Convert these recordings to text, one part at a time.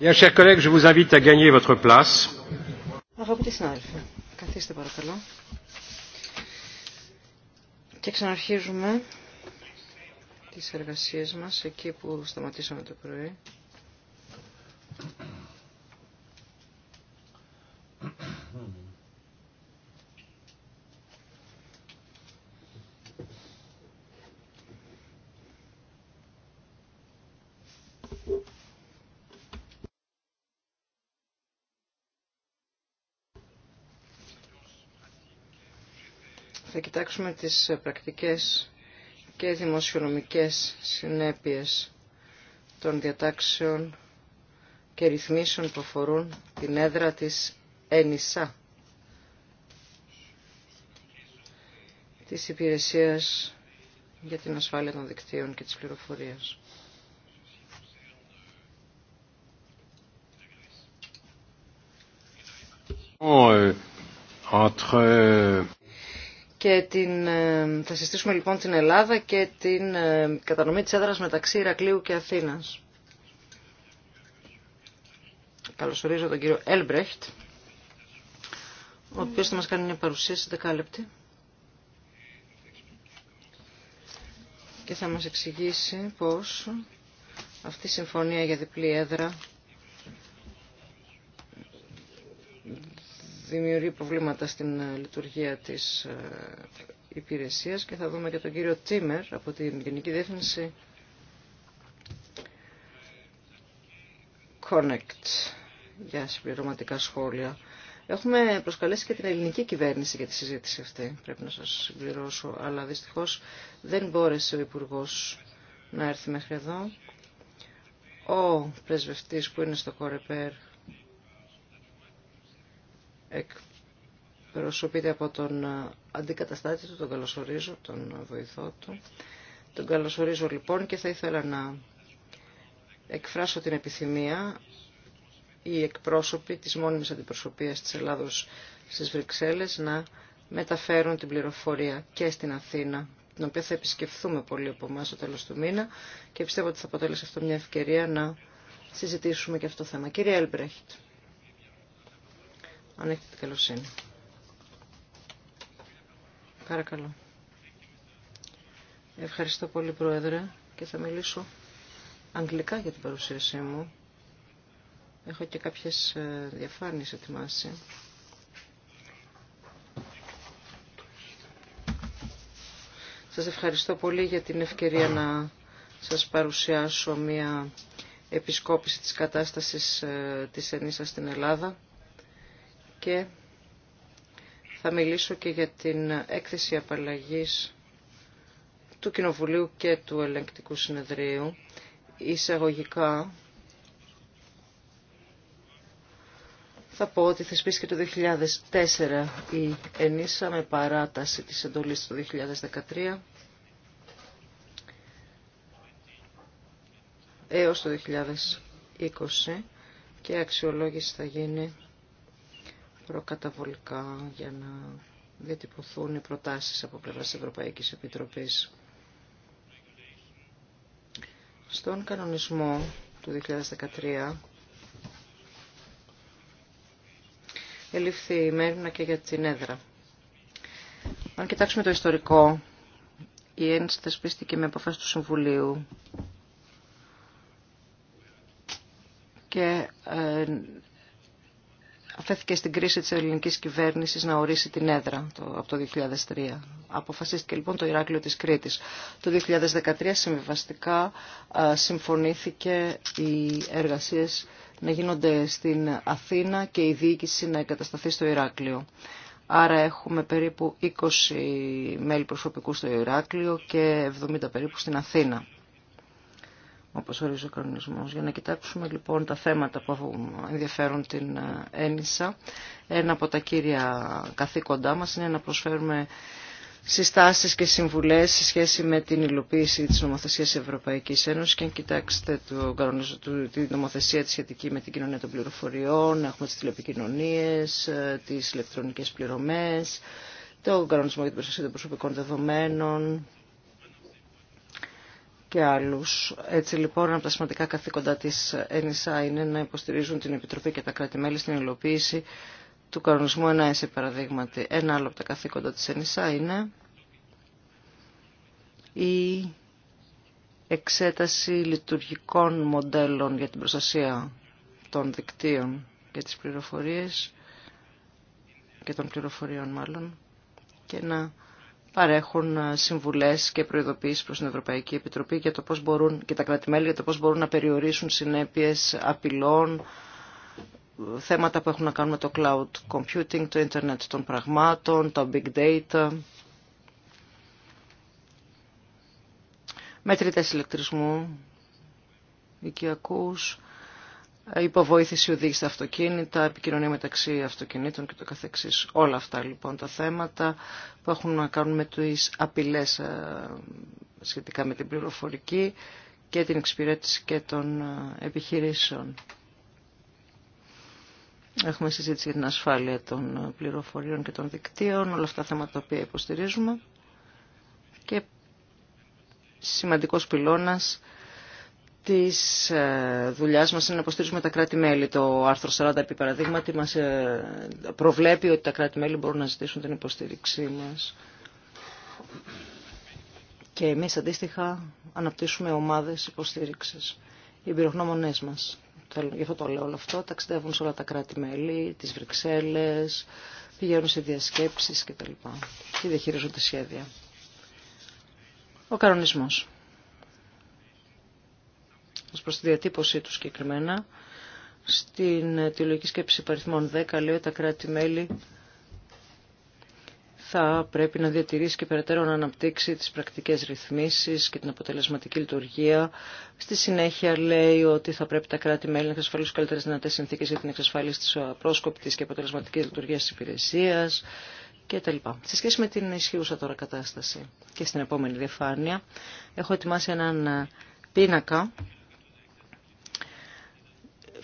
Bien, chers collègues, je vous invite à gagner votre place. Αγαπητοί συνάδελφοι, καθίστε παρακαλώ. Και ξαναρχίζουμε τις εργασίες μας εκεί που σταματήσαμε το πρωί. κοιτάξουμε τις πρακτικές και δημοσιονομικές συνέπειες των διατάξεων και ρυθμίσεων που αφορούν την έδρα της ΕΝΙΣΑ, της Υπηρεσίας για την Ασφάλεια των Δικτύων και της Πληροφορίας. Euh, entre euh, και την, ε, θα συστήσουμε λοιπόν την Ελλάδα και την ε, κατανομή της έδρας μεταξύ Ηρακλείου και Αθήνας. Καλωσορίζω τον κύριο Έλμπρεχτ, ο οποίος θα μας κάνει μια παρουσίαση δεκάλεπτη. Και θα μας εξηγήσει πώς αυτή η συμφωνία για διπλή έδρα δημιουργεί προβλήματα στην ε, λειτουργία της ε, υπηρεσίας και θα δούμε και τον κύριο Τίμερ από την Γενική Διεύθυνση Connect για συμπληρωματικά σχόλια. Έχουμε προσκαλέσει και την ελληνική κυβέρνηση για τη συζήτηση αυτή, πρέπει να σας συμπληρώσω, αλλά δυστυχώς δεν μπόρεσε ο υπουργό να έρθει μέχρι εδώ. Ο πρεσβευτής που είναι στο Κορεπέρ εκπροσωπείται από τον ε, αντικαταστάτη του, τον καλωσορίζω, τον ε, βοηθό του. Τον καλωσορίζω λοιπόν και θα ήθελα να εκφράσω την επιθυμία οι εκπρόσωποι της μόνιμης αντιπροσωπείας της Ελλάδος στις Βρυξέλλες να μεταφέρουν την πληροφορία και στην Αθήνα, την οποία θα επισκεφθούμε πολύ από εμά στο τέλος του μήνα και πιστεύω ότι θα αποτέλεσε αυτό μια ευκαιρία να συζητήσουμε και αυτό το θέμα. Κύριε Έλμπρεχτ αν έχετε την καλοσύνη. Παρακαλώ. Ευχαριστώ πολύ Πρόεδρε και θα μιλήσω αγγλικά για την παρουσίασή μου. Έχω και κάποιες ε, διαφάνειες ετοιμάσει. Σας ευχαριστώ πολύ για την ευκαιρία να σας παρουσιάσω μια επισκόπηση της κατάστασης ε, της ενίσας στην Ελλάδα και θα μιλήσω και για την έκθεση απαλλαγής του Κοινοβουλίου και του Ελεγκτικού Συνεδρίου. Εισαγωγικά θα πω ότι θεσπίστηκε το 2004 η ΕΝΙΣΑ με παράταση της εντολής του 2013 έως το 2020 και αξιολόγηση θα γίνει προκαταβολικά για να διατυπωθούν οι προτάσεις από πλευρά της Ευρωπαϊκής Επιτροπής. Στον κανονισμό του 2013 ελήφθη η μέρημνα και για την έδρα. Αν κοιτάξουμε το ιστορικό, η ένση θεσπίστηκε με αποφάση του Συμβουλίου και ε, Φέθηκε στην κρίση της ελληνικής κυβέρνησης να ορίσει την έδρα το, από το 2003. Αποφασίστηκε λοιπόν το Ηράκλειο της Κρήτης. Το 2013 συμβιβαστικά συμφωνήθηκε οι εργασίες να γίνονται στην Αθήνα και η διοίκηση να εγκατασταθεί στο Ηράκλειο. Άρα έχουμε περίπου 20 μέλη προσωπικού στο Ηράκλειο και 70 περίπου στην Αθήνα όπω ορίζει ο κανονισμό, Για να κοιτάξουμε λοιπόν τα θέματα που ενδιαφέρουν την ε, ένισα. Ένα από τα κύρια καθήκοντά μας είναι να προσφέρουμε συστάσεις και συμβουλές σε σχέση με την υλοποίηση της νομοθεσίας της Ευρωπαϊκής Ένωσης και αν κοιτάξετε το, την νομοθεσία τη σχετική με την κοινωνία των πληροφοριών, έχουμε τις τηλεπικοινωνίες, ε, τις ηλεκτρονικές πληρωμές, το κανονισμό για την προστασία των προσωπικών δεδομένων, και άλλους. Έτσι λοιπόν από τα σημαντικά καθήκοντα της ΕΝΙΣΑ είναι να υποστηρίζουν την Επιτροπή και τα κράτη-μέλη στην υλοποίηση του κανονισμού 1S παραδείγματι. Ένα άλλο από τα καθήκοντα της ΕΝΙΣΑ είναι η εξέταση λειτουργικών μοντέλων για την προστασία των δικτύων και τις πληροφορίες και των πληροφοριών μάλλον και να παρέχουν ε, συμβουλές και προειδοποιήσεις προς την Ευρωπαϊκή Επιτροπή για το πώς μπορούν, και τα κράτη-μέλη για το πώς μπορούν να περιορίσουν συνέπειες απειλών, ε, θέματα που έχουν να κάνουν με το cloud computing, το ίντερνετ των πραγμάτων, τα big data, μετρητές ηλεκτρισμού, οικιακούς, υποβοήθηση οδήγηση στα αυτοκίνητα, επικοινωνία μεταξύ αυτοκινήτων και το καθεξής. Όλα αυτά λοιπόν τα θέματα που έχουν να κάνουν με τις απειλές ε, σχετικά με την πληροφορική και την εξυπηρέτηση και των ε, επιχειρήσεων. Έχουμε συζήτηση για την ασφάλεια των ε, πληροφοριών και των δικτύων, όλα αυτά τα θέματα τα οποία υποστηρίζουμε. Και σημαντικός πυλώνας της ε, δουλειάς μας είναι να υποστηρίζουμε τα κράτη-μέλη. Το άρθρο 40, επί παραδείγματι, μας ε, προβλέπει ότι τα κράτη-μέλη μπορούν να ζητήσουν την υποστήριξή μας. Και εμείς αντίστοιχα αναπτύσσουμε ομάδες υποστήριξης. Οι εμπειρογνώμονές μας, γι' αυτό το λέω όλο αυτό, ταξιδεύουν σε όλα τα κράτη-μέλη, τις Βρυξέλλες, πηγαίνουν σε διασκέψεις κτλ. Και διαχειρίζονται σχέδια. Ο κανονισμός ως προς τη διατύπωσή του συγκεκριμένα. Στην τη σκέψη παριθμών 10 λέει ότι τα κράτη-μέλη θα πρέπει να διατηρήσει και περαιτέρω να αναπτύξει τις πρακτικές ρυθμίσεις και την αποτελεσματική λειτουργία. Στη συνέχεια λέει ότι θα πρέπει τα κράτη-μέλη να εξασφαλίσουν καλύτερες δυνατές συνθήκες για την εξασφάλιση της απρόσκοπτης και αποτελεσματικής λειτουργίας της υπηρεσίας κτλ. Σε σχέση με την ισχύουσα τώρα κατάσταση και στην επόμενη διαφάνεια, έχω ετοιμάσει έναν πίνακα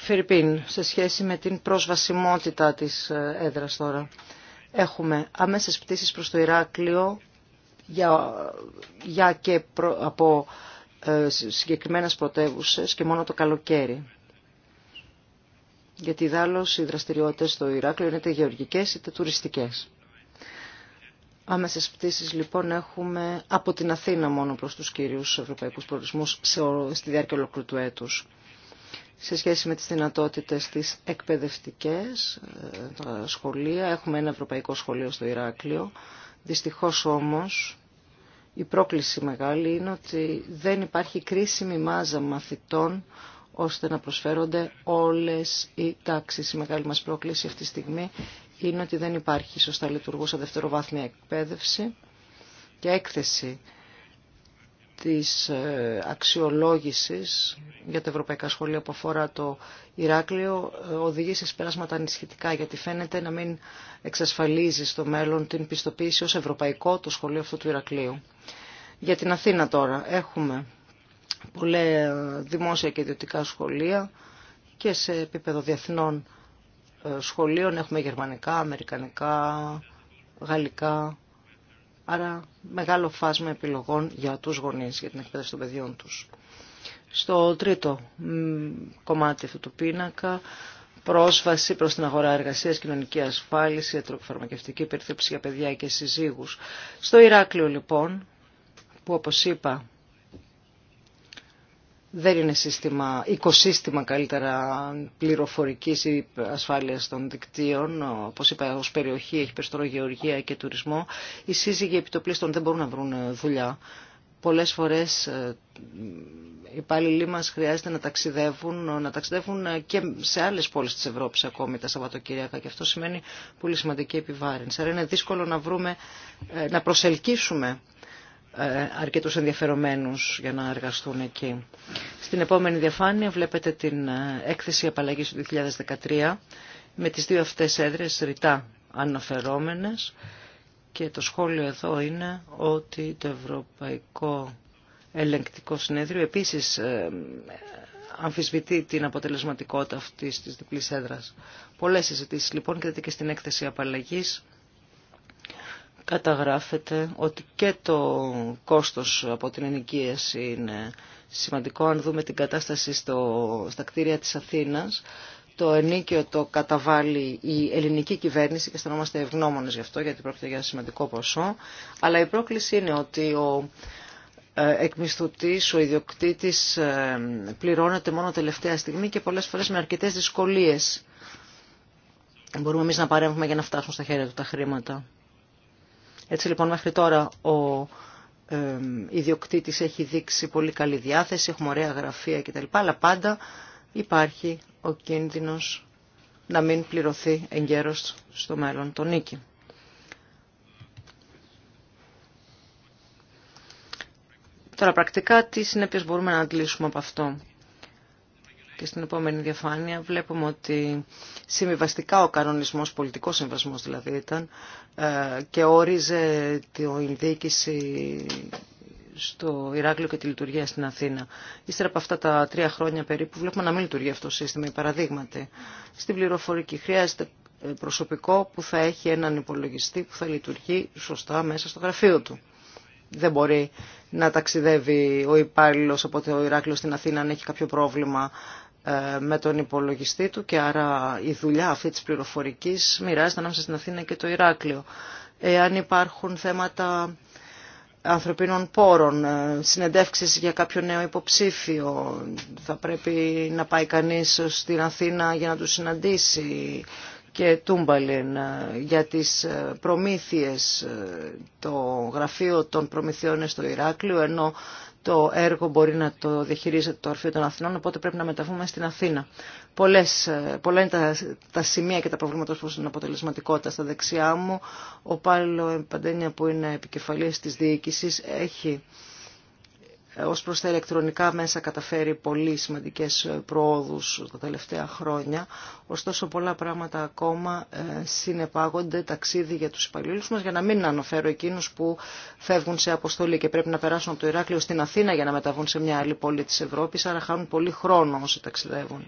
Φιρπίν, σε σχέση με την προσβασιμότητα της ε, έδρας τώρα. Έχουμε αμέσες πτήσεις προς το Ηράκλειο για, για και από ε, συγκεκριμένες πρωτεύουσες και μόνο το καλοκαίρι. Γιατί δάλλως οι δραστηριότητες στο Ηράκλειο είναι είτε γεωργικές είτε τουριστικές. Άμεσες πτήσεις λοιπόν έχουμε από την Αθήνα μόνο προς τους κύριους ευρωπαϊκούς προορισμούς σε, στη διάρκεια ολοκληρού του έτους σε σχέση με τις δυνατότητες τις εκπαιδευτικές, ε, τα σχολεία. Έχουμε ένα ευρωπαϊκό σχολείο στο Ηράκλειο. Δυστυχώς όμως η πρόκληση μεγάλη είναι ότι δεν υπάρχει κρίσιμη μάζα μαθητών ώστε να προσφέρονται όλες οι τάξεις. Η μεγάλη μας πρόκληση αυτή τη στιγμή είναι ότι δεν υπάρχει σωστά λειτουργούσα δευτεροβάθμια εκπαίδευση και έκθεση της ε, αξιολόγησης για τα ευρωπαϊκά σχολεία που αφορά το Ηράκλειο ε, οδηγεί σε σπεράσματα ανησυχητικά γιατί φαίνεται να μην εξασφαλίζει στο μέλλον την πιστοποίηση ως ευρωπαϊκό το σχολείο αυτό του Ηρακλείου. Για την Αθήνα τώρα έχουμε πολλά δημόσια και ιδιωτικά σχολεία και σε επίπεδο διεθνών ε, σχολείων έχουμε γερμανικά, αμερικανικά, γαλλικά Άρα μεγάλο φάσμα επιλογών για τους γονείς, για την εκπαίδευση των παιδιών τους. Στο τρίτο κομμάτι αυτού του πίνακα, πρόσβαση προς την αγορά εργασίας, κοινωνική ασφάλιση, ιατροφαρμακευτική περίθεψη για παιδιά και συζύγους. Στο Ηράκλειο λοιπόν, που όπως είπα δεν είναι σύστημα, οικοσύστημα καλύτερα πληροφορικής ή ασφάλειας των δικτύων. Όπως είπα, ως περιοχή έχει περισσότερο γεωργία και τουρισμό. Οι σύζυγοι επιτοπλίστων δεν μπορούν να βρουν ε, δουλειά. Πολλές φορές ε, οι υπάλληλοι μας χρειάζεται να ταξιδεύουν, να ταξιδεύουν ε, και σε άλλες πόλεις της Ευρώπης ακόμη τα Σαββατοκύριακα και αυτό σημαίνει πολύ σημαντική επιβάρυνση. Άρα είναι δύσκολο να βρούμε, να προσελκύσουμε ε, αρκετούς ενδιαφερομένους για να εργαστούν εκεί. Στην επόμενη διαφάνεια βλέπετε την ε, έκθεση απαλλαγής του 2013 με τις δύο αυτές έδρες ρητά αναφερόμενες και το σχόλιο εδώ είναι ότι το Ευρωπαϊκό Ελεγκτικό Συνέδριο επίσης ε, αμφισβητεί την αποτελεσματικότητα αυτής της διπλής έδρας. Πολλές συζητήσεις λοιπόν και και στην έκθεση απαλλαγής καταγράφεται ότι και το κόστος από την ενοικίαση είναι σημαντικό. Αν δούμε την κατάσταση στο, στα κτίρια της Αθήνας, το ενίκιο το καταβάλει η ελληνική κυβέρνηση και αισθανόμαστε ευγνώμονε γι' αυτό γιατί πρόκειται για σημαντικό ποσό. Αλλά η πρόκληση είναι ότι ο ε, εκμισθωτής, ο ιδιοκτήτης ε, πληρώνεται μόνο τελευταία στιγμή και πολλές φορές με αρκετές δυσκολίες. Μπορούμε εμείς να παρέμβουμε για να φτάσουν στα χέρια του τα χρήματα. Έτσι λοιπόν μέχρι τώρα ο ε, ιδιοκτήτης έχει δείξει πολύ καλή διάθεση, έχουμε ωραία γραφεία κτλ. Αλλά πάντα υπάρχει ο κίνδυνος να μην πληρωθεί εγκαίρως στο μέλλον το νίκη. Τώρα πρακτικά τι συνέπειες μπορούμε να αντλήσουμε από αυτό και στην επόμενη διαφάνεια βλέπουμε ότι συμβιβαστικά ο κανονισμός, πολιτικός συμβασμός δηλαδή ήταν, ε, και όριζε την διοίκηση στο Ηράκλειο και τη λειτουργία στην Αθήνα. Ύστερα από αυτά τα τρία χρόνια περίπου βλέπουμε να μην λειτουργεί αυτό το σύστημα, παραδείγματι. Στην πληροφορική χρειάζεται προσωπικό που θα έχει έναν υπολογιστή που θα λειτουργεί σωστά μέσα στο γραφείο του. Δεν μπορεί να ταξιδεύει ο υπάλληλο από το Ηράκλειο στην Αθήνα αν έχει κάποιο πρόβλημα με τον υπολογιστή του και άρα η δουλειά αυτή της πληροφορικής μοιράζεται ανάμεσα στην Αθήνα και το Ηράκλειο. Εάν υπάρχουν θέματα ανθρωπίνων πόρων, ε, συνεντεύξεις για κάποιο νέο υποψήφιο, θα πρέπει να πάει κανείς στην Αθήνα για να του συναντήσει και Τούμπαλιν ε, για τις ε, προμήθειες, το γραφείο των προμηθειών στο Ηράκλειο, ενώ το έργο μπορεί να το διαχειρίζεται το Αρφείο των Αθηνών, οπότε πρέπει να μεταβούμε στην Αθήνα. Πολλές, ε, πολλά είναι τα, σημεία και τα προβλήματα που είναι αποτελεσματικότητα. Στα δεξιά μου, ο Πάλλο Παντένια που είναι επικεφαλής της διοίκησης έχει ε, ως προς τα ηλεκτρονικά μέσα καταφέρει πολύ σημαντικές προόδους τα τελευταία χρόνια. Ωστόσο πολλά πράγματα ακόμα ε, συνεπάγονται ταξίδι για τους υπαλλήλους μας για να μην αναφέρω εκείνους που φεύγουν σε αποστολή και πρέπει να περάσουν από το Ηράκλειο στην Αθήνα για να μεταβούν σε μια άλλη πόλη της Ευρώπης, άρα χάνουν πολύ χρόνο όσοι ταξιδεύουν.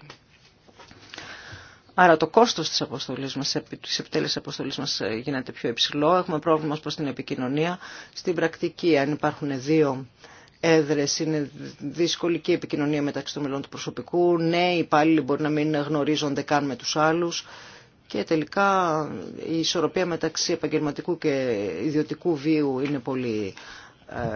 Άρα το κόστος της, αποστολής μας, της επιτέλεσης αποστολής μας ε, γίνεται πιο υψηλό. Έχουμε πρόβλημα προς την επικοινωνία. Στην πρακτική, αν υπάρχουν δύο έδρες, είναι δύσκολη και η επικοινωνία μεταξύ των μελών του προσωπικού, ναι, οι υπάλληλοι μπορεί να μην γνωρίζονται καν με τους άλλους και τελικά η ισορροπία μεταξύ επαγγελματικού και ιδιωτικού βίου είναι πολύ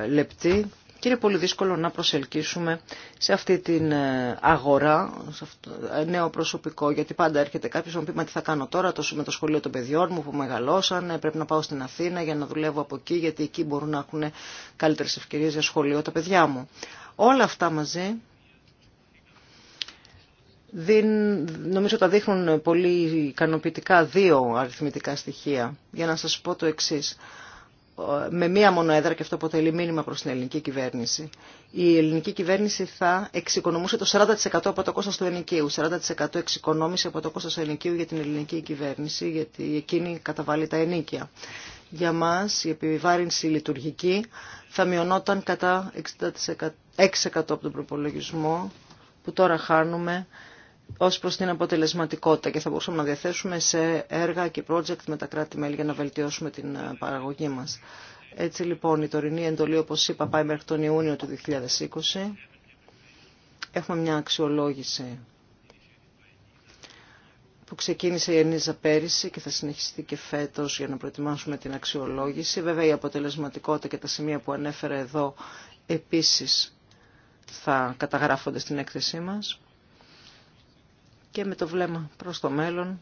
ε, λεπτή και είναι πολύ δύσκολο να προσελκύσουμε σε αυτή την ε, αγορά σε αυτό, ε, νέο προσωπικό, γιατί πάντα έρχεται κάποιος να μου πει «Μα τι θα κάνω τώρα, τόσο με το σχολείο των παιδιών μου που μεγαλώσαν, πρέπει να πάω στην Αθήνα για να δουλεύω από εκεί, γιατί εκεί μπορούν να έχουν καλύτερες ευκαιρίες για σχολείο τα παιδιά μου». Όλα αυτά μαζί νομίζω τα δείχνουν πολύ ικανοποιητικά δύο αριθμητικά στοιχεία. Για να σας πω το εξής με μία μονοέδρα και αυτό αποτελεί μήνυμα προς την ελληνική κυβέρνηση. Η ελληνική κυβέρνηση θα εξοικονομούσε το 40% από το κόστος του ενοικίου. 40% εξοικονόμηση από το κόστος του ενοικίου για την ελληνική κυβέρνηση, γιατί εκείνη καταβάλει τα ενίκια. Για μας η επιβάρυνση λειτουργική θα μειωνόταν κατά 6% από τον προπολογισμό που τώρα χάνουμε ως προς την αποτελεσματικότητα και θα μπορούσαμε να διαθέσουμε σε έργα και project με τα κράτη-μέλη για να βελτιώσουμε την ε, παραγωγή μας. Έτσι λοιπόν η τωρινή εντολή όπως είπα πάει μέχρι τον Ιούνιο του 2020. Έχουμε μια αξιολόγηση που ξεκίνησε η Ενίζα πέρυσι και θα συνεχιστεί και φέτος για να προετοιμάσουμε την αξιολόγηση. Βέβαια η αποτελεσματικότητα και τα σημεία που ανέφερα εδώ επίσης θα καταγράφονται στην έκθεσή μας και με το βλέμμα προς το μέλλον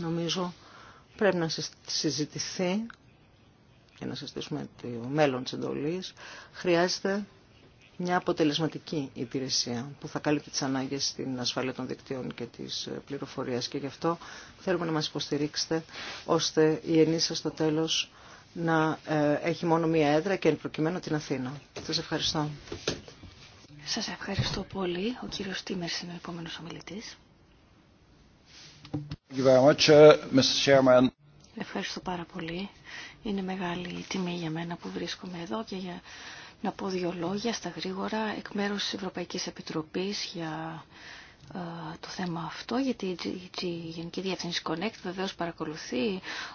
νομίζω πρέπει να συζητηθεί και να συζητήσουμε το μέλλον της εντολής. Χρειάζεται μια αποτελεσματική υπηρεσία που θα καλύπτει τις ανάγκες στην ασφάλεια των δικτύων και της ε, πληροφορίας και γι' αυτό θέλουμε να μας υποστηρίξετε ώστε η ενίσχυση στο τέλος να ε, έχει μόνο μία έδρα και εν προκειμένου την Αθήνα. Σας ευχαριστώ. Σας ευχαριστώ πολύ. Ο κύριος Τίμερς είναι ο επόμενος ομιλητής. Uh, ευχαριστώ πάρα πολύ. Είναι μεγάλη τιμή για μένα που βρίσκομαι εδώ και για να πω δύο λόγια στα γρήγορα εκ μέρους της Ευρωπαϊκής Επιτροπής για ε, το θέμα αυτό, γιατί η Γενική Διεύθυνση Connect βεβαίως παρακολουθεί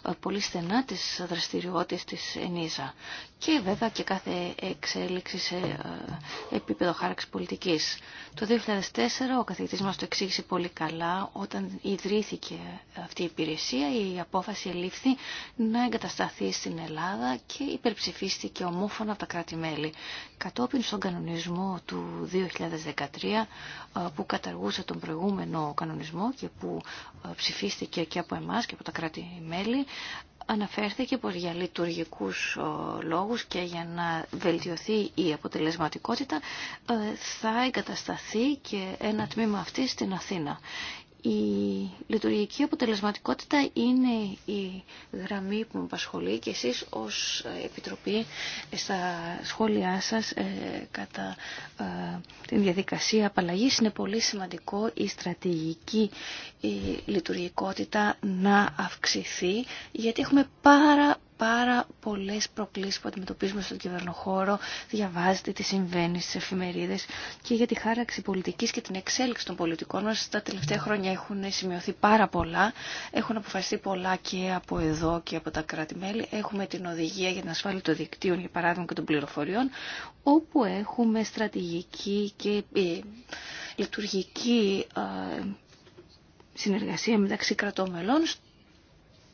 ε, πολύ στενά τις δραστηριότητες της ΕΝΙΖΑ και βέβαια και κάθε εξέλιξη σε ε, επίπεδο χάραξης πολιτικής. Το 2004 ο καθηγητής μας το εξήγησε πολύ καλά όταν ιδρύθηκε αυτή η υπηρεσία η απόφαση ελήφθη να εγκατασταθεί στην Ελλάδα και υπερψηφίστηκε ομόφωνα από τα κράτη-μέλη. Κατόπιν στον κανονισμό του 2013 που καταργούσε τον προηγούμενο κανονισμό και που ε, ψηφίστηκε και από εμάς και από τα κράτη-μέλη, αναφέρθηκε πως για λειτουργικούς ε, λόγους και για να βελτιωθεί η αποτελεσματικότητα ε, θα εγκατασταθεί και ένα τμήμα αυτή στην Αθήνα. Η λειτουργική αποτελεσματικότητα είναι η γραμμή που με απασχολεί και εσείς ως ε, Επιτροπή ε, στα σχόλιά σας ε, κατά την διαδικασία απαλλαγή είναι πολύ σημαντικό η στρατηγική λειτουργικότητα να αυξηθεί γιατί έχουμε πάρα πάρα πολλέ προκλήσει που αντιμετωπίζουμε στον κυβερνοχώρο. Διαβάζετε τι συμβαίνει στι εφημερίδε και για τη χάραξη πολιτικής και την εξέλιξη των πολιτικών μας. Τα τελευταία χρόνια έχουν σημειωθεί πάρα πολλά. Έχουν αποφασιστεί πολλά και από εδώ και από τα κράτη-μέλη. Έχουμε την οδηγία για την ασφάλεια των δικτύων, για παράδειγμα, και των πληροφοριών, όπου έχουμε στρατηγική και ε, λειτουργική ε, συνεργασία μεταξύ κρατών μελών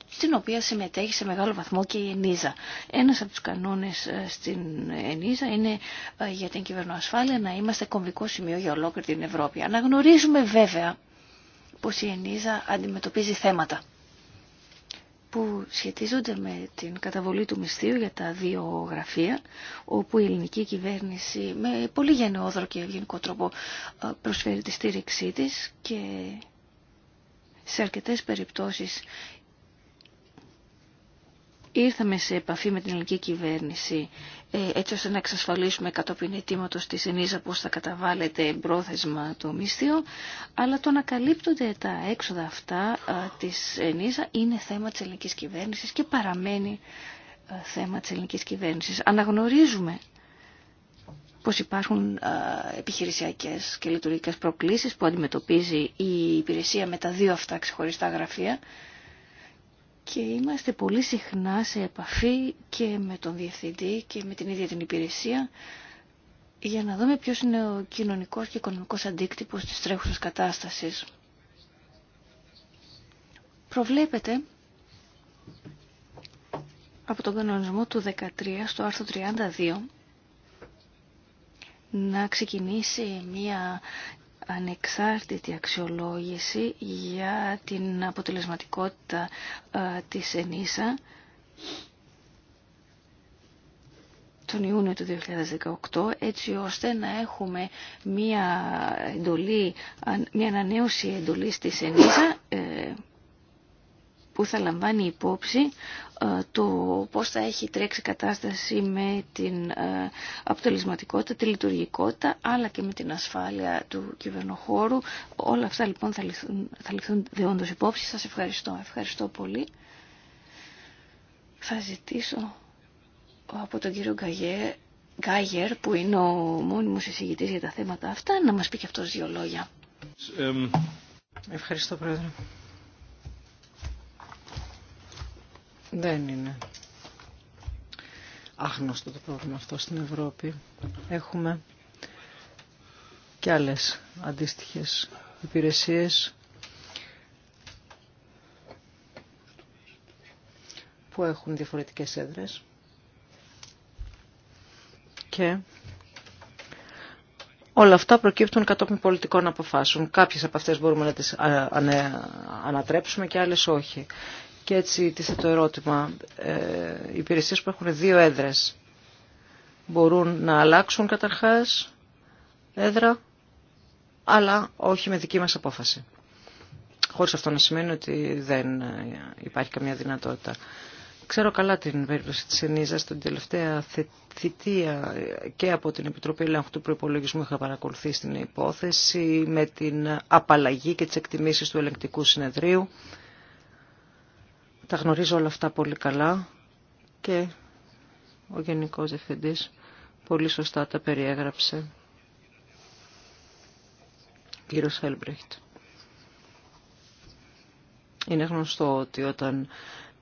στην οποία συμμετέχει σε μεγάλο βαθμό και η ΕΝΙΖΑ. Ένας από τους κανόνες ε, στην ΕΝΙΖΑ είναι ε, για την κυβερνοασφάλεια να είμαστε κομβικό σημείο για ολόκληρη την Ευρώπη. Αναγνωρίζουμε βέβαια πως η ΕΝΙΖΑ αντιμετωπίζει θέματα που σχετίζονται με την καταβολή του μισθείου για τα δύο γραφεία, όπου η ελληνική κυβέρνηση με πολύ γενναιόδρο και ευγενικό τρόπο ε, προσφέρει τη στήριξή της και σε αρκετές περιπτώσεις ήρθαμε σε επαφή με την ελληνική κυβέρνηση ε, έτσι ώστε να εξασφαλίσουμε κατόπιν αιτήματος της ΕΝΙΖΑ πώς θα καταβάλλεται πρόθεσμα το μισθείο, αλλά το να καλύπτονται τα έξοδα αυτά της ΕΝΙΖΑ είναι θέμα της ελληνικής κυβέρνησης και παραμένει θέμα της ελληνικής κυβέρνησης. Αναγνωρίζουμε πως υπάρχουν επιχειρησιακές και λειτουργικές προκλήσεις που αντιμετωπίζει η υπηρεσία με τα δύο αυτά ξεχωριστά γραφεία και είμαστε πολύ συχνά σε επαφή και με τον διευθυντή και με την ίδια την υπηρεσία για να δούμε ποιος είναι ο κοινωνικός και οικονομικός αντίκτυπος της τρέχουσας κατάστασης. Προβλέπεται από τον κανονισμό του 13 στο άρθρο 32 να ξεκινήσει μια ανεξάρτητη αξιολόγηση για την αποτελεσματικότητα ε, της ΕΝΙΣΑ τον Ιούνιο του 2018 έτσι ώστε να έχουμε μία εντολή, μία ανανέωση εντολής της ΕΝΙΣΑ ε, που θα λαμβάνει υπόψη ε, το πώς θα έχει τρέξει κατάσταση με την ε, αποτελεσματικότητα, τη λειτουργικότητα αλλά και με την ασφάλεια του κυβερνοχώρου. Όλα αυτά λοιπόν θα ληφθούν, θα ληφθούν υπόψη. Σας ευχαριστώ. Ευχαριστώ πολύ. Θα ζητήσω από τον κύριο Γκαγέ, Γκάγερ που είναι ο μόνιμος εισηγητής για τα θέματα αυτά να μας πει και αυτός δύο λόγια. Ευχαριστώ πρόεδρε. Δεν είναι άγνωστο το πρόβλημα αυτό στην Ευρώπη. Έχουμε και άλλες αντίστοιχες υπηρεσίες που έχουν διαφορετικές έδρες και όλα αυτά προκύπτουν κατόπιν πολιτικών αποφάσεων. Κάποιες από αυτές μπορούμε να τις ανατρέψουμε και άλλες όχι. Και έτσι τίθεται το ερώτημα. Ε, οι υπηρεσίες που έχουν δύο έδρες μπορούν να αλλάξουν καταρχάς έδρα, αλλά όχι με δική μας απόφαση. Χωρίς αυτό να σημαίνει ότι δεν ε, υπάρχει καμία δυνατότητα. Ξέρω καλά την περίπτωση της Ενίζας, την τελευταία θητεία και από την Επιτροπή Ελέγχου του Προϋπολογισμού είχα παρακολουθεί στην υπόθεση με την απαλλαγή και τις εκτιμήσεις του ελεγκτικού συνεδρίου. Τα γνωρίζω όλα αυτά πολύ καλά και ο Γενικός Διευθυντής πολύ σωστά τα περιέγραψε. Κύριος Χέλμπρεχτ. Είναι γνωστό ότι όταν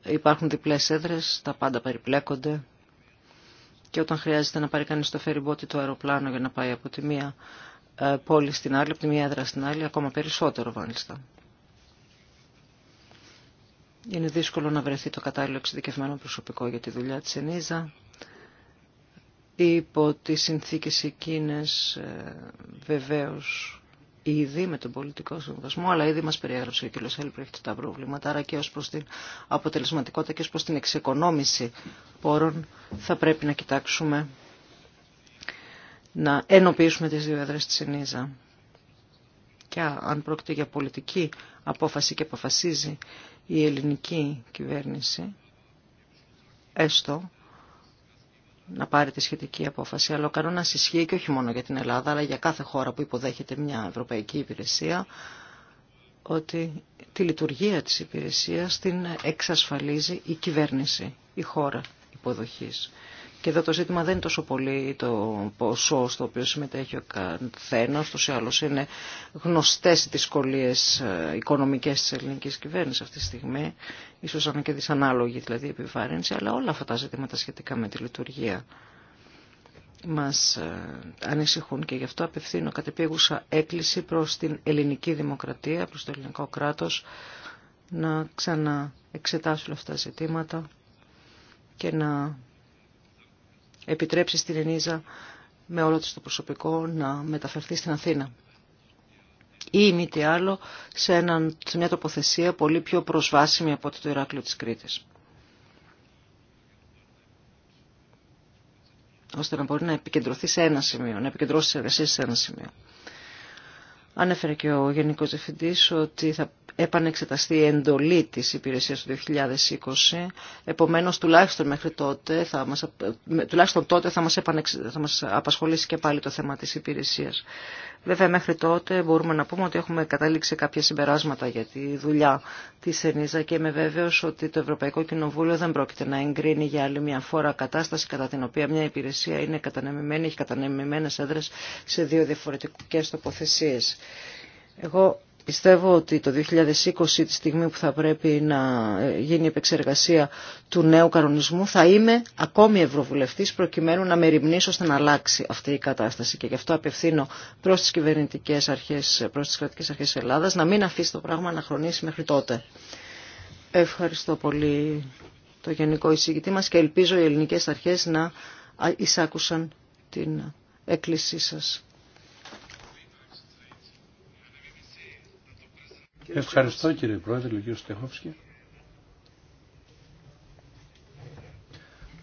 υπάρχουν διπλές έδρες τα πάντα περιπλέκονται και όταν χρειάζεται να πάρει κανείς το φεριμπότι το αεροπλάνο για να πάει από τη μία ε, πόλη στην άλλη, από τη μία έδρα στην άλλη, ακόμα περισσότερο βάλιστα. Είναι δύσκολο να βρεθεί το κατάλληλο εξειδικευμένο προσωπικό για τη δουλειά της ΕΝΙΖΑ. Υπό τις συνθήκες εκείνες ε, βεβαίως ήδη με τον πολιτικό συμβασμό, αλλά ήδη μας περιέγραψε ο κ. Σέλπρεχτ τα προβλήματα, άρα και ως προς την αποτελεσματικότητα και ως προς την εξοικονόμηση πόρων θα πρέπει να κοιτάξουμε να ενοποιήσουμε τις δύο έδρες της ΕΝΙΖΑ. Και αν πρόκειται για πολιτική απόφαση και αποφασίζει η ελληνική κυβέρνηση έστω να πάρει τη σχετική απόφαση. Αλλά ο κανόνα ισχύει και όχι μόνο για την Ελλάδα, αλλά για κάθε χώρα που υποδέχεται μια ευρωπαϊκή υπηρεσία, ότι τη λειτουργία της υπηρεσίας την εξασφαλίζει η κυβέρνηση, η χώρα υποδοχής. Και εδώ το ζήτημα δεν είναι τόσο πολύ το ποσό στο οποίο συμμετέχει ο καθένα, τόσο ή άλλω είναι γνωστέ οι δυσκολίε οικονομικέ τη ελληνική κυβέρνηση αυτή τη στιγμή, ίσω αν και δυσανάλογη δηλαδή η επιβάρυνση, αλλά όλα αυτά τα ζητήματα σχετικά με τη λειτουργία Μα ε, ανησυχούν και γι' αυτό απευθύνω κατεπίγουσα έκκληση προ την ελληνική δημοκρατία, προ το ελληνικό κράτο, να ξαναεξετάσουν αυτά τα ζητήματα και να επιτρέψει στην Ενίζα με όλο της το προσωπικό να μεταφερθεί στην Αθήνα ή μη τι άλλο σε, μια τοποθεσία πολύ πιο προσβάσιμη από το Ηράκλειο της Κρήτης. ώστε να μπορεί να επικεντρωθεί σε ένα σημείο, να επικεντρώσει σε ένα σημείο. Ανέφερε και ο Γενικός Διευθυντής ότι θα επανεξεταστεί η εντολή της υπηρεσίας του 2020. Επομένως, τουλάχιστον μέχρι τότε θα μας, τουλάχιστον τότε θα μας, επανεξε, θα μας απασχολήσει και πάλι το θέμα της υπηρεσίας. Βέβαια, μέχρι τότε μπορούμε να πούμε ότι έχουμε καταλήξει κάποια συμπεράσματα για τη δουλειά της ΕΝΙΖΑ και είμαι βέβαιος ότι το Ευρωπαϊκό Κοινοβούλιο δεν πρόκειται να εγκρίνει για άλλη μια φορά κατάσταση κατά την οποία μια υπηρεσία είναι κατανεμημένη, έχει κατανεμημένες έδρες σε δύο διαφορετικές τοποθεσίες. Εγώ Πιστεύω ότι το 2020, τη στιγμή που θα πρέπει να ε, γίνει η επεξεργασία του νέου κανονισμού, θα είμαι ακόμη ευρωβουλευτής προκειμένου να με ρημνήσω ώστε να αλλάξει αυτή η κατάσταση. Και γι' αυτό απευθύνω προς τις κυβερνητικές αρχές, προς τις κρατικές αρχές Ελλάδας, να μην αφήσει το πράγμα να χρονίσει μέχρι τότε. Ευχαριστώ πολύ το Γενικό Εισηγητή μας και ελπίζω οι ελληνικές αρχές να εισάκουσαν την έκκλησή σας. Ευχαριστώ κύριε Πρόεδρε, κύριε Στεχόφσκι.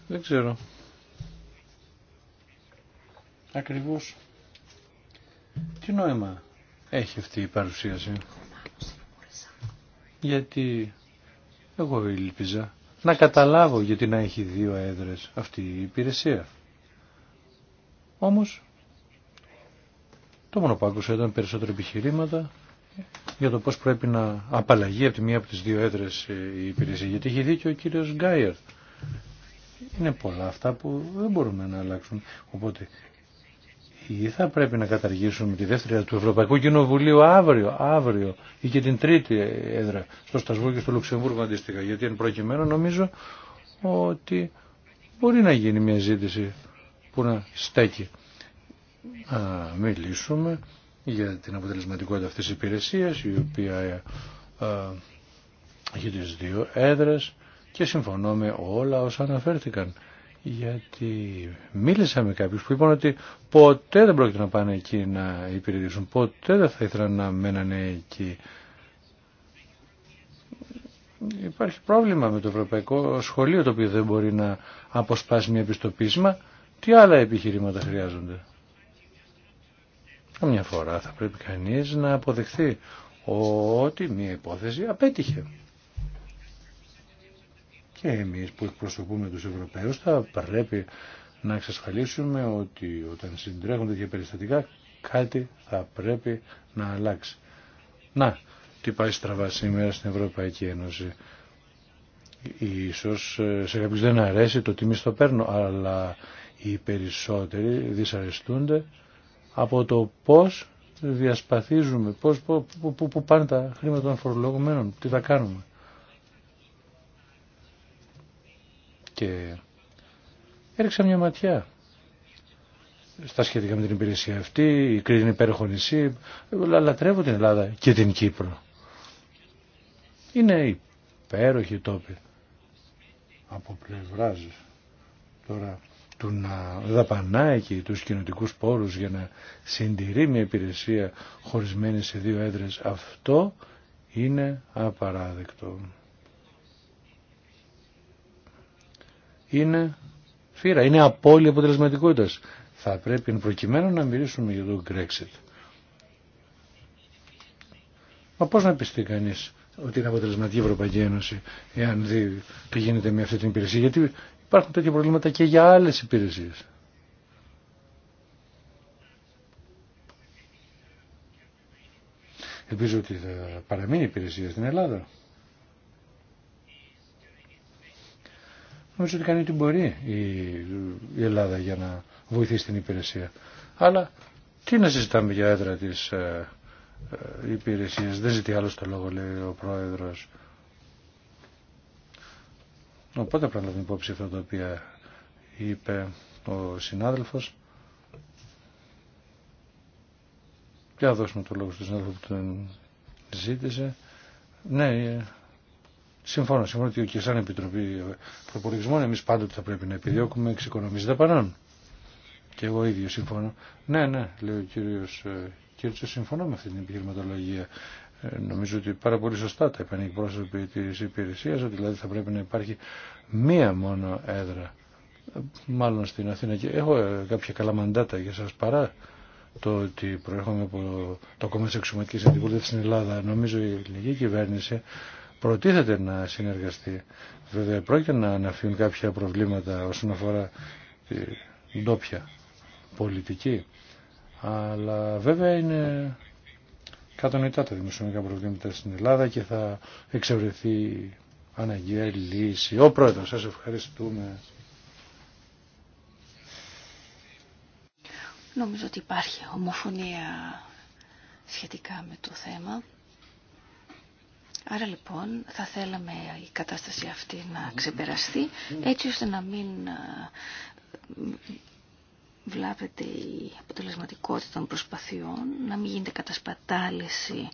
Δεν ξέρω. Ακριβώς. Τι νόημα έχει αυτή η παρουσίαση. Γιατί εγώ ελπίζα να καταλάβω γιατί να έχει δύο έδρες αυτή η υπηρεσία. Όμως το μόνο που άκουσα ήταν περισσότερα επιχειρήματα για το πώς πρέπει να απαλλαγεί από τη μία από τις δύο έδρες η υπηρεσία. Γιατί έχει δίκιο ο κύριος Γκάιερ. Είναι πολλά αυτά που δεν μπορούμε να αλλάξουν. Οπότε ή θα πρέπει να καταργήσουμε τη δεύτερη του Ευρωπαϊκού Κοινοβουλίου αύριο, αύριο ή και την τρίτη έδρα στο Στασβούργο και στο Λουξεμβούργο αντίστοιχα. Γιατί εν προκειμένου νομίζω ότι μπορεί να γίνει μια ζήτηση που να στέκει. Να μιλήσουμε για την αποτελεσματικότητα αυτής της υπηρεσίας η οποία ε, έχει τις δύο έδρες και συμφωνώ με όλα όσα αναφέρθηκαν γιατί μίλησα με κάποιους που είπαν ότι ποτέ δεν πρόκειται να πάνε εκεί να υπηρετήσουν ποτέ δεν θα ήθελαν να μένανε εκεί υπάρχει πρόβλημα με το Ευρωπαϊκό Σχολείο το οποίο δεν μπορεί να αποσπάσει μια επιστοπίσμα τι άλλα επιχειρήματα χρειάζονται Καμιά φορά θα πρέπει κανείς να αποδεχθεί ότι μια υπόθεση απέτυχε. Και εμείς που εκπροσωπούμε τους Ευρωπαίους θα πρέπει να εξασφαλίσουμε ότι όταν συντρέχουν τέτοια περιστατικά κάτι θα πρέπει να αλλάξει. Να, τι πάει στραβά σήμερα στην Ευρωπαϊκή Ένωση. Ίσως ε, σε κάποιους δεν αρέσει το τι στο παίρνω, αλλά οι περισσότεροι δυσαρεστούνται από το πώς διασπαθίζουμε, πώς, πού, πού, πού πάνε τα χρήματα των φορολογουμένων, τι θα κάνουμε. Και έριξα μια ματιά στα σχετικά με την υπηρεσία αυτή, η Κρήτη είναι υπέροχο νησί, λατρεύω την Ελλάδα και την Κύπρο. Είναι υπέροχη τόπη. Από πλευράς τώρα του να δαπανάει και τους κοινωτικούς πόρους για να συντηρεί μια υπηρεσία χωρισμένη σε δύο έδρες, αυτό είναι απαράδεκτο. Είναι φύρα, είναι απόλυτη αποτελεσματικότητα. Θα πρέπει προκειμένου να μιλήσουμε για το Brexit. Μα πώς να πιστεί κανείς ότι είναι αποτελεσματική η Ευρωπαϊκή Ένωση, εάν δει τι γίνεται με αυτή την υπηρεσία. Γιατί Υπάρχουν τέτοια προβλήματα και για άλλες υπηρεσίες. Ελπίζω ότι θα παραμείνει η υπηρεσία στην Ελλάδα. Νομίζω ότι κάνει ό,τι μπορεί η Ελλάδα για να βοηθήσει την υπηρεσία. Αλλά τι να συζητάμε για έδρα της ε, ε, υπηρεσίας. Δεν ζητεί άλλο το λόγο λέει ο πρόεδρος. Οπότε πρέπει να λάβουμε υπόψη αυτά τα οποία είπε ο συνάδελφος. Και να δώσουμε το λόγο στον συνάδελφο που τον ζήτησε. Ναι, συμφώνω, ε, συμφώνω ότι και σαν Επιτροπή Προπολογισμών εμείς πάντοτε θα πρέπει να επιδιώκουμε εξοικονομίζει δαπανών. Και εγώ ίδιο συμφωνώ. Ναι, ναι, λέει ο κύριος ε, Κίρτσο, συμφωνώ με αυτή την επιχειρηματολογία. Ε, νομίζω ότι πάρα πολύ σωστά τα είπαν οι πρόσωποι της υπηρεσίας, ότι δηλαδή θα πρέπει να υπάρχει μία μόνο έδρα, μάλλον στην Αθήνα. Και έχω ε, κάποια καλά μαντάτα για σας παρά το ότι προέρχομαι από το κόμμα της εξωματικής στην Ελλάδα. Νομίζω η ελληνική κυβέρνηση προτίθεται να συνεργαστεί. Βέβαια πρόκειται να αναφύγουν κάποια προβλήματα όσον αφορά την ντόπια πολιτική. Αλλά βέβαια είναι κατανοητά τα δημοσιονομικά προβλήματα στην Ελλάδα και θα εξευρεθεί αναγκαία λύση. Ο Πρόεδρος, σας ευχαριστούμε. Νομίζω ότι υπάρχει ομοφωνία σχετικά με το θέμα. Άρα λοιπόν θα θέλαμε η κατάσταση αυτή να ξεπεραστεί έτσι ώστε να μην βλάβεται η αποτελεσματικότητα των προσπαθειών, να μην γίνεται κατασπατάληση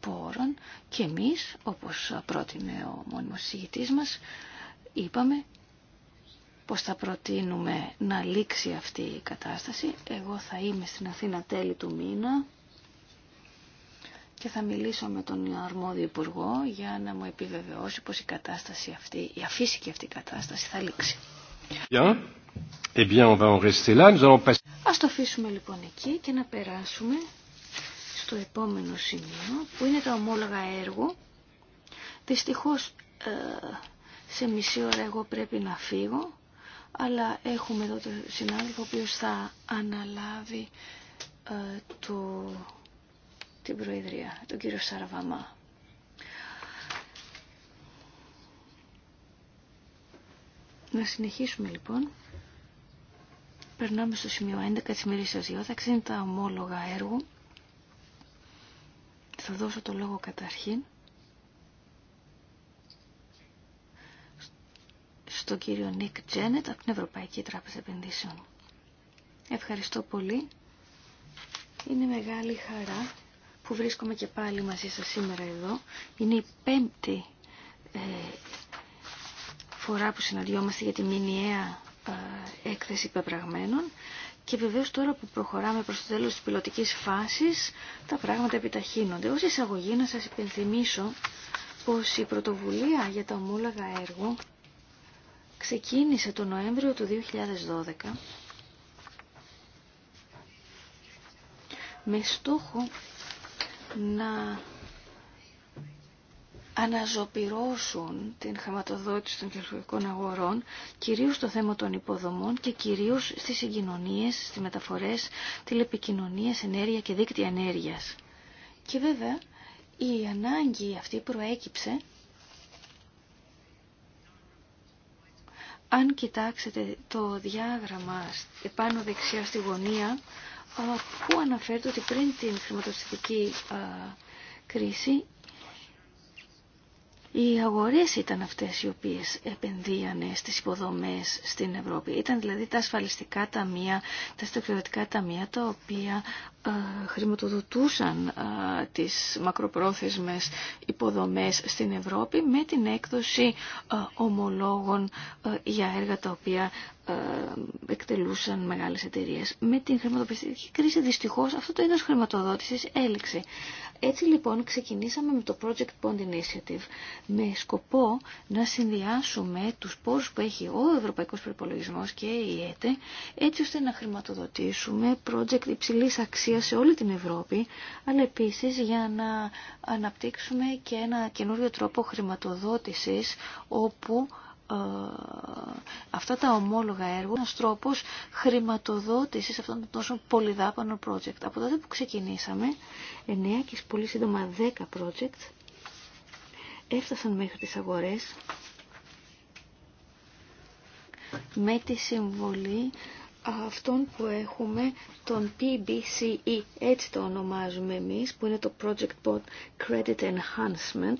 πόρων και εμείς, όπως πρότεινε ο μόνιμος συγητής μας, είπαμε πως θα προτείνουμε να λήξει αυτή η κατάσταση. Εγώ θα είμαι στην Αθήνα τέλη του μήνα και θα μιλήσω με τον αρμόδιο υπουργό για να μου επιβεβαιώσει πως η κατάσταση αυτή, η αφύσικη αυτή κατάσταση θα λήξει. Ας το αφήσουμε λοιπόν εκεί και να περάσουμε στο επόμενο σημείο που είναι τα ομόλογα έργου. Δυστυχώς ε, σε μισή ώρα εγώ πρέπει να φύγω αλλά έχουμε εδώ τον συνάδελφο ο οποίος θα αναλάβει ε, το, την Προεδρία, τον κύριο Σαραβαμά. Να συνεχίσουμε λοιπόν. Περνάμε στο σημείο 11 της μυρίσιας Θα είναι τα ομόλογα έργου. Θα δώσω το λόγο καταρχήν στον κύριο Νίκ Τζένετ από την Ευρωπαϊκή Τράπεζα Επενδύσεων. Ευχαριστώ πολύ. Είναι μεγάλη χαρά που βρίσκομαι και πάλι μαζί σας σήμερα εδώ. Είναι η πέμπτη ε, φορά που συναντιόμαστε για τη μηνιαία έκθεση πεπραγμένων και βεβαίως τώρα που προχωράμε προς το τέλος της πιλωτικής φάσης τα πράγματα επιταχύνονται. Ως εισαγωγή να σας υπενθυμίσω πως η πρωτοβουλία για τα ομόλογα έργο ξεκίνησε το Νοέμβριο του 2012 με στόχο να αναζωπυρώσουν την χρηματοδότηση των κερδοσκοπικών αγορών, κυρίως στο θέμα των υποδομών και κυρίως στις συγκοινωνίες, στις μεταφορές, τηλεπικοινωνίες, ενέργεια και δίκτυα ενέργειας. Και βέβαια, η ανάγκη αυτή προέκυψε Αν κοιτάξετε το διάγραμμα επάνω δεξιά στη γωνία, που αναφέρεται ότι πριν την χρηματοστητική κρίση οι αγορές ήταν αυτές οι οποίες επενδύανε στις υποδομές στην Ευρώπη. Ήταν δηλαδή τα ασφαλιστικά ταμεία, τα μία ταμεία τα οποία ε, χρηματοδοτούσαν ε, τις μακροπρόθεσμες υποδομές στην Ευρώπη με την έκδοση ε, ομολόγων για έργα τα οποία ε, εκτελούσαν μεγάλες εταιρείες. Με την χρηματοπιστική κρίση δυστυχώς αυτό το είδος χρηματοδότησης έληξε. Έτσι λοιπόν ξεκινήσαμε με το Project Bond Initiative με σκοπό να συνδυάσουμε τους πόρους που έχει ο Ευρωπαϊκός Προπολογισμός και η ΕΤΕ έτσι ώστε να χρηματοδοτήσουμε project υψηλής αξίας σε όλη την Ευρώπη αλλά επίσης για να αναπτύξουμε και ένα καινούριο τρόπο χρηματοδότησης όπου ε, αυτά τα ομόλογα έργο ένας τρόπος χρηματοδότησης αυτών των τόσο πολυδάπανων project. Από τότε που ξεκινήσαμε, 9 και πολύ σύντομα 10 project έφτασαν μέχρι τις αγορές με τη συμβολή αυτών που έχουμε τον PBCE, έτσι το ονομάζουμε εμείς, που είναι το Project Bond Credit Enhancement,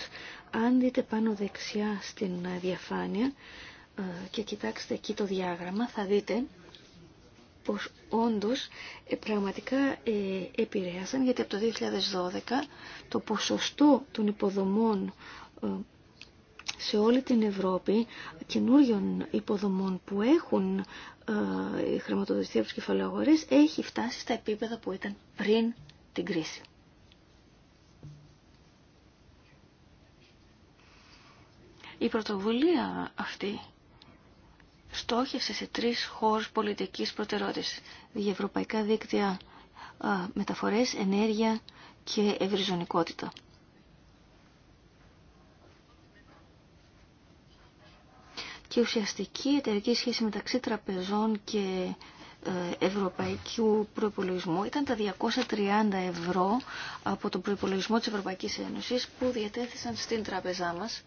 αν δείτε πάνω δεξιά στην ε, διαφάνεια ε, και κοιτάξτε εκεί το διάγραμμα, θα δείτε πως όντως ε, πραγματικά επηρέασαν, γιατί από το 2012 το ποσοστό των υποδομών σε όλη την Ευρώπη καινούριων υποδομών που έχουν χρηματοδοτηθεί από τις έχει φτάσει στα επίπεδα που ήταν πριν την κρίση. Η πρωτοβουλία αυτή στόχευσε σε τρεις χώρους πολιτικής προτεραιότητας. Διευρωπαϊκά δίκτυα μεταφορές, ενέργεια και ευρυζωνικότητα. Και ουσιαστική εταιρική σχέση μεταξύ τραπεζών και ε, ευρωπαϊκού προϋπολογισμού ήταν τα 230 ευρώ από τον προϋπολογισμό της Ευρωπαϊκής Ένωσης που διατέθησαν στην τράπεζά μας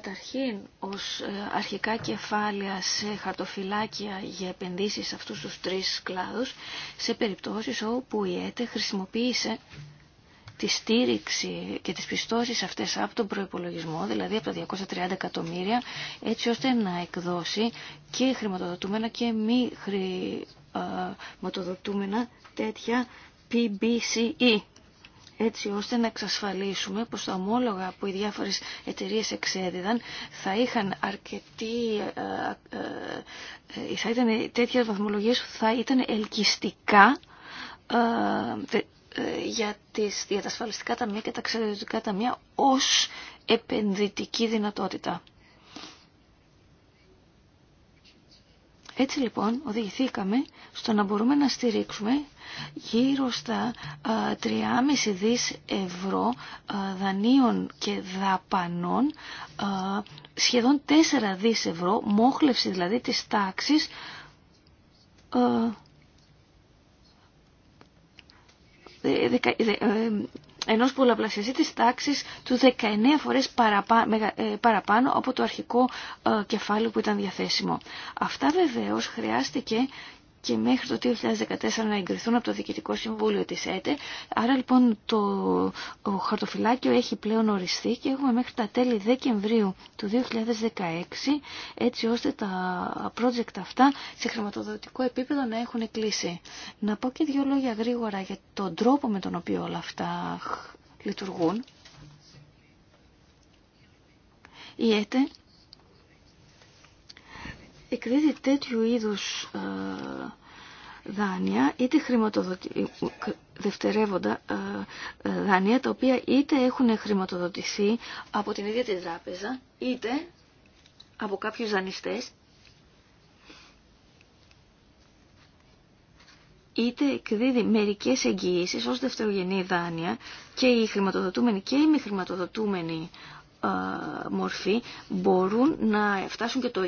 καταρχήν ως ε, αρχικά κεφάλαια σε χαρτοφυλάκια για επενδύσεις σε αυτούς τους τρεις κλάδους σε περιπτώσεις όπου η ΕΤΕ χρησιμοποίησε τη στήριξη και τις πιστώσεις αυτές από τον προϋπολογισμό, δηλαδή από τα 230 εκατομμύρια, έτσι ώστε να εκδώσει και χρηματοδοτούμενα και μη χρηματοδοτούμενα ε, ε, τέτοια PBCE έτσι ώστε να εξασφαλίσουμε πως τα ομόλογα που οι διάφορες εταιρείες εξέδιδαν θα είχαν αρκετή, ε, ε, ε, θα ήταν τέτοιες βαθμολογίες που θα ήταν ελκυστικά για, τις, για τα ασφαλιστικά ταμεία και τα εξαιρετικά ταμεία ως επενδυτική δυνατότητα. Έτσι λοιπόν οδηγηθήκαμε στο να μπορούμε να στηρίξουμε γύρω στα 3,5 δις ευρώ δανείων και δαπανών, σχεδόν 4 δις ευρώ, μόχλευση δηλαδή της τάξης, ε, ε, ενός πολλαπλασιαστή της τάξης του 19 φορές ε, παραπάνω από το αρχικό ε, κεφάλαιο που ήταν διαθέσιμο. Αυτά βεβαίως χρειάστηκε και μέχρι το 2014 να εγκριθούν από το Διοικητικό Συμβούλιο της ΕΤΕ. Άρα λοιπόν το χαρτοφυλάκιο έχει πλέον οριστεί και έχουμε μέχρι τα τέλη Δεκεμβρίου του 2016 έτσι ώστε τα project αυτά σε χρηματοδοτικό επίπεδο να έχουν κλείσει. Να πω και δύο λόγια γρήγορα για τον τρόπο με τον οποίο όλα αυτά λειτουργούν. Η ΕΤΕ εκδίδει τέτοιου είδους ε, δάνεια, είτε χρηματοδοτη... δευτερεύοντα ε, ε, δάνεια, τα οποία είτε έχουν χρηματοδοτηθεί από την ίδια τη τράπεζα, είτε από κάποιους δανειστές, είτε εκδίδει μερικές εγγυήσεις ως δευτερογενή δάνεια και οι χρηματοδοτούμενοι και οι μη χρηματοδοτούμενοι μορφή μπορούν να φτάσουν και το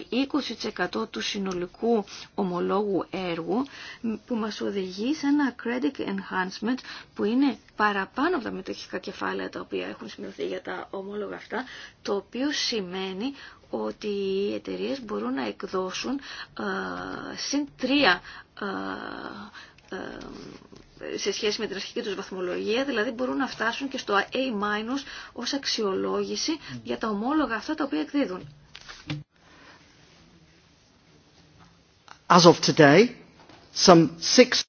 20% του συνολικού ομολόγου έργου που μας οδηγεί σε ένα credit enhancement που είναι παραπάνω από τα μετοχικά κεφάλαια τα οποία έχουν σημειωθεί για τα ομόλογα αυτά, το οποίο σημαίνει ότι οι εταιρείε μπορούν να εκδώσουν ε, συν τρία σε σχέση με την αρχική τους βαθμολογία, δηλαδή μπορούν να φτάσουν και στο A- ως αξιολόγηση για τα ομόλογα αυτά τα οποία εκδίδουν. As of today, some six...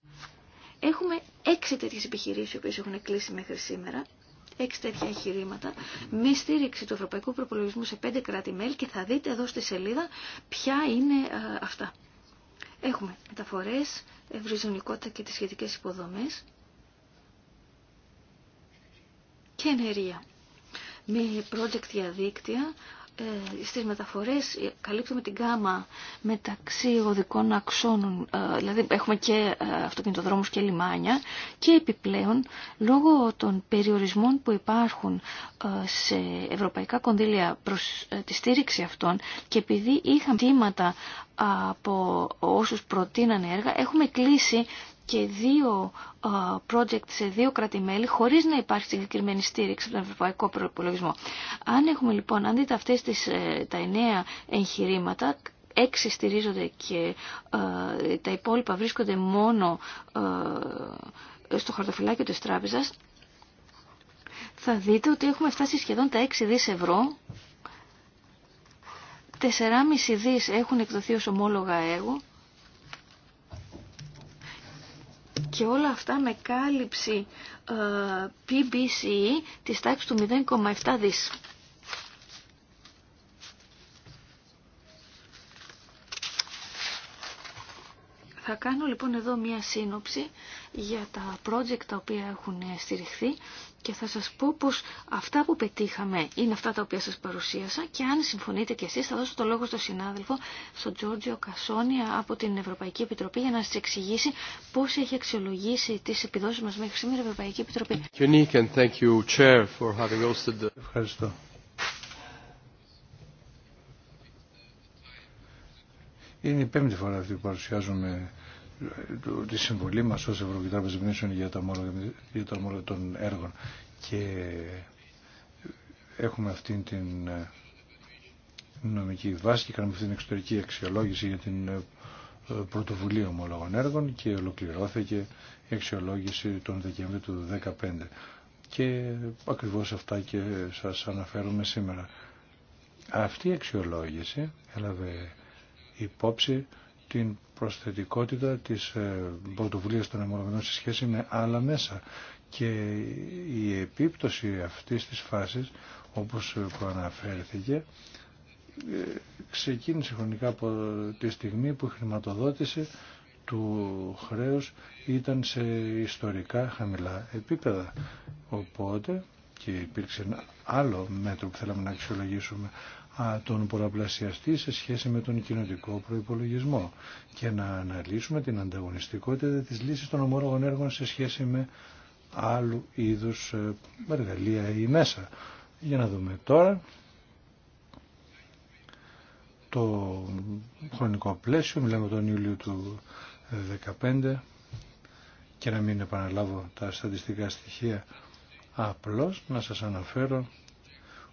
Έχουμε έξι τέτοιες επιχειρήσεις οι οποίες έχουν κλείσει μέχρι σήμερα έξι τέτοια εγχειρήματα με στήριξη του Ευρωπαϊκού Προπολογισμού σε πέντε κράτη-μέλη και θα δείτε εδώ στη σελίδα ποια είναι ε, αυτά. Έχουμε μεταφορές, ευρυζωνικότητα και τις σχετικές υποδομές και ενέργεια. Με project διαδίκτυα ε, στις μεταφορές καλύπτουμε την γάμα μεταξύ οδικών αξώνων, ε, δηλαδή έχουμε και ε, αυτοκινητοδρόμους και λιμάνια και επιπλέον λόγω των περιορισμών που υπάρχουν σε ευρωπαϊκά κονδύλια προς τη στήριξη αυτών και επειδή είχαμε θύματα από όσους προτείνανε έργα έχουμε κλείσει και δύο project σε δύο κρατημέλη χωρίς να υπάρχει συγκεκριμένη στήριξη από τον Ευρωπαϊκό Προπολογισμό. Αν έχουμε λοιπόν, αν δείτε αυτές τις, ε, τα εννέα εγχειρήματα, έξι στηρίζονται και τα υπόλοιπα βρίσκονται μόνο στο χαρτοφυλάκιο της τράπεζας, θα δείτε ότι έχουμε φτάσει σχεδόν τα 6 δις ευρώ 4,5 δις έχουν εκδοθεί ως ομόλογα έργο και όλα αυτά με κάλυψη ε, PBCE της τάξης του 0,7 δις. Θα κάνω λοιπόν εδώ μία σύνοψη για τα project τα οποία έχουν στηριχθεί και θα σας πω πως αυτά που πετύχαμε είναι αυτά τα οποία σας παρουσίασα και αν συμφωνείτε κι εσείς θα δώσω το λόγο στο συνάδελφο, στον Τζόρτζιο Κασόνια από την Ευρωπαϊκή Επιτροπή για να σας εξηγήσει πώς έχει αξιολογήσει τις επιδόσεις μας μέχρι σήμερα η Ευρωπαϊκή Επιτροπή. Ευχαριστώ. Είναι η πέμπτη φορά αυτή που παρουσιάζουμε τη συμβολή μας ως Ευρωπαϊκή Τράπεζα για τα ομόλογα, για των έργων και έχουμε αυτήν την ε, νομική βάση και κάνουμε αυτή την εξωτερική αξιολόγηση για την ε, πρωτοβουλία ομολόγων έργων και ολοκληρώθηκε η αξιολόγηση τον Δεκέμβριο του 2015. Και ακριβώς αυτά και σας αναφέρουμε σήμερα. Αυτή η αξιολόγηση έλαβε υπόψη την προσθετικότητα της ε, πρωτοβουλία των αιμορροπινών σε σχέση με άλλα μέσα. Και η επίπτωση αυτής της φάσης, όπως ε, προαναφέρθηκε, ε, ξεκίνησε χρονικά από τη στιγμή που η χρηματοδότηση του χρέους ήταν σε ιστορικά χαμηλά επίπεδα. Οπότε και υπήρξε ένα άλλο μέτρο που θέλαμε να αξιολογήσουμε τον πολλαπλασιαστή σε σχέση με τον κοινοτικό προϋπολογισμό και να αναλύσουμε την ανταγωνιστικότητα της λύσης των ομόλογων έργων σε σχέση με άλλου είδους ε, εργαλεία ή μέσα. Για να δούμε τώρα το χρονικό πλαίσιο, μιλάμε τον Ιούλιο του 2015 και να μην επαναλάβω τα στατιστικά στοιχεία απλώς να σας αναφέρω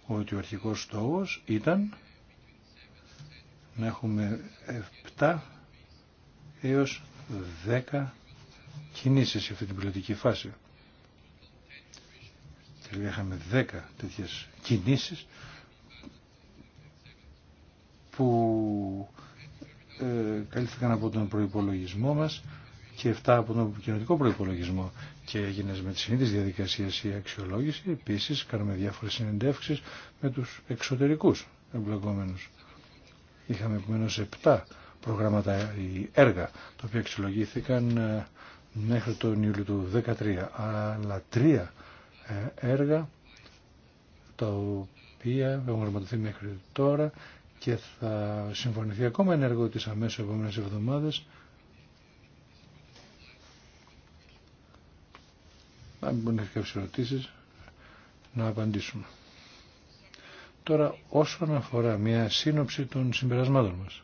ότι ο αρχικός στόχος ήταν να έχουμε 7 έως 10 κινήσεις σε αυτή την πιλωτική φάση. Τελικά δηλαδή, είχαμε 10 τέτοιες κινήσεις που ε, καλύφθηκαν από τον προϋπολογισμό μας και 7 από τον κοινωτικό προπολογισμό. Και έγινε με τι συνήθειε διαδικασίε η αξιολόγηση. Επίση, κάναμε διάφορε συνεντεύξει με του εξωτερικού εμπλεκόμενου. Είχαμε επομένω 7 προγράμματα ή έργα τα οποία αξιολογήθηκαν ε, μέχρι τον Ιούλιο του 2013. Αλλά τρία ε, έργα τα οποία έχουν γραμματωθεί μέχρι τώρα και θα συμφωνηθεί ακόμα ένα έργο τις αμέσως επόμενες εβδομάδες αν μπορεί να έχει να απαντήσουμε. Τώρα, όσον αφορά μια σύνοψη των συμπερασμάτων μας,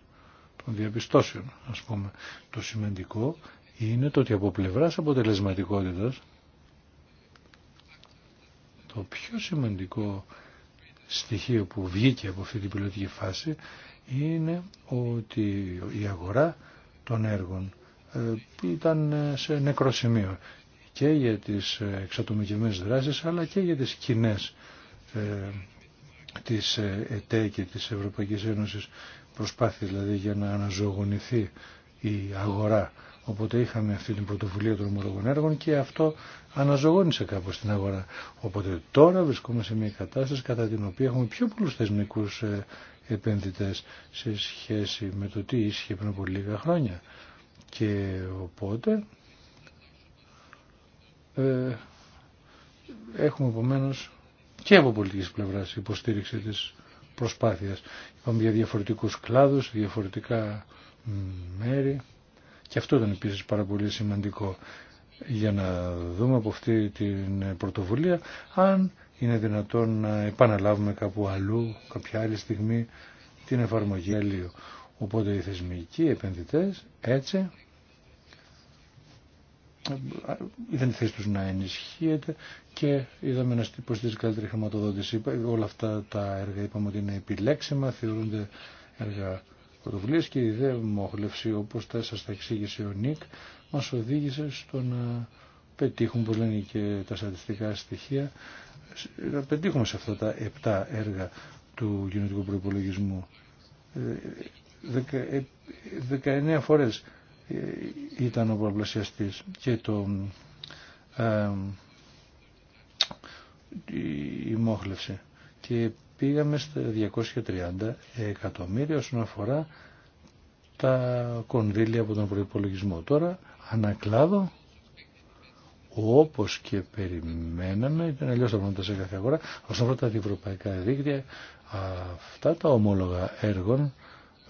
των διαπιστώσεων, ας πούμε, το σημαντικό είναι το ότι από πλευράς αποτελεσματικότητας, το πιο σημαντικό στοιχείο που βγήκε από αυτή την πιλωτική φάση είναι ότι η αγορά των έργων ε, ήταν σε νεκρό σημείο και για τις ε, εξατομικευμένες δράσεις αλλά και για τις κοινέ ε, της ε, ΕΤΕ και της Ευρωπαϊκής Ένωσης προσπάθειες δηλαδή για να αναζωογονηθεί η αγορά. Οπότε είχαμε αυτή την πρωτοβουλία των ομολογών έργων και αυτό αναζωογόνησε κάπως την αγορά. Οπότε τώρα βρισκόμαστε σε μια κατάσταση κατά την οποία έχουμε πιο πολλούς θεσμικούς ε, επενδυτές σε σχέση με το τι ίσχυε πριν από λίγα χρόνια. Και οπότε ε, έχουμε επομένω και από πολιτική πλευράς υποστήριξη της προσπάθειας. Είπαμε για διαφορετικού κλάδου, διαφορετικά μέρη και αυτό ήταν επίσης πάρα πολύ σημαντικό για να δούμε από αυτή την πρωτοβουλία αν είναι δυνατόν να επαναλάβουμε κάπου αλλού, κάποια άλλη στιγμή την εφαρμογή αλλίου. Οπότε οι θεσμικοί επενδυτές έτσι δεν τη θέση τους να ενισχύεται και είδαμε να υποστηρίζει καλύτερη χρηματοδότηση. Όλα αυτά τα έργα είπαμε ότι είναι επιλέξιμα, θεωρούνται έργα πρωτοβουλίες και η ιδέα μόχλευση όπως τα σας τα εξήγησε ο Νίκ μας οδήγησε στο να πετύχουν, όπως λένε και τα στατιστικά στοιχεία, να πετύχουμε σε αυτά τα επτά έργα του κοινωτικού προϋπολογισμού. 19 ε, ε, φορές ε, ήταν ο πολλαπλασιαστής και το, ε, η μόχλευση. Και πήγαμε στα 230 εκατομμύρια όσον αφορά τα κονδύλια από τον προϋπολογισμό. Τώρα ανακλάδω όπως και περιμέναμε, ήταν αλλιώ τα πράγματα σε κάθε αγορά, όσον αφορά τα διευρωπαϊκά δίκτυα, αυτά τα ομόλογα έργων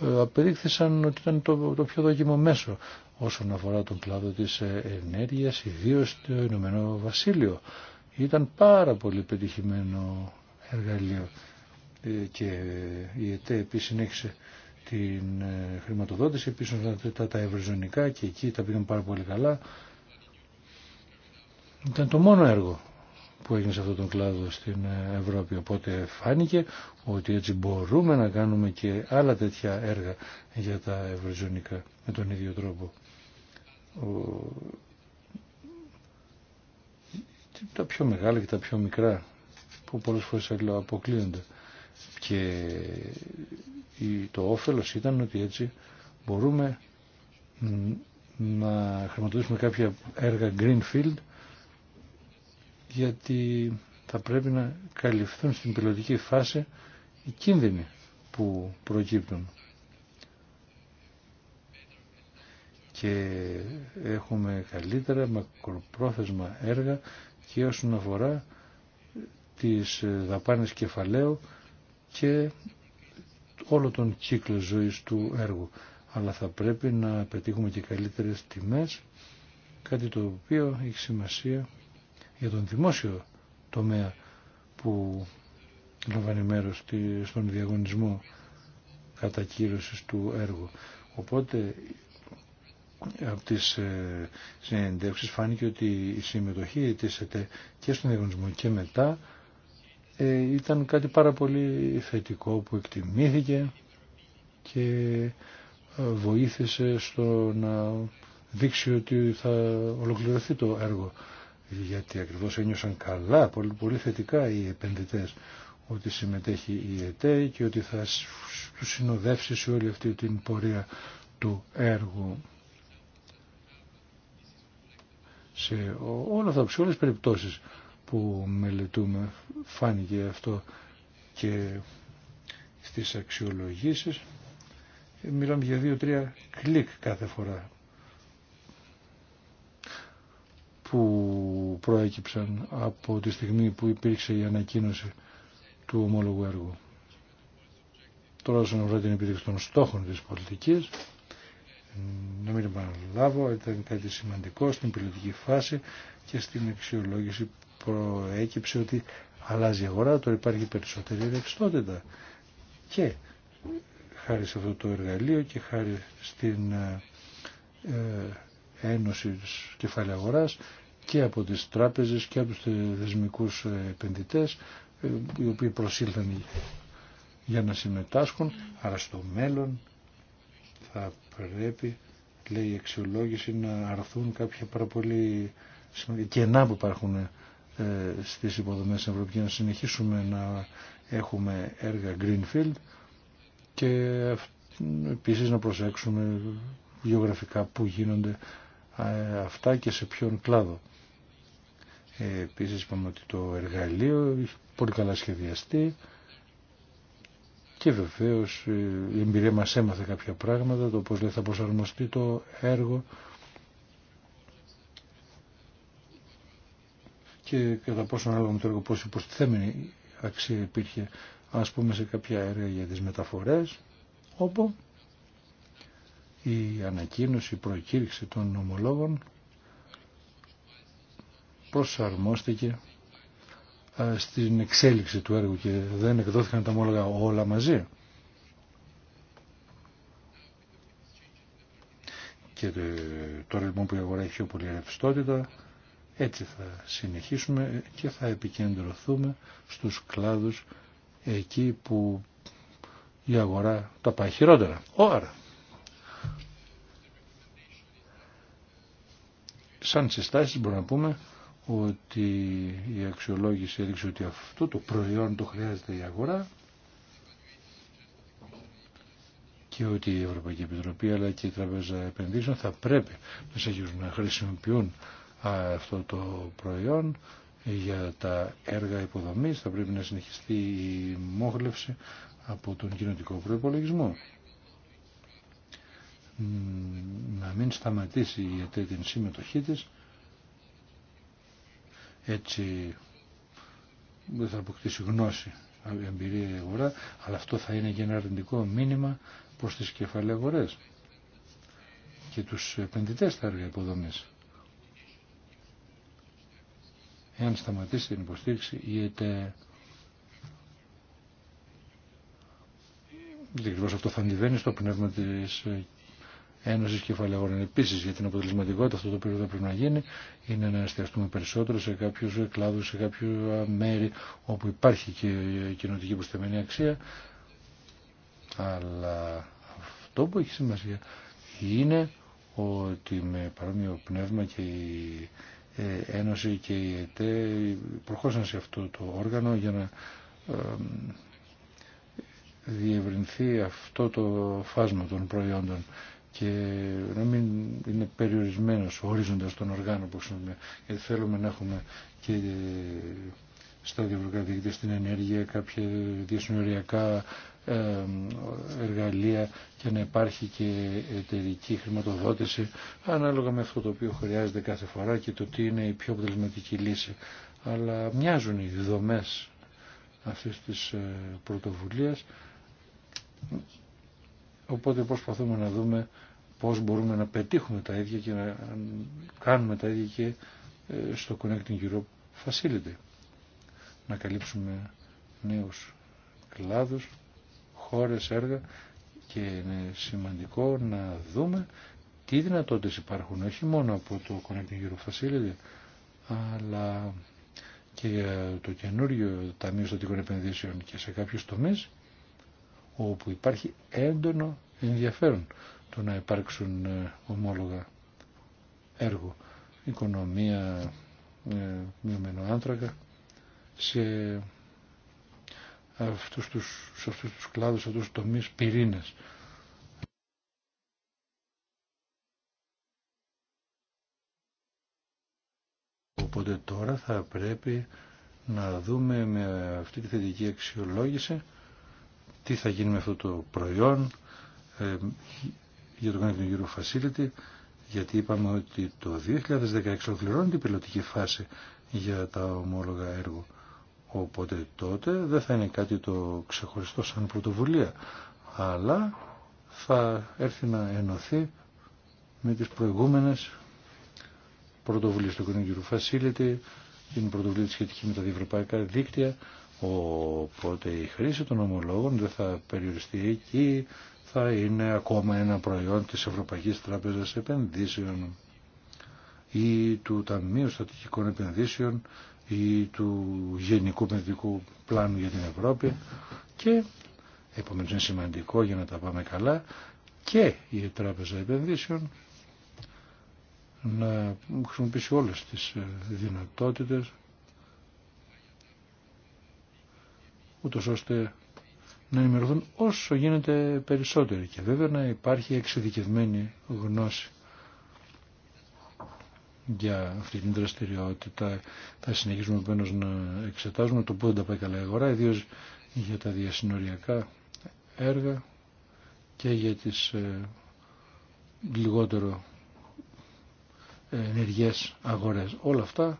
ε, απεδείχθησαν ότι ήταν το, το πιο δόκιμο μέσο όσον αφορά τον κλάδο της ε, ενέργειας, ιδίως το Ηνωμένο Βασίλειο. Ήταν πάρα πολύ πετυχημένο εργαλείο ε, και η ΕΤΕ επίσης συνέχισε την χρηματοδότηση, επίσης τα, τα ευρωζωνικά και εκεί τα πήγαν πάρα πολύ καλά. Ήταν το μόνο έργο που έγινε σε αυτόν τον κλάδο στην ε, Ευρώπη. Οπότε φάνηκε ότι έτσι μπορούμε να κάνουμε και άλλα τέτοια έργα για τα ευρωζωνικά με τον ίδιο τρόπο. Τα πιο μεγάλα και τα πιο μικρά που πολλές φορές αποκλείονται. Και το όφελος ήταν ότι έτσι μπορούμε να χρηματοδοτήσουμε κάποια έργα Greenfield γιατί θα πρέπει να καλυφθούν στην πιλωτική φάση οι κίνδυνοι που προκύπτουν. Και έχουμε καλύτερα μακροπρόθεσμα έργα και όσον αφορά τις δαπάνες κεφαλαίου και όλο τον κύκλο ζωής του έργου. Αλλά θα πρέπει να πετύχουμε και καλύτερες τιμές, κάτι το οποίο έχει σημασία για τον δημόσιο τομέα που λαμβάνει μέρος στον διαγωνισμό κατακύρωσης του έργου. Οπότε από τις ε, συνεντεύξεις φάνηκε ότι η συμμετοχή της ΕΤΕ και στον διαγωνισμό και μετά ε, ήταν κάτι πάρα πολύ θετικό που εκτιμήθηκε και ε, βοήθησε στο να δείξει ότι θα ολοκληρωθεί το έργο γιατί ακριβώς ένιωσαν καλά, πολύ, πολύ θετικά οι επενδυτές ότι συμμετέχει η ΕΤΕ και ότι θα του συνοδεύσει σε όλη αυτή την πορεία του έργου. Σε όλα αυτά, σε όλες τις περιπτώσεις που μελετούμε φάνηκε αυτό και στις αξιολογήσεις μιλάμε για δύο-τρία κλικ κάθε φορά που προέκυψαν από τη στιγμή που υπήρξε η ανακοίνωση του ομόλογου έργου. Τώρα όσον αφορά την επίδειξη των στόχων της πολιτικής, να μην επαναλάβω, ήταν κάτι σημαντικό στην πολιτική φάση και στην αξιολόγηση προέκυψε ότι αλλάζει η αγορά, τώρα υπάρχει περισσότερη ρευστότητα. Και χάρη σε αυτό το εργαλείο και χάρη στην ε, ε, Ένωση της Κεφάλαια Αγοράς και από τις τράπεζες και από τους θεσμικούς ε, επενδυτές ε, οι οποίοι προσήλθαν για να συμμετάσχουν άρα στο μέλλον θα πρέπει λέει η αξιολόγηση να αρθούν κάποια πάρα πολύ κενά που υπάρχουν ε, στις υποδομές της να συνεχίσουμε να έχουμε έργα Greenfield και επίσης να προσέξουμε γεωγραφικά που γίνονται αυτά και σε ποιον κλάδο. Ε, επίσης είπαμε ότι το εργαλείο έχει πολύ καλά σχεδιαστεί και βεβαίως ε, η εμπειρία μας έμαθε κάποια πράγματα, το πώς λέει θα προσαρμοστεί το έργο και κατά πόσο ανάλογα με το έργο πώς υποστηθέμενη αξία υπήρχε ας πούμε σε κάποια έργα για τις μεταφορές όπου η ανακοίνωση, η προκήρυξη των ομολόγων προσαρμόστηκε ε, στην εξέλιξη του έργου και δεν εκδόθηκαν τα ομόλογα όλα μαζί. Και ε, τώρα λοιπόν που η αγορά έχει πιο πολύ ρευστότητα, έτσι θα συνεχίσουμε και θα επικεντρωθούμε στους κλάδους εκεί που η αγορά τα πάει χειρότερα. Ωρα. Σαν συστάσεις μπορούμε να πούμε ότι η αξιολόγηση έδειξε ότι αυτό το προϊόν το χρειάζεται η αγορά και ότι η Ευρωπαϊκή Επιτροπή αλλά και η Τραπέζα Επενδύσεων θα πρέπει να να χρησιμοποιούν αυτό το προϊόν για τα έργα υποδομής θα πρέπει να συνεχιστεί η μόχλευση από τον κοινωτικό προϋπολογισμό να μην σταματήσει η ΕΤΕ συμμετοχή της έτσι δεν θα αποκτήσει γνώση, εμπειρία η αγορά, αλλά αυτό θα είναι και ένα αρνητικό μήνυμα προς τις κεφαλαίες αγορές και τους επενδυτές στα έργα υποδομής. Εάν σταματήσει την υποστήριξη ή είτε γιατί αυτό θα αντιβαίνει στο πνεύμα της Ένωση κεφαλαίων Επίση, για την αποτελεσματικότητα αυτό το οποίο θα πρέπει να γίνει είναι να εστιαστούμε περισσότερο σε κάποιου κλάδου, σε κάποια μέρη όπου υπάρχει και κοινωτική προστεμένη αξία. Αλλά αυτό που έχει σημασία είναι ότι με παρόμοιο πνεύμα και η ε, Ένωση και η ΕΤΕ προχώρησαν σε αυτό το όργανο για να διευρυνθεί αυτό το φάσμα των προϊόντων και να μην είναι περιορισμένος ο ορίζοντας των οργάνων που χρησιμοποιούμε. Γιατί θέλουμε να έχουμε και στα διευρωπαϊκά δίκτυα, στην ενέργεια, κάποια διασυνοριακά ε, εργαλεία και να υπάρχει και εταιρική χρηματοδότηση ανάλογα με αυτό το οποίο χρειάζεται κάθε φορά και το τι είναι η πιο αποτελεσματική λύση. Αλλά μοιάζουν οι δομές αυτής της ε, πρωτοβουλίας Οπότε προσπαθούμε να δούμε πώς μπορούμε να πετύχουμε τα ίδια και να κάνουμε τα ίδια και ε, στο Connecting Europe Facility. Να καλύψουμε νέους κλάδους, χώρες, έργα και είναι σημαντικό να δούμε τι δυνατότητες υπάρχουν όχι μόνο από το Connecting Europe Facility αλλά και ε, το καινούριο Ταμείο Στατικών Επενδύσεων και σε κάποιους τομείς όπου υπάρχει έντονο ενδιαφέρον το να υπάρξουν ε, ομόλογα έργο, οικονομία, ε, μειωμένο άνθρακα, σε αυτούς τους, σε αυτούς τους κλάδους, σε αυτούς τους τομείς πυρήνες. Οπότε τώρα θα πρέπει να δούμε με αυτή τη θετική αξιολόγηση τι θα γίνει με αυτό το προϊόν ε, για το Connecting Euro Facility, γιατί είπαμε ότι το 2016 ολοκληρώνει την πιλωτική φάση για τα ομόλογα έργο. Οπότε τότε δεν θα είναι κάτι το ξεχωριστό σαν πρωτοβουλία, αλλά θα έρθει να ενωθεί με τις προηγούμενες πρωτοβουλίες του Connecting Euro Facility, την πρωτοβουλία σχετική με τα διευρωπαϊκά δίκτυα, Οπότε η χρήση των ομολόγων δεν θα περιοριστεί εκεί, θα είναι ακόμα ένα προϊόν της Ευρωπαϊκής Τράπεζας Επενδύσεων ή του Ταμείου Στατικικών Επενδύσεων ή του Γενικού Παιδικού Πλάνου για την Ευρώπη και επομένως είναι σημαντικό για να τα πάμε καλά και η Τράπεζα Επενδύσεων να χρησιμοποιήσει όλες τις ε, δυνατότητες ούτως ώστε να ενημερωθούν όσο γίνεται περισσότεροι και βέβαια να υπάρχει εξειδικευμένη γνώση για αυτή την δραστηριότητα. Θα συνεχίσουμε επομένω να εξετάζουμε το πού δεν τα πάει καλά η αγορά, ιδίω για τα διασυνοριακά έργα και για τις ε, λιγότερο ενεργές αγορές. Όλα αυτά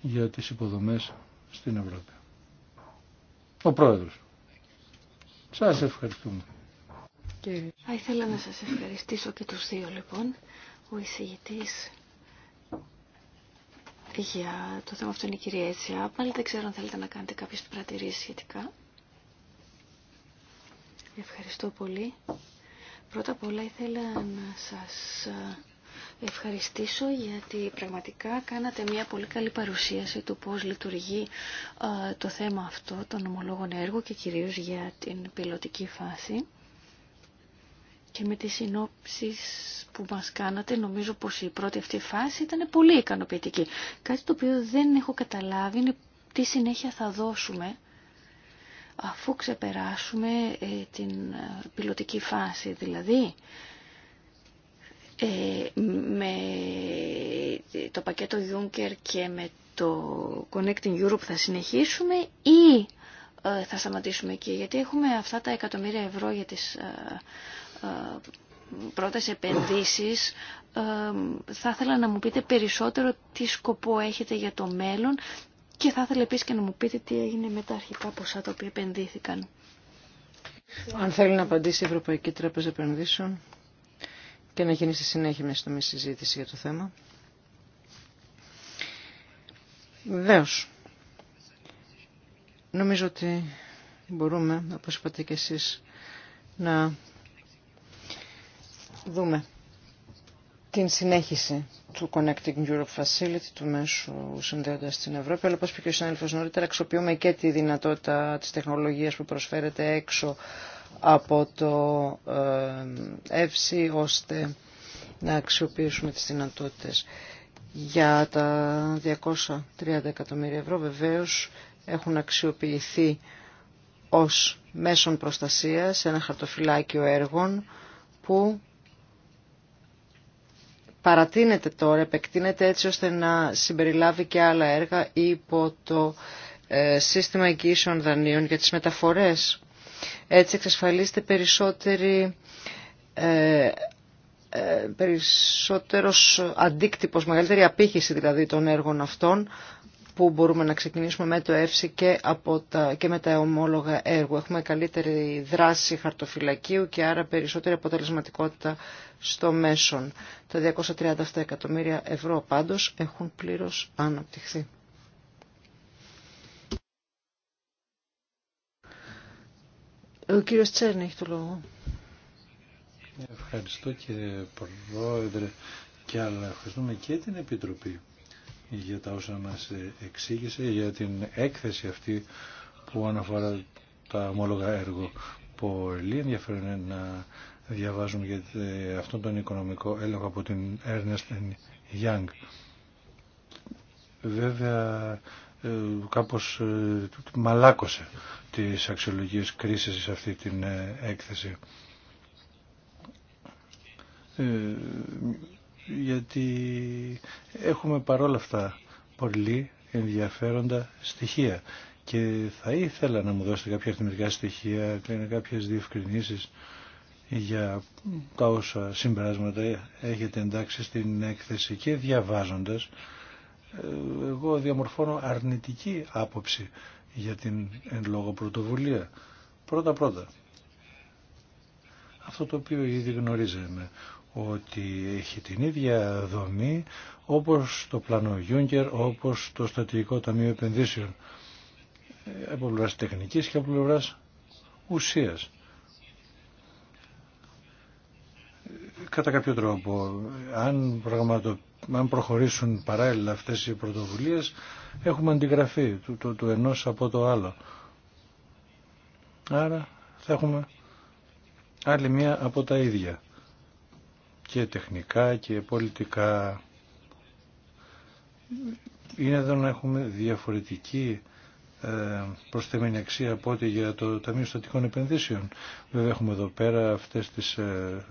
για τις υποδομές στην Ευρώπη. Ο Πρόεδρος. Σας ευχαριστούμε. Θα ήθελα να σας ευχαριστήσω και τους δύο λοιπόν. Ο εισηγητής για το θέμα αυτό είναι η κυρία Έτσια. Πάλι δεν ξέρω αν θέλετε να κάνετε κάποιες παρατηρήσεις σχετικά. Ευχαριστώ πολύ. Πρώτα απ' όλα ήθελα να σας ευχαριστήσω γιατί πραγματικά κάνατε μια πολύ καλή παρουσίαση του πώς λειτουργεί ε, το θέμα αυτό των ομολόγων έργου και κυρίως για την πιλωτική φάση. Και με τις συνόψεις που μας κάνατε νομίζω πως η πρώτη αυτή φάση ήταν πολύ ικανοποιητική. Κάτι το οποίο δεν έχω καταλάβει είναι τι συνέχεια θα δώσουμε αφού ξεπεράσουμε ε, την ε, πιλωτική φάση. Δηλαδή, ε, με το πακέτο Juncker και με το Connecting Europe θα συνεχίσουμε ή ε, θα σταματήσουμε εκεί. Γιατί έχουμε αυτά τα εκατομμύρια ευρώ για τις ε, πρώτες επενδύσεις. Θα ήθελα να μου πείτε περισσότερο τι σκοπό έχετε για το μέλλον και θα ήθελα επίσης και να μου πείτε τι έγινε με τα αρχικά ποσά τα οποία επενδύθηκαν. Αν θέλει να απαντήσει η Ευρωπαϊκή Τράπεζα Επενδύσεων και να γίνει στη συνέχεια μια στιγμή συζήτηση για το θέμα. Βεβαίω. Νομίζω ότι μπορούμε, όπως είπατε και εσείς, να δούμε την συνέχιση του Connecting Europe Facility, του μέσου συνδέοντα στην Ευρώπη, αλλά όπω είπε και ο συνάδελφο νωρίτερα, αξιοποιούμε και τη δυνατότητα τη τεχνολογία που προσφέρεται έξω από το Εύση ώστε να αξιοποιήσουμε τις δυνατότητες. Για τα 230 εκατομμύρια ευρώ βεβαίως έχουν αξιοποιηθεί ως μέσον προστασίας ένα χαρτοφυλάκιο έργων που παρατείνεται τώρα, επεκτείνεται έτσι ώστε να συμπεριλάβει και άλλα έργα υπό το ε, σύστημα εγγύσεων δανείων για τις μεταφορές έτσι εξασφαλίστε περισσότερη ε, ε, περισσότερος αντίκτυπος, μεγαλύτερη απήχηση δηλαδή των έργων αυτών που μπορούμε να ξεκινήσουμε με το ΕΦΣΙ και, από τα, και με τα ομόλογα έργου. Έχουμε καλύτερη δράση χαρτοφυλακίου και άρα περισσότερη αποτελεσματικότητα στο μέσον. Τα 237 εκατομμύρια ευρώ πάντως έχουν πλήρως αναπτυχθεί. Ο κύριος Τσέρνη έχει το λόγο. Ευχαριστώ κύριε Πρόεδρε και άλλα. Ευχαριστούμε και την Επιτροπή για τα όσα μας εξήγησε, για την έκθεση αυτή που αναφορά τα ομόλογα έργο. Πολύ ενδιαφέρον να διαβάζουμε για αυτόν τον οικονομικό έλεγχο από την Ernest Young. Βέβαια ε, κάπως ε, μαλάκωσε τις αξιολογίες κρίσης σε αυτή την ε, έκθεση. Γιατί έχουμε παρόλα αυτά πολύ ενδιαφέροντα στοιχεία και θα ήθελα να μου δώσετε κάποια αριθμητικά στοιχεία, κάποιες διευκρινήσεις για τα όσα συμπεράσματα έχετε εντάξει στην έκθεση και διαβάζοντας εγώ διαμορφώνω αρνητική άποψη για την εν λόγω πρωτοβουλία. Πρώτα-πρώτα, αυτό το οποίο ήδη γνωρίζαμε, ότι έχει την ίδια δομή όπως το πλάνο Γιούγκερ, όπως το Στατικό Ταμείο Επενδύσεων από πλευράς τεχνικής και από πλευράς ουσίας. Κατά κάποιο τρόπο, αν πραγματοποιήσουμε αν προχωρήσουν παράλληλα αυτές οι πρωτοβουλίες έχουμε αντιγραφή του, του, ενός από το άλλο. Άρα θα έχουμε άλλη μία από τα ίδια και τεχνικά και πολιτικά είναι εδώ να έχουμε διαφορετική ε, προσθεμένη αξία από ό,τι για το Ταμείο Στατικών Επενδύσεων. Βέβαια έχουμε εδώ πέρα αυτές τις ε,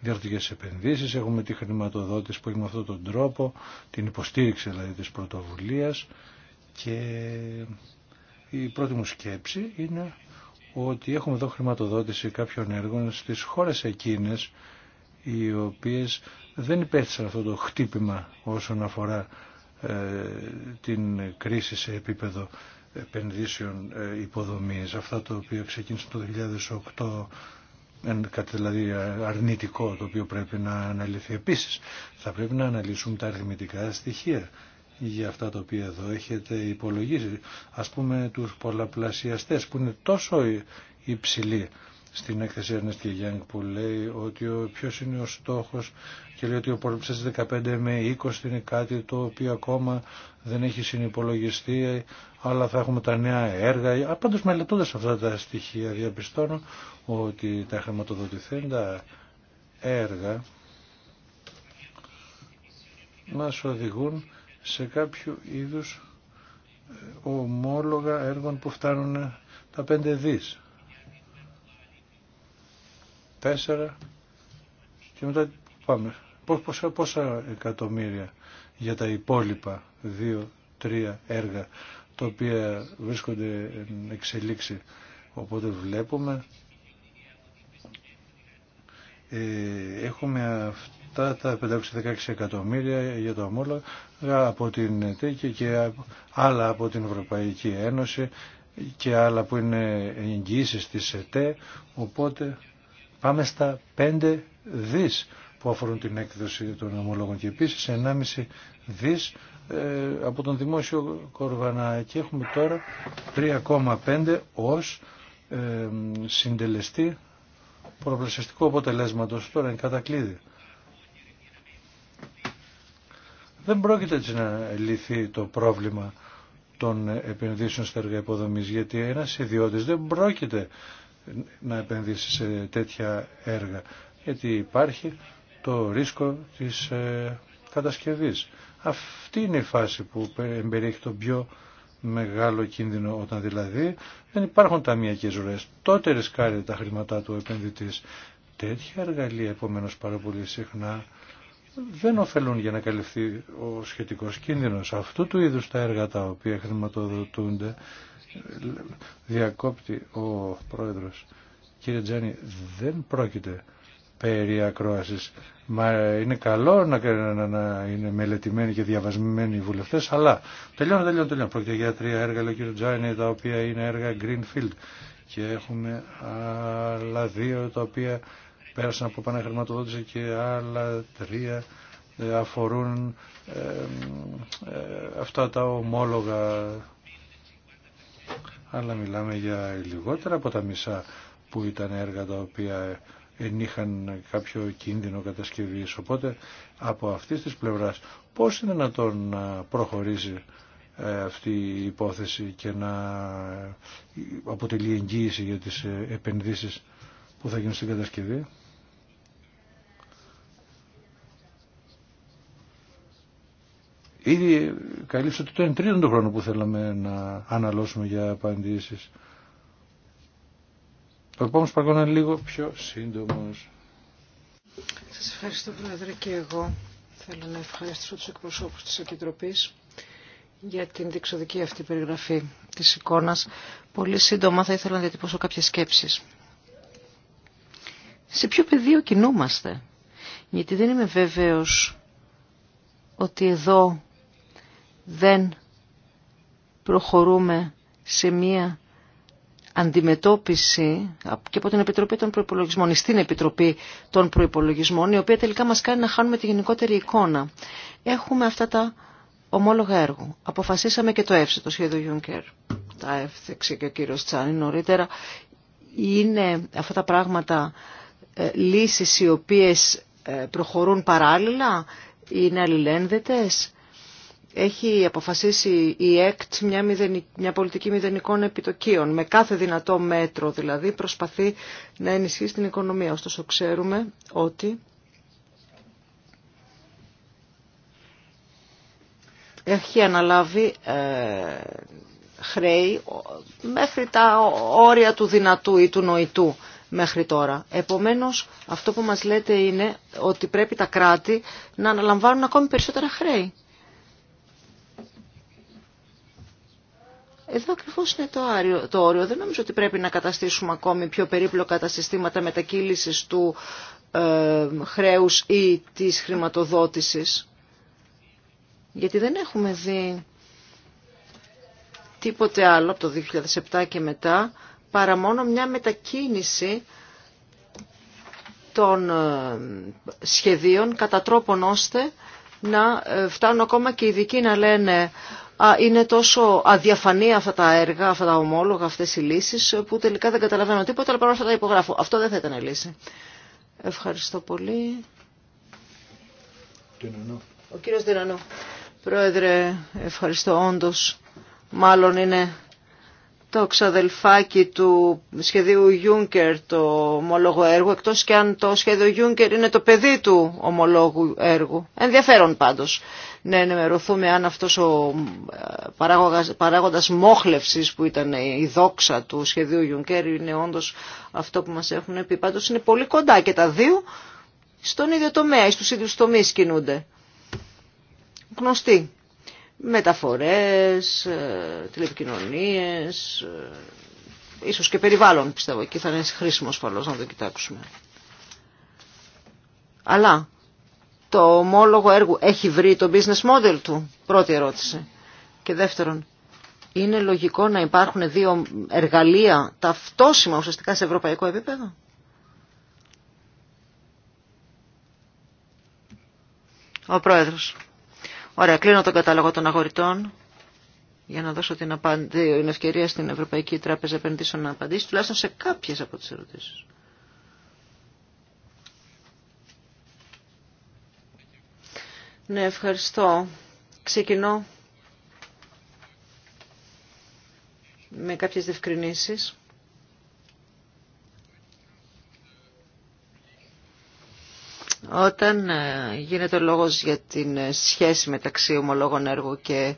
διαρτικές επενδύσεις, έχουμε τη χρηματοδότηση που έχει με αυτόν τον τρόπο, την υποστήριξη δηλαδή της πρωτοβουλίας και η πρώτη μου σκέψη είναι ότι έχουμε εδώ χρηματοδότηση κάποιων έργων στις χώρες εκείνες οι οποίες δεν υπέστησαν αυτό το χτύπημα όσον αφορά ε, την κρίση σε επίπεδο επενδύσεων ε, υποδομής, αυτά τα οποία ξεκίνησαν το 2008, κάτι δηλαδή ε, αρνητικό το οποίο πρέπει να αναλυθεί. Επίσης, θα πρέπει να αναλύσουμε τα αριθμητικά στοιχεία για αυτά τα οποία εδώ έχετε υπολογίσει. Ας πούμε τους πολλαπλασιαστές που είναι τόσο υψηλοί στην έκθεση Ernest Young που λέει ότι ο, ποιος είναι ο στόχος και λέει ότι ο πόλεμο 15 με 20 είναι κάτι το οποίο ακόμα δεν έχει συνυπολογιστεί αλλά θα έχουμε τα νέα έργα. Πάντως μελετώντα αυτά τα στοιχεία διαπιστώνω ότι τα χρηματοδοτηθέντα έργα μας οδηγούν σε κάποιο είδους ε, ομόλογα έργων που φτάνουν τα 5 δις και μετά πάμε. Πόσα, πόσα εκατομμύρια για τα υπόλοιπα 2-3 έργα τα οποία βρίσκονται εξελίξει, εξελίξη. Οπότε βλέπουμε ε, έχουμε αυτά τα 516 εκατομμύρια για το ομόλογα από την ΤΕΚΙ και άλλα από την Ευρωπαϊκή Ένωση και άλλα που είναι εγγυήσεις της ΕΤΕ οπότε Πάμε στα 5 δις που αφορούν την έκδοση των ομολόγων και επίσης 1,5 δις ε, από τον δημόσιο κορβανά και έχουμε τώρα 3,5 ως ε, συντελεστή προπλασιαστικού αποτελέσματος τώρα είναι κατακλείδη. Δεν πρόκειται έτσι να λυθεί το πρόβλημα των επενδύσεων στα έργα υποδομής, γιατί ένας ιδιώτης δεν πρόκειται να επενδύσει σε τέτοια έργα. Γιατί υπάρχει το ρίσκο της ε, κατασκευής. Αυτή είναι η φάση που εμπεριέχει το πιο μεγάλο κίνδυνο όταν δηλαδή δεν υπάρχουν ταμιακές ροές. Τότε ρισκάρει τα χρήματά του επενδυτής. Τέτοια εργαλεία επομένως πάρα πολύ συχνά δεν ωφελούν για να καλυφθεί ο σχετικός κίνδυνος. Αυτού του είδους τα έργα τα οποία χρηματοδοτούνται διακόπτει ο πρόεδρος. Κύριε Τζάνι, δεν πρόκειται περί ακρόασης. Μα είναι καλό να, είναι μελετημένοι και διαβασμένοι οι βουλευτές, αλλά τελειώνω, τελειώνω, τελειώνω. Πρόκειται για τρία έργα, λέει ο κύριο Τζάνι, τα οποία είναι έργα Greenfield. Και έχουμε άλλα δύο τα οποία πέρασαν από χρηματοδότηση και άλλα τρία ε, αφορούν ε, ε, αυτά τα ομόλογα αλλά μιλάμε για λιγότερα από τα μισά που ήταν έργα τα οποία ενήχαν κάποιο κίνδυνο κατασκευής. Οπότε από αυτής της πλευράς πώς είναι να τον προχωρήσει αυτή η υπόθεση και να αποτελεί εγγύηση για τις επενδύσεις που θα γίνουν στην κατασκευή. Ήδη καλύψατε το είναι χρόνο χρόνο που θέλαμε να αναλώσουμε για απαντήσεις. Το επόμενο παρακαλώ είναι λίγο πιο σύντομος. Σας ευχαριστώ Πρόεδρε και εγώ. Θέλω να ευχαριστήσω τους εκπροσώπους της Επιτροπής για την διεξοδική αυτή περιγραφή της εικόνας. Πολύ σύντομα θα ήθελα να διατυπώσω κάποιες σκέψεις. Σε ποιο πεδίο κινούμαστε, γιατί δεν είμαι βέβαιος ότι εδώ δεν προχωρούμε σε μία αντιμετώπιση και από την Επιτροπή των Προϋπολογισμών ή στην Επιτροπή των Προϋπολογισμών, η οποία τελικά μας κάνει να χάνουμε τη γενικότερη εικόνα. Έχουμε αυτά τα ομόλογα έργου. Αποφασίσαμε και το ΕΦΣΕ, το σχέδιο Juncker. Τα έφτιαξε και ο κύριος Τσάνι νωρίτερα. Είναι αυτά τα πράγματα ε, λύσεις οι οποίες ε, προχωρούν παράλληλα, είναι αλληλένδετες έχει αποφασίσει η ΕΚΤ μια, μια πολιτική μηδενικών επιτοκίων. Με κάθε δυνατό μέτρο δηλαδή προσπαθεί να ενισχύσει την οικονομία. Ωστόσο ξέρουμε ότι έχει αναλάβει ε, χρέη μέχρι τα όρια του δυνατού ή του νοητού μέχρι τώρα. Επομένως, αυτό που μας λέτε είναι ότι πρέπει τα κράτη να αναλαμβάνουν ακόμη περισσότερα χρέη. Εδώ ακριβώ είναι το, άριο, το όριο. Δεν νομίζω ότι πρέπει να καταστήσουμε ακόμη πιο περίπλοκα τα συστήματα μετακύληση του ε, χρέους ή τη χρηματοδότησης. Γιατί δεν έχουμε δει τίποτε άλλο από το 2007 και μετά, παρά μόνο μια μετακίνηση των ε, σχεδίων κατά τρόπον ώστε να ε, φτάνουν ακόμα και οι ειδικοί να λένε είναι τόσο αδιαφανή αυτά τα έργα, αυτά τα ομόλογα, αυτές οι λύσεις, που τελικά δεν καταλαβαίνω τίποτα, αλλά πρέπει να τα υπογράφω. Αυτό δεν θα ήταν λύση. Ευχαριστώ πολύ. Ο κύριος Δυνανό. Πρόεδρε, ευχαριστώ όντως. Μάλλον είναι το ξαδελφάκι του σχεδίου Juncker το ομολόγο έργο, εκτός και αν το σχέδιο Juncker είναι το παιδί του ομολόγου έργου. Ενδιαφέρον πάντως να ενημερωθούμε αν αυτός ο ε, παράγοντας, παράγοντας μόχλευσης που ήταν η δόξα του σχεδίου Juncker είναι όντως αυτό που μας έχουν πει. Πάντως είναι πολύ κοντά και τα δύο στον ίδιο τομέα ή στους ίδιους τομείς κινούνται. Γνωστοί μεταφορές, ε, τηλεπικοινωνίες, ε, ίσως και περιβάλλον πιστεύω. Εκεί θα είναι χρήσιμο ασφαλώς να το κοιτάξουμε. Αλλά το ομόλογο έργου έχει βρει το business model του, πρώτη ερώτηση. Και δεύτερον, είναι λογικό να υπάρχουν δύο εργαλεία ταυτόσιμα ουσιαστικά σε ευρωπαϊκό επίπεδο. Ο Πρόεδρος. Ωραία, κλείνω τον κατάλογο των αγοριτών για να δώσω την, την ευκαιρία στην Ευρωπαϊκή Τράπεζα Επενδύσεων να απαντήσει τουλάχιστον σε κάποιες από τις ερωτήσεις. Ναι, ευχαριστώ. Ξεκινώ με κάποιες διευκρινήσεις. Όταν ε, γίνεται λόγος για την ε, σχέση μεταξύ ομολόγων έργου και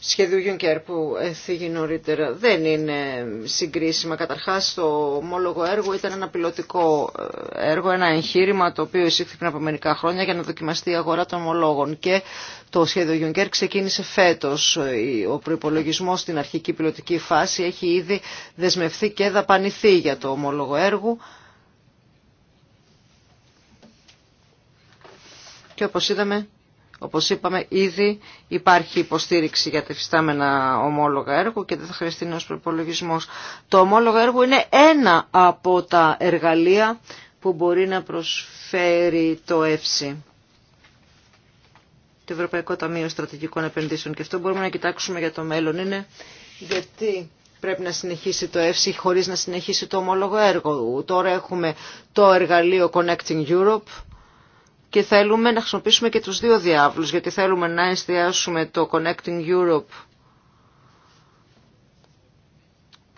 σχεδίου Juncker που έφυγε νωρίτερα δεν είναι συγκρίσιμα. Καταρχάς το ομόλογο έργο ήταν ένα πιλωτικό ε, έργο, ένα εγχείρημα το οποίο εισήχθη πριν από μερικά χρόνια για να δοκιμαστεί η αγορά των ομολόγων και το σχέδιο Juncker ξεκίνησε φέτος. Ο προπολογισμό στην αρχική πιλωτική φάση έχει ήδη δεσμευθεί και δαπανηθεί για το ομόλογο έργο. και όπως είδαμε, όπως είπαμε, ήδη υπάρχει υποστήριξη για τα φυστάμενα ομόλογα έργου και δεν θα χρειαστεί νέος προπολογισμό. Το ομόλογο έργο είναι ένα από τα εργαλεία που μπορεί να προσφέρει το ΕΦΣΥ. Το Ευρωπαϊκό Ταμείο Στρατηγικών Επενδύσεων. Και αυτό μπορούμε να κοιτάξουμε για το μέλλον. Είναι γιατί πρέπει να συνεχίσει το ΕΦΣΥ χωρίς να συνεχίσει το ομόλογο έργο. Τώρα έχουμε το εργαλείο Connecting Europe και θέλουμε να χρησιμοποιήσουμε και τους δύο διάβλους, γιατί θέλουμε να εστιάσουμε το Connecting Europe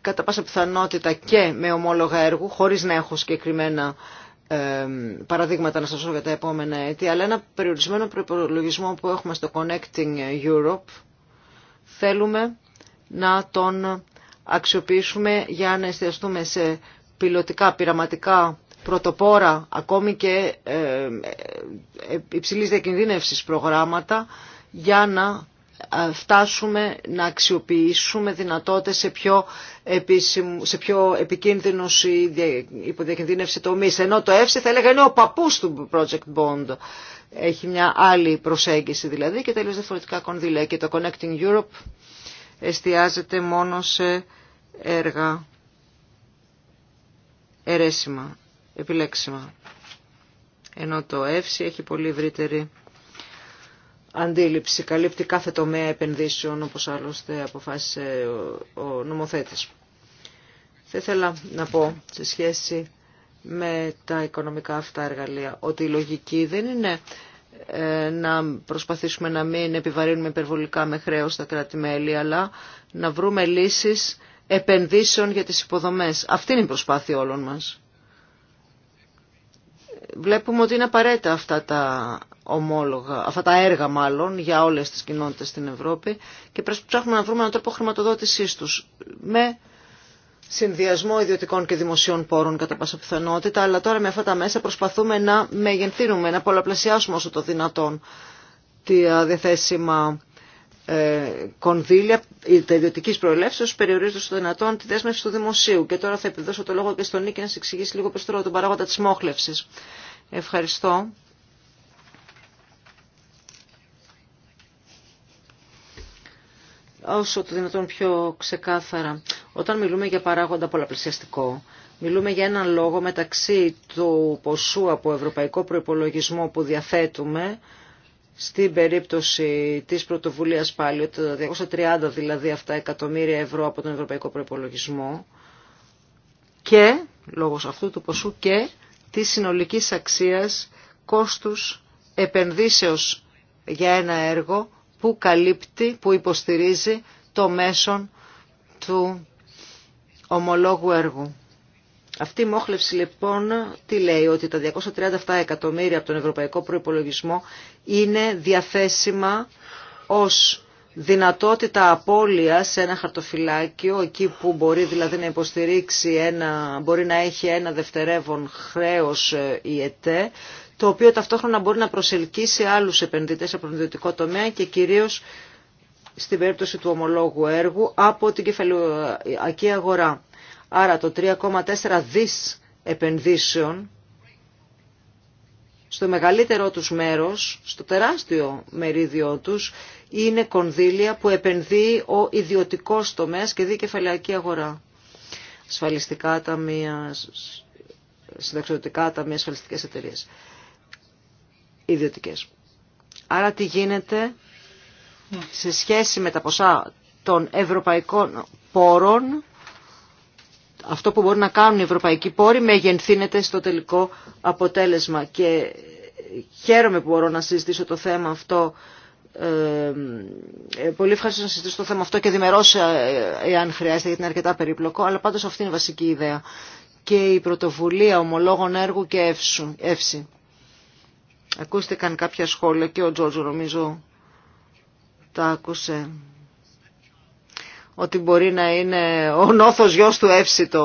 κατά πάσα πιθανότητα και με ομόλογα έργου, χωρίς να έχω συγκεκριμένα παραδείγματα να σας δώσω για τα επόμενα έτη, αλλά ένα περιορισμένο προπολογισμό που έχουμε στο Connecting Europe θέλουμε να τον αξιοποιήσουμε για να εστιαστούμε σε πιλωτικά, πειραματικά πρωτοπόρα ακόμη και ε, ε, υψηλής διακινδύνευσης προγράμματα για να ε, φτάσουμε να αξιοποιήσουμε δυνατότητες σε πιο, επίσημου, σε πιο επικίνδυνος ή υποδιακινδύνευση τομείς. Ενώ το ΕΦΣΙ θα έλεγα είναι ο παππούς του Project Bond. Έχει μια άλλη προσέγγιση δηλαδή και τελείως διαφορετικά κονδύλια. Και το Connecting Europe εστιάζεται μόνο σε έργα ερέσιμα επιλέξιμα. Ενώ το ΕΦΣΙ έχει πολύ ευρύτερη αντίληψη, καλύπτει κάθε τομέα επενδύσεων όπως άλλωστε αποφάσισε ο νομοθέτης. Θα ήθελα να πω σε σχέση με τα οικονομικά αυτά εργαλεία ότι η λογική δεν είναι ε, να προσπαθήσουμε να μην επιβαρύνουμε υπερβολικά με χρέος τα κράτη-μέλη, αλλά να βρούμε λύσεις επενδύσεων για τις υποδομές. Αυτή είναι η προσπάθεια όλων μας βλέπουμε ότι είναι απαραίτητα αυτά τα ομόλογα, αυτά τα έργα μάλλον για όλες τις κοινότητες στην Ευρώπη και πρέπει ψάχνουμε να βρούμε έναν τρόπο χρηματοδότησής τους με συνδυασμό ιδιωτικών και δημοσίων πόρων κατά πάσα πιθανότητα, αλλά τώρα με αυτά τα μέσα προσπαθούμε να μεγενθύνουμε, να πολλαπλασιάσουμε όσο το δυνατόν τη διαθέσιμα ε, κονδύλια ε, τα ιδιωτική προελεύσεω περιορίζοντα το δυνατόν τη δέσμευση του δημοσίου. Και τώρα θα επιδώσω το λόγο και στον Νίκη να σα εξηγήσει λίγο περισσότερο τον παράγοντα τη μόχλευση. Ευχαριστώ. Όσο το δυνατόν πιο ξεκάθαρα. Όταν μιλούμε για παράγοντα πολλαπλασιαστικό, μιλούμε για έναν λόγο μεταξύ του ποσού από ευρωπαϊκό προϋπολογισμό που διαθέτουμε στην περίπτωση της πρωτοβουλίας πάλι, τα 230 δηλαδή αυτά εκατομμύρια ευρώ από τον Ευρωπαϊκό Προϋπολογισμό και, λόγω αυτού του ποσού, και τη συνολικής αξίας κόστους επενδύσεως για ένα έργο που καλύπτει, που υποστηρίζει το μέσον του ομολόγου έργου. Αυτή η μόχλευση λοιπόν τι λέει, ότι τα 237 εκατομμύρια από τον Ευρωπαϊκό Προϋπολογισμό είναι διαθέσιμα ως δυνατότητα απώλεια σε ένα χαρτοφυλάκιο, εκεί που μπορεί δηλαδή να υποστηρίξει ένα, μπορεί να έχει ένα δευτερεύον χρέος ε, η ΕΤΕ, το οποίο ταυτόχρονα μπορεί να προσελκύσει άλλους επενδυτές από τον ιδιωτικό τομέα και κυρίως στην περίπτωση του ομολόγου έργου από την κεφαλαιοακή αγορά. Άρα το 3,4 δις επενδύσεων στο μεγαλύτερό τους μέρος, στο τεράστιο μερίδιο τους, είναι κονδύλια που επενδύει ο ιδιωτικός τομέας και δίκεφαλαιακή αγορά. Ασφαλιστικά ταμεία, συνταξιδοτικά ταμεία, ασφαλιστικές εταιρείες. Ιδιωτικές. Άρα τι γίνεται σε σχέση με τα ποσά των ευρωπαϊκών πόρων αυτό που μπορεί να κάνουν οι ευρωπαϊκοί πόροι μεγενθύνεται στο τελικό αποτέλεσμα. Και χαίρομαι που μπορώ να συζητήσω το θέμα αυτό. Ε, ε, πολύ ευχαριστώ να συζητήσω το θέμα αυτό και δημερώσω ε, εάν χρειάζεται γιατί είναι αρκετά περίπλοκο αλλά πάντως αυτή είναι η βασική ιδέα και η πρωτοβουλία ομολόγων έργου και εύσου, εύση ακούστηκαν κάποια σχόλια και ο Τζόρτζο νομίζω τα άκουσε ότι μπορεί να είναι ο νόθος γιος του Εύση το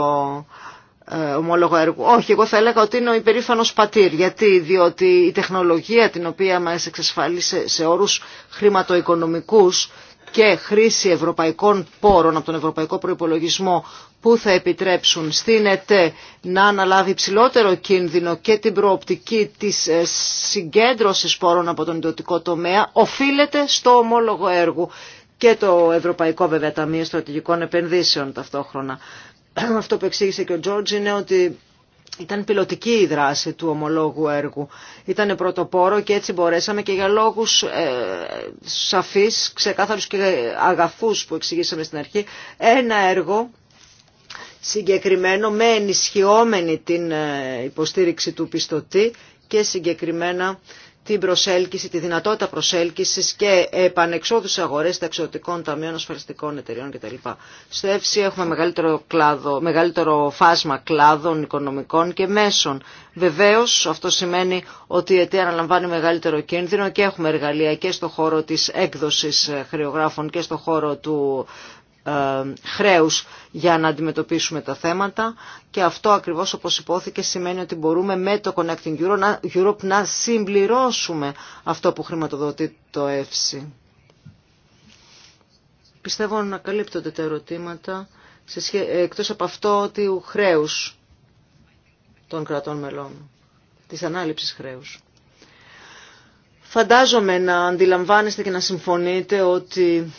ε, ομόλογο έργο. Όχι, εγώ θα έλεγα ότι είναι ο υπερήφανος πατήρ. Γιατί, διότι η τεχνολογία την οποία μας εξασφάλισε σε όρους χρηματοοικονομικούς και χρήση ευρωπαϊκών πόρων από τον ευρωπαϊκό προϋπολογισμό που θα επιτρέψουν στην ΕΤΕ να αναλάβει ψηλότερο κίνδυνο και την προοπτική της ε, συγκέντρωσης πόρων από τον ιδιωτικό τομέα οφείλεται στο ομόλογο έργου και το Ευρωπαϊκό βέβαια Ταμείο Στρατηγικών Επενδύσεων ταυτόχρονα. Αυτό που εξήγησε και ο Τζόρτζ είναι ότι ήταν πιλωτική η δράση του ομολόγου έργου. Ήταν πρωτοπόρο και έτσι μπορέσαμε και για λόγους ε, σαφείς, ξεκάθαρους και αγαθούς που εξηγήσαμε στην αρχή, ένα έργο συγκεκριμένο με ενισχυόμενη την ε, υποστήριξη του πιστωτή και συγκεκριμένα την προσέλκυση, τη δυνατότητα προσέλκυσης και επανεξόδου σε αγορές ταξιδιωτικών ταμείων, ασφαλιστικών εταιριών κτλ. Στο ΕΦΣΥ έχουμε μεγαλύτερο, κλάδο, μεγαλύτερο φάσμα κλάδων, οικονομικών και μέσων. Βεβαίως αυτό σημαίνει ότι η αιτία αναλαμβάνει μεγαλύτερο κίνδυνο και έχουμε εργαλεία και στο χώρο της έκδοσης ε, χρεογράφων και στον χώρο του ε, χρέους για να αντιμετωπίσουμε τα θέματα και αυτό ακριβώς όπως υπόθηκε σημαίνει ότι μπορούμε με το Connecting Europe να συμπληρώσουμε αυτό που χρηματοδοτεί το ΕΦΣΥ. Πιστεύω να καλύπτονται τα ερωτήματα εκτός από αυτό ότι ο χρέους των κρατών μελών, της ανάληψης χρέους. Φαντάζομαι να αντιλαμβάνεστε και να συμφωνείτε ότι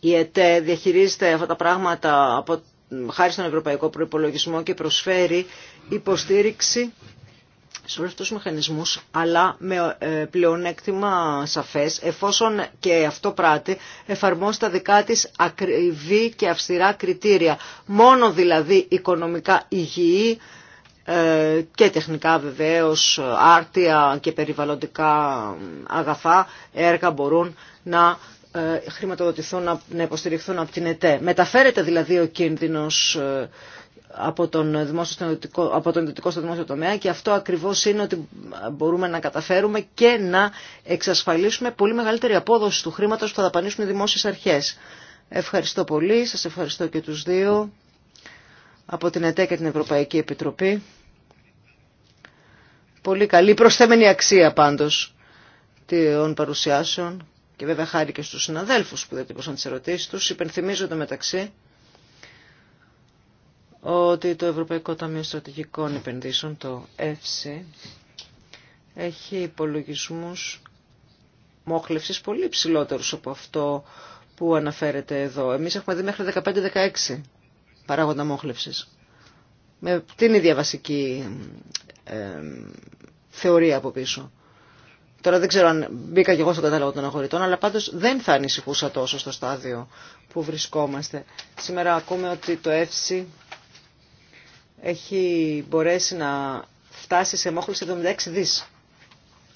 η ΕΤΕ διαχειρίζεται αυτά τα πράγματα από, χάρη στον Ευρωπαϊκό Προϋπολογισμό και προσφέρει υποστήριξη σε όλους τους μηχανισμούς, αλλά με ε, πλεονέκτημα σαφές, εφόσον και αυτό πράττει, εφαρμόσει τα δικά της ακριβή και αυστηρά κριτήρια. Μόνο δηλαδή οικονομικά υγιή ε, και τεχνικά βεβαίως, άρτια και περιβαλλοντικά αγαθά έργα μπορούν να ε, χρηματοδοτηθούν, να υποστηριχθούν από την ΕΤΕ. Μεταφέρεται δηλαδή ο κίνδυνος ε, από τον, δημόσιο, από τον ιδιωτικό στο δημόσιο τομέα και αυτό ακριβώς είναι ότι μπορούμε να καταφέρουμε και να εξασφαλίσουμε πολύ μεγαλύτερη απόδοση του χρήματος που θα δαπανίσουν οι δημόσιες αρχές. Ευχαριστώ πολύ, σας ευχαριστώ και τους δύο από την ΕΤΕ και την Ευρωπαϊκή Επιτροπή. Πολύ καλή προσθέμενη αξία πάντως των παρουσιάσεων και βέβαια χάρη και στους συναδέλφους που τύπωσαν τις ερωτήσεις τους, υπενθυμίζονται μεταξύ ότι το Ευρωπαϊκό Ταμείο Στρατηγικών Επενδύσεων, το ΕΦΣΙ, έχει υπολογισμούς μόχλευσης πολύ ψηλότερους από αυτό που αναφέρεται εδώ. Εμείς έχουμε δει μέχρι 15-16 παράγοντα μόχλευσης. Με την ίδια βασική θεωρία από πίσω. Τώρα δεν ξέρω αν μπήκα και εγώ στον κατάλογο των αγορητών, αλλά πάντως δεν θα ανησυχούσα τόσο στο στάδιο που βρισκόμαστε. Σήμερα ακούμε ότι το ΕΦΣΥ έχει μπορέσει να φτάσει σε μόχληση 76 δις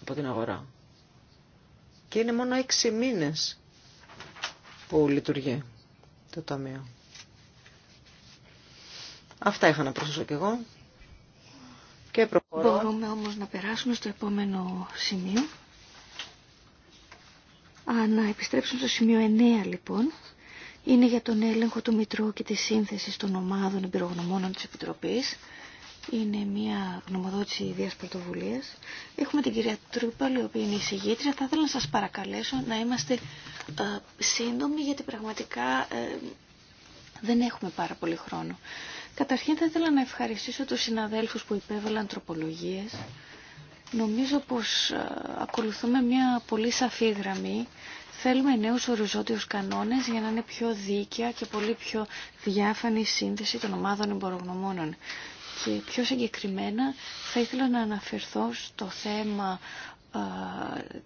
από την αγορά. Και είναι μόνο 6 μήνες που λειτουργεί το Ταμείο. Αυτά είχα να προσθέσω και εγώ. Μπορούμε όμως να περάσουμε στο επόμενο σημείο. Α, να επιστρέψουμε στο σημείο 9 λοιπόν. Είναι για τον έλεγχο του Μητρώου και τη σύνθεση των ομάδων εμπειρογνωμόνων της Επιτροπής. Είναι μια γνωμοδότηση ιδίας πρωτοβουλία. Έχουμε την κυρία Τρούπαλ, η οποία είναι η συγγήτρια. Θα ήθελα να σας παρακαλέσω να είμαστε ε, σύντομοι, γιατί πραγματικά ε, δεν έχουμε πάρα πολύ χρόνο. Καταρχήν θα ήθελα να ευχαριστήσω τους συναδέλφους που υπέβαλαν τροπολογίες. Νομίζω πως ε, ακολουθούμε μια πολύ σαφή γραμμή. Θέλουμε νέους οριζόντιους κανόνες για να είναι πιο δίκαια και πολύ πιο διάφανη η σύνδεση των ομάδων εμπορογνωμόνων. Και πιο συγκεκριμένα θα ήθελα να αναφερθώ στο θέμα ε,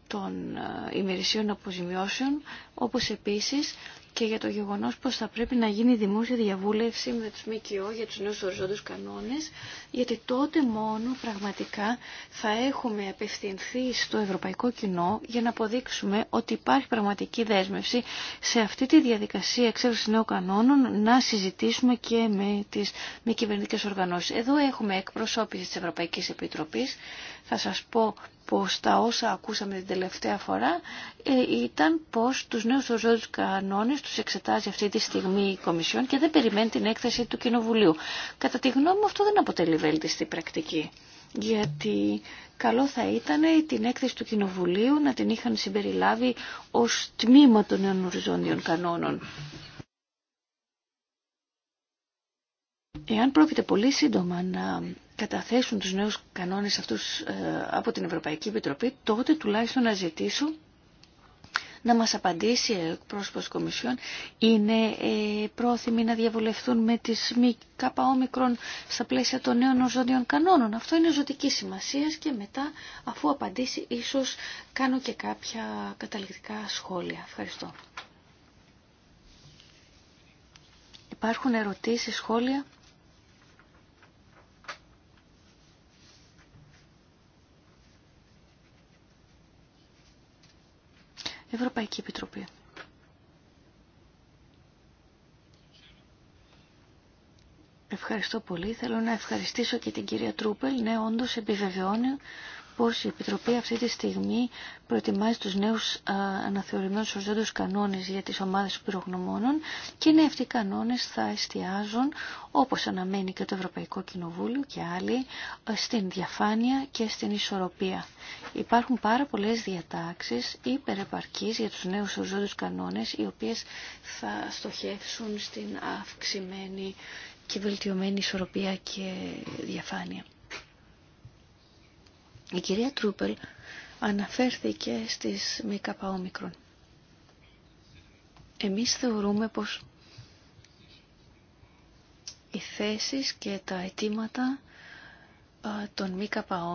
των ε, ημερησίων αποζημιώσεων, όπως επίσης και για το γεγονός πως θα πρέπει να γίνει δημόσια διαβούλευση με τους ΜΚΟ για τους νέους οριζόντους κανόνες, γιατί τότε μόνο πραγματικά θα έχουμε απευθυνθεί στο ευρωπαϊκό κοινό για να αποδείξουμε ότι υπάρχει πραγματική δέσμευση σε αυτή τη διαδικασία εξέλιξης νέων κανόνων να συζητήσουμε και με τις μη κυβερνητικέ οργανώσεις. Εδώ έχουμε εκπροσώπηση της Ευρωπαϊκής Επιτροπής. Θα σας πω πως τα όσα ακούσαμε την τελευταία φορά ε, ήταν πως τους νέους οριζόντου κανόνες τους εξετάζει αυτή τη στιγμή η Κομισιόν και δεν περιμένει την έκθεση του Κοινοβουλίου. Κατά τη γνώμη μου αυτό δεν αποτελεί βέλτιστη πρακτική. Γιατί καλό θα ήταν την έκθεση του Κοινοβουλίου να την είχαν συμπεριλάβει ως τμήμα των νέων οριζόντιων κανόνων. Εάν πρόκειται πολύ σύντομα να καταθέσουν τους νέους κανόνες αυτούς ε, από την Ευρωπαϊκή Επιτροπή, τότε τουλάχιστον να ζητήσω να μας απαντήσει ο εκπρόσωπος Κομισιόν είναι ε, πρόθυμοι να διαβουλευτούν με τις ΚΟ μικρών στα πλαίσια των νέων οζόντιων κανόνων. Αυτό είναι ζωτική σημασία και μετά αφού απαντήσει ίσως κάνω και κάποια καταληκτικά σχόλια. Ευχαριστώ. Υπάρχουν ερωτήσεις, σχόλια. Ευρωπαϊκή Επιτροπή. Ευχαριστώ πολύ. Θέλω να ευχαριστήσω και την κυρία Τρούπελ. Ναι, όντως επιβεβαιώνει πως η Επιτροπή αυτή τη στιγμή προετοιμάζει τους νέους αναθεωρημένους οριζόντους κανόνες για τις ομάδες πυρογνωμόνων και είναι αυτοί οι κανόνες θα εστιάζουν, όπως αναμένει και το Ευρωπαϊκό Κοινοβούλιο και άλλοι, στην διαφάνεια και στην ισορροπία. Υπάρχουν πάρα πολλές διατάξεις υπερεπαρκής για τους νέους οριζόντους κανόνες, οι οποίες θα στοχεύσουν στην αυξημένη και βελτιωμένη ισορροπία και διαφάνεια. Η κυρία Τρούπελ αναφέρθηκε στις ΜΚΟ. Εμείς θεωρούμε πως οι θέσεις και τα αιτήματα των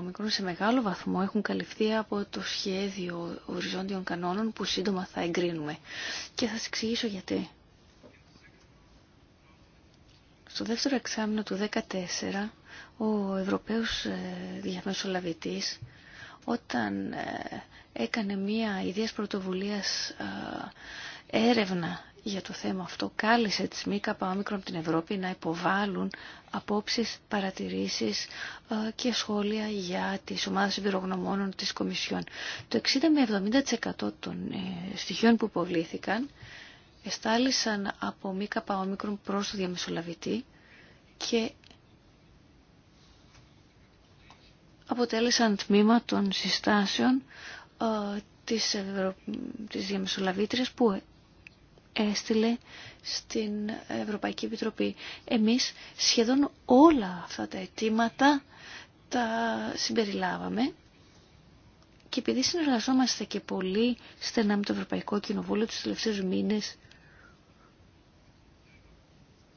ΜΚΟ σε μεγάλο βαθμό έχουν καλυφθεί από το σχέδιο οριζόντιων κανόνων που σύντομα θα εγκρίνουμε. Και θα σας εξηγήσω γιατί. Στο δεύτερο εξάμεινο του 2014 ο Ευρωπαίος ε, διαμεσολαβητής όταν ε, έκανε μία ιδιαίτερη πρωτοβουλίας ε, έρευνα για το θέμα αυτό κάλεσε τις ΜΚΑ από την Ευρώπη να υποβάλουν απόψεις, παρατηρήσεις και σχόλια για τις ομάδες εμπειρογνωμόνων της Κομισιόν. Το 60 με 70% των στοιχείων που υποβλήθηκαν εστάλησαν από ΜΚΑ προς το διαμεσολαβητή και αποτέλεσαν τμήμα των συστάσεων ε, της, Ευρω... διαμεσολαβήτριας που έστειλε στην Ευρωπαϊκή Επιτροπή. Εμείς σχεδόν όλα αυτά τα αιτήματα τα συμπεριλάβαμε και επειδή συνεργαζόμαστε και πολύ στενά με το Ευρωπαϊκό Κοινοβούλιο τους τελευταίους μήνες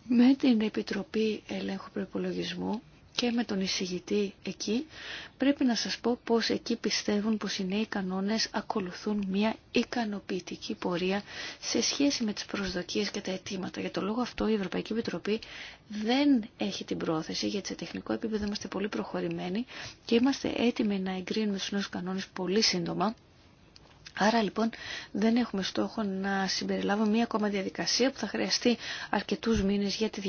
με την Επιτροπή Ελέγχου Προϋπολογισμού και με τον εισηγητή εκεί, πρέπει να σας πω πως εκεί πιστεύουν πως οι νέοι κανόνες ακολουθούν μια ικανοποιητική πορεία σε σχέση με τις προσδοκίες και τα αιτήματα. Για το λόγο αυτό η Ευρωπαϊκή Επιτροπή δεν έχει την πρόθεση, γιατί σε τεχνικό επίπεδο είμαστε πολύ προχωρημένοι και είμαστε έτοιμοι να εγκρίνουμε τους νέους κανόνες πολύ σύντομα Άρα λοιπόν δεν έχουμε στόχο να συμπεριλάβουμε μία ακόμα διαδικασία που θα χρειαστεί αρκετούς μήνες για τη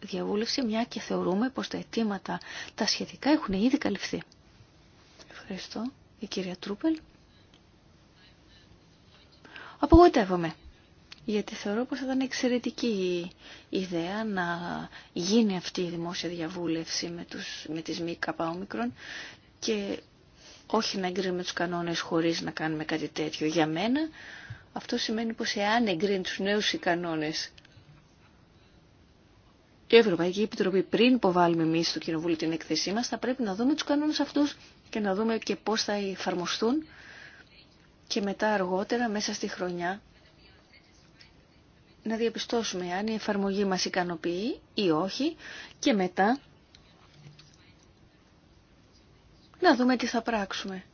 διαβούλευση, μια και θεωρούμε πως τα αιτήματα τα σχετικά έχουν ήδη καλυφθεί. Ευχαριστώ. Η κυρία Τρούπελ. Απογοητεύομαι. Γιατί θεωρώ πως θα ήταν εξαιρετική ιδέα να γίνει αυτή η δημόσια διαβούλευση με, τους, με τις και όχι να εγκρίνουμε τους κανόνες χωρίς να κάνουμε κάτι τέτοιο. Για μένα αυτό σημαίνει πως εάν εγκρίνει τους νέους οι κανόνες η Ευρωπαϊκή Επιτροπή πριν υποβάλουμε εμεί στο Κοινοβούλιο την έκθεσή μας θα πρέπει να δούμε τους κανόνες αυτούς και να δούμε και πώς θα εφαρμοστούν και μετά αργότερα μέσα στη χρονιά να διαπιστώσουμε αν η εφαρμογή μας ικανοποιεί ή όχι και μετά να δούμε τι θα πράξουμε.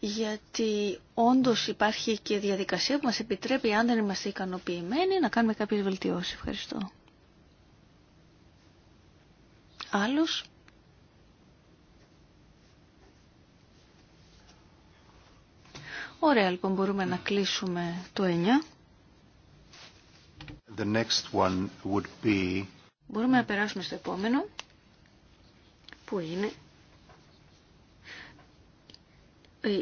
Γιατί όντως υπάρχει και διαδικασία που μας επιτρέπει, αν δεν είμαστε ικανοποιημένοι, να κάνουμε κάποιες βελτιώσεις. Ευχαριστώ. Άλλος. Ωραία, λοιπόν, μπορούμε να κλείσουμε το 9. The next one would be... Μπορούμε να περάσουμε στο επόμενο, που είναι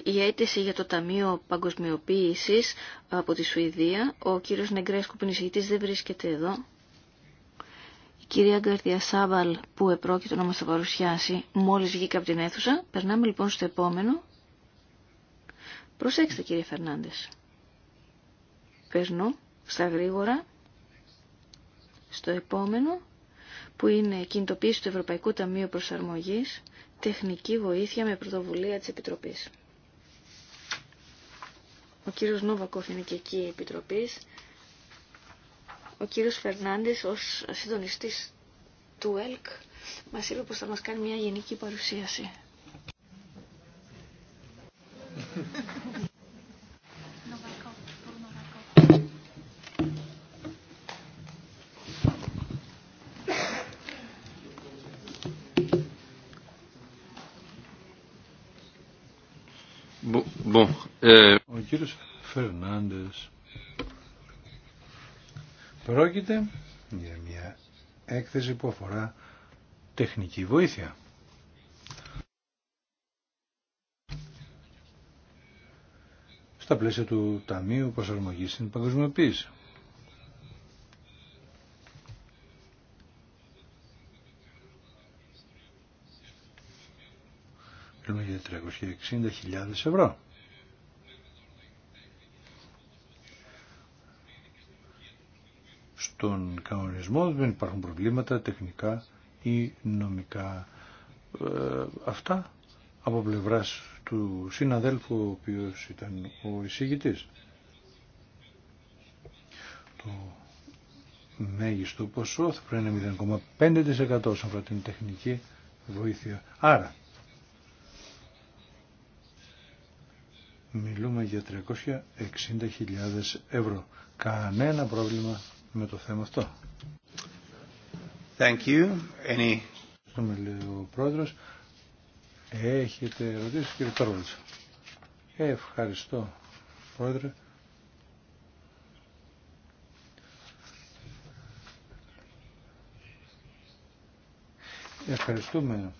η αίτηση για το Ταμείο Παγκοσμιοποίησης από τη Σουηδία. Ο κύριος Νεγκρέσκου που είναι δεν βρίσκεται εδώ. Η κυρία Γκαρδιά Σάβαλ που επρόκειτο να μας θα παρουσιάσει μόλις βγήκε από την αίθουσα. Περνάμε λοιπόν στο επόμενο. Προσέξτε κύριε Φερνάντες. Περνώ στα γρήγορα στο επόμενο που είναι κινητοποίηση του Ευρωπαϊκού Ταμείου Προσαρμογής τεχνική βοήθεια με πρωτοβουλία της Επιτροπής. Ο κύριος Νόβακοφ είναι και εκεί η Επιτροπής. Ο κύριος Φερνάντης ως συντονιστή του ΕΛΚ μας είπε πως θα μας κάνει μια γενική παρουσίαση. bon, euh, κύριος Φερνάντες. Πρόκειται για μια έκθεση που αφορά τεχνική βοήθεια. Στα πλαίσια του Ταμείου Προσαρμογής στην Παγκοσμιοποίηση. Μιλούμε για 360.000 ευρώ. τον κανονισμό δεν υπάρχουν προβλήματα τεχνικά ή νομικά. Ε, αυτά από πλευράς του συναδέλφου ο οποίος ήταν ο εισηγητής. Το μέγιστο ποσό θα πρέπει να είναι 0,5% όσον αφορά την τεχνική βοήθεια. Άρα, μιλούμε για 360.000 ευρώ. Κανένα πρόβλημα με το θέμα αυτό. Thank you. Any... ο πρόεδρος. Έχετε ερωτήσει κύριε Τόρβαλτς. Ευχαριστώ πρόεδρε. Ευχαριστούμε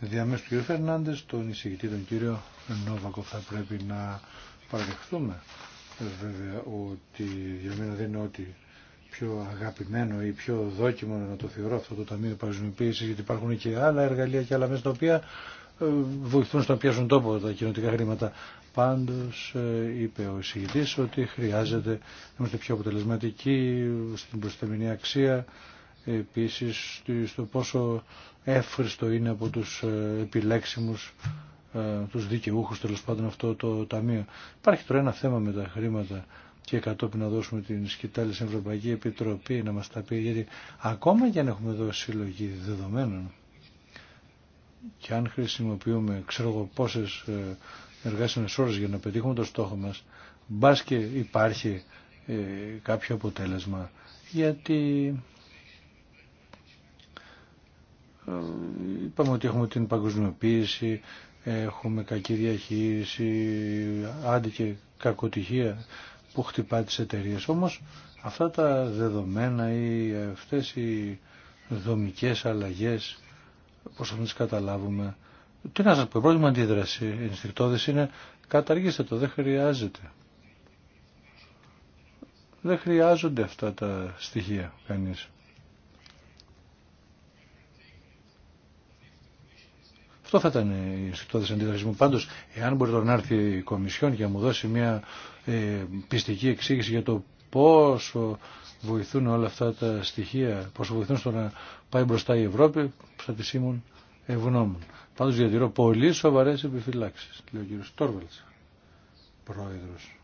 διαμέσου του κύριου Φερνάντες, τον εισηγητή τον κύριο Νόβακο θα πρέπει να παραδεχθούμε ε, βέβαια ότι για μένα δεν είναι ότι πιο αγαπημένο ή πιο δόκιμο να το θεωρώ αυτό το Ταμείο Παγκοσμιοποίηση, γιατί υπάρχουν και άλλα εργαλεία και άλλα μέσα τα οποία ε, βοηθούν στο να πιάσουν τόπο τα κοινωτικά χρήματα. Πάντω ε, είπε ο εισηγητής ότι χρειάζεται να είμαστε πιο αποτελεσματικοί στην προσταμινή αξία, επίσης στο πόσο εύχριστο είναι από του επιλέξιμου ε, τους δικαιούχου τέλο πάντων αυτό το ταμείο. Υπάρχει τώρα ένα θέμα με τα χρήματα και κατόπιν να δώσουμε την σκητάλη στην Ευρωπαϊκή Επιτροπή να μας τα πει γιατί ακόμα και αν έχουμε εδώ συλλογή δεδομένων και αν χρησιμοποιούμε ξέρω εγώ πόσες ε, εργάσιμες ώρες για να πετύχουμε το στόχο μα, μπά και υπάρχει ε, κάποιο αποτέλεσμα γιατί ε, είπαμε ότι έχουμε την παγκοσμιοποίηση έχουμε κακή διαχείριση, άντι και κακοτυχία που χτυπά τις εταιρείε. Όμως αυτά τα δεδομένα ή αυτές οι δομικές αλλαγές, πώς θα καταλάβουμε, τι να σας πω, η πρώτη αντίδραση ενστικτόδηση είναι καταργήστε το, δεν χρειάζεται. Δεν χρειάζονται αυτά τα στοιχεία κανείς. Αυτό θα ήταν η σκεπτόδες αντίδραση μου. Πάντως, εάν μπορεί να έρθει η Κομισιόν και να μου δώσει μια ε, πιστική εξήγηση για το πόσο βοηθούν όλα αυτά τα στοιχεία, πόσο βοηθούν στο να πάει μπροστά η Ευρώπη, θα τη ήμουν ευγνώμων. Πάντως διατηρώ πολύ σοβαρές επιφυλάξεις, λέει ο κύριος Τόρβελτς, πρόεδρος.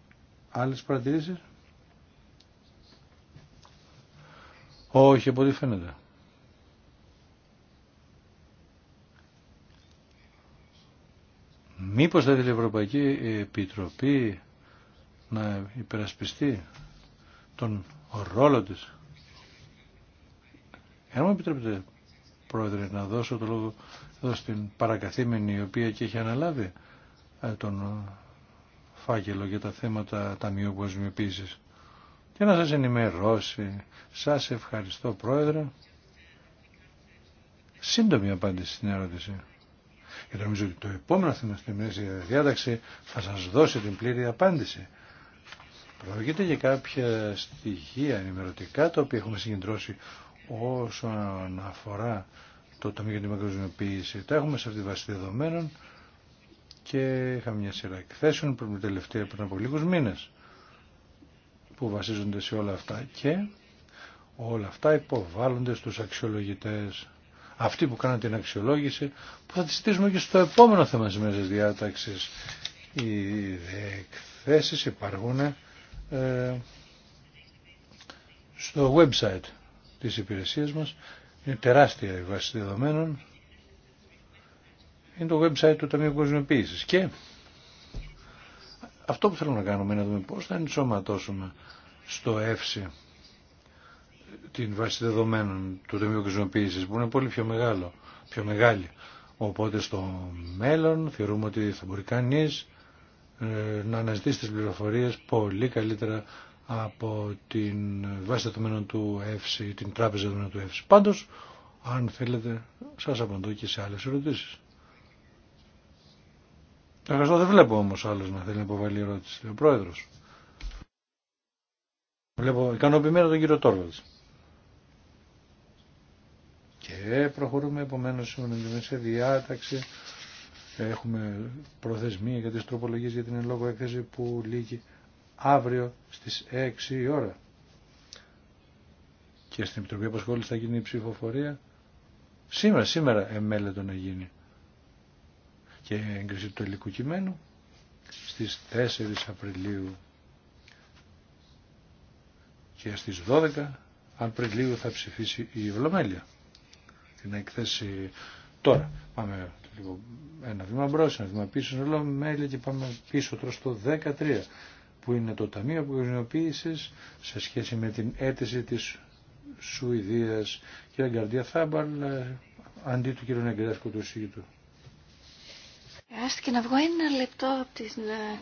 Άλλες παρατηρήσεις? Όχι, από ό,τι φαίνεται. Μήπως θα ήθελε η Ευρωπαϊκή Επιτροπή να υπερασπιστεί τον ρόλο της. Εάν μου επιτρέπετε, Πρόεδρε, να δώσω το λόγο εδώ στην παρακαθήμενη η οποία και έχει αναλάβει ε, τον φάκελο για τα θέματα ταμείου ποσμιοποίησης και να σας ενημερώσει. Σας ευχαριστώ Πρόεδρε. Σύντομη απάντηση στην ερώτηση. Και νομίζω ότι το επόμενο θέμα στην ημερήσια διάταξη θα σας δώσει την πλήρη απάντηση. Πρόκειται για κάποια στοιχεία ενημερωτικά τα οποία έχουμε συγκεντρώσει όσον αφορά το Ταμείο για την Μακροζημιοποίηση. Τα έχουμε σε αυτή τη βάση δεδομένων και είχαμε μια σειρά εκθέσεων πριν, τελευταία, πριν από λίγους μήνες που βασίζονται σε όλα αυτά και όλα αυτά υποβάλλονται στους αξιολογητές αυτοί που κάνουν την αξιολόγηση που θα τη στήσουμε και στο επόμενο θέμα της διάταξης. Οι εκθέσεις υπάρχουν ε, στο website της υπηρεσίας μας. Είναι τεράστια η βάση δεδομένων. Είναι το website του Ταμείου Κοσμιοποίησης. Και αυτό που θέλουμε να κάνουμε είναι να δούμε πώς θα ενσωματώσουμε στο ΕΦΣΙ την βάση δεδομένων του Ταμείου Κοσμοποίησης που είναι πολύ πιο μεγάλο, πιο μεγάλη. Οπότε στο μέλλον θεωρούμε ότι θα μπορεί κανεί ε, να αναζητήσει τις πληροφορίες πολύ καλύτερα από την βάση δεδομένων του ΕΦΣΙ, την τράπεζα δεδομένων του ΕΦΣΙ. Πάντως, αν θέλετε, σας απαντώ και σε άλλες ερωτήσεις. Ευχαριστώ, δεν βλέπω όμως άλλος να θέλει να υποβάλει ερώτηση. Ο Πρόεδρος. Βλέπω ικανοποιημένο τον κύριο Τόρβαλτς. Και προχωρούμε επομένως σε διάταξη. Έχουμε προθεσμία για τις τροπολογίες για την εν λόγω έκθεση που λύγει αύριο στις 6 η ώρα. Και στην Επιτροπή Αποσχόληση θα γίνει η ψηφοφορία. Σήμερα, σήμερα εμέλετο να γίνει. Και έγκριση του τελικού κειμένου στις 4 Απριλίου. Και στις 12 Απριλίου θα ψηφίσει η Βλομέλεια την εκθέση τώρα. Πάμε λίγο ένα βήμα μπρος, ένα βήμα πίσω, όλα μέλη και πάμε πίσω τώρα στο 13 που είναι το Ταμείο Αποκοινοποίησης σε σχέση με την αίτηση της Σουηδίας και Αγκαρδία Θάμπαλ ε, αντί του κύριου Νεγκρέσκου του εισηγητού και να βγω ένα λεπτό από τη ε,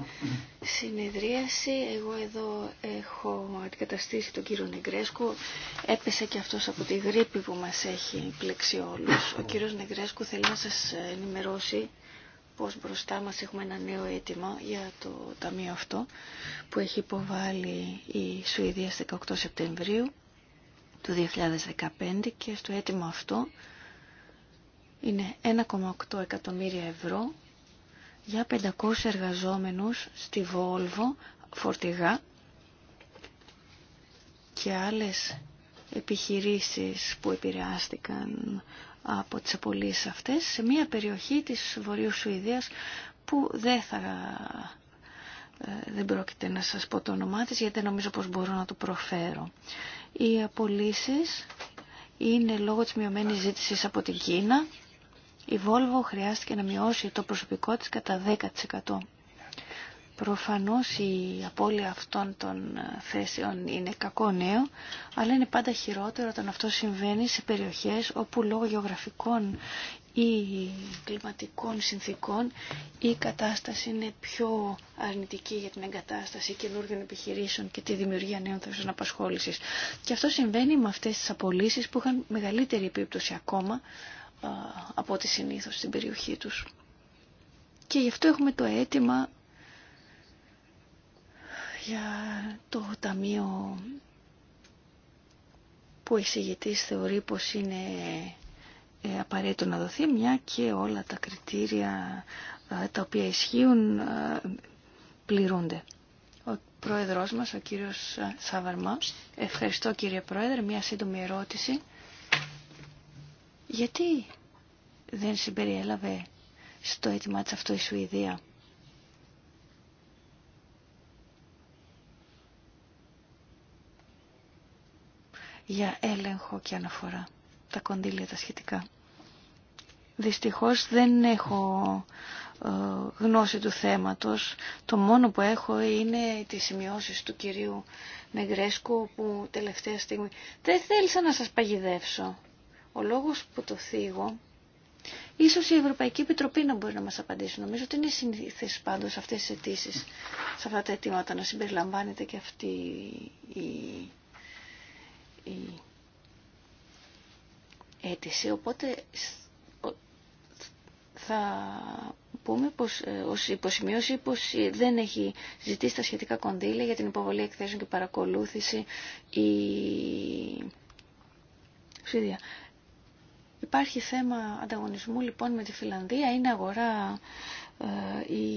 συνεδρίαση. Εγώ εδώ έχω αντικαταστήσει τον κύριο Νεγκρέσκου. Έπεσε και αυτός από τη γρήπη που μας έχει πλέξει όλους. Ο κύριος Νεγκρέσκου θέλει να σας ενημερώσει πως μπροστά μας έχουμε ένα νέο αίτημα για το ταμείο αυτό που έχει υποβάλει η Σουηδία στις 18 Σεπτεμβρίου του 2015 και στο αίτημα αυτό είναι 1,8 εκατομμύρια ευρώ για 500 εργαζόμενους στη Βόλβο φορτηγά και άλλες επιχειρήσεις που επηρεάστηκαν από τις απολύσεις αυτές σε μια περιοχή της Βορείου Σουηδίας που δεν θα ε, δεν πρόκειται να σας πω το όνομά της γιατί νομίζω πως μπορώ να το προφέρω. Οι απολύσεις είναι λόγω της μειωμένης ζήτησης από την Κίνα η Volvo χρειάστηκε να μειώσει το προσωπικό της κατά 10%. Προφανώς η απώλεια αυτών των ε, θέσεων είναι κακό νέο, αλλά είναι πάντα χειρότερο όταν αυτό συμβαίνει σε περιοχές όπου λόγω γεωγραφικών ή κλιματικών συνθήκων η κατάσταση είναι πιο αρνητική για την εγκατάσταση καινούργιων επιχειρήσεων και τη δημιουργία νέων θέσεων απασχόλησης. Και αυτό συμβαίνει με αυτές τις απολύσεις που είχαν μεγαλύτερη επίπτωση ακόμα από ό,τι συνήθως στην περιοχή τους. Και γι' αυτό έχουμε το αίτημα για το ταμείο που ο εισηγητής θεωρεί πως είναι ε, απαραίτητο να δοθεί μια και όλα τα κριτήρια ε, τα οποία ισχύουν ε, πληρούνται. Ο πρόεδρος μας, ο κύριος Σαβαρμά. Ευχαριστώ κύριε πρόεδρε. Μια σύντομη ερώτηση γιατί δεν συμπεριέλαβε στο αίτημά της αυτό η Σουηδία. για έλεγχο και αναφορά τα κονδύλια τα σχετικά. Δυστυχώς δεν έχω ε, γνώση του θέματος. Το μόνο που έχω είναι τις σημειώσεις του κυρίου Μεγρέσκου που τελευταία στιγμή δεν θέλησα να σας παγιδεύσω. Ο λόγος που το θίγω, ίσως η Ευρωπαϊκή Επιτροπή να μπορεί να μας απαντήσει. Νομίζω ότι είναι πάντω πάντως αυτές τι αιτήσει, σε αυτά τα αιτήματα, να συμπεριλαμβάνεται και αυτή η, η αίτηση. Οπότε θα πούμε πως ε, ως υποσημείωση πως δεν έχει ζητήσει τα σχετικά κονδύλια για την υποβολή εκθέσεων και παρακολούθηση η Υπάρχει θέμα ανταγωνισμού λοιπόν με τη Φιλανδία, είναι αγορά ε, η,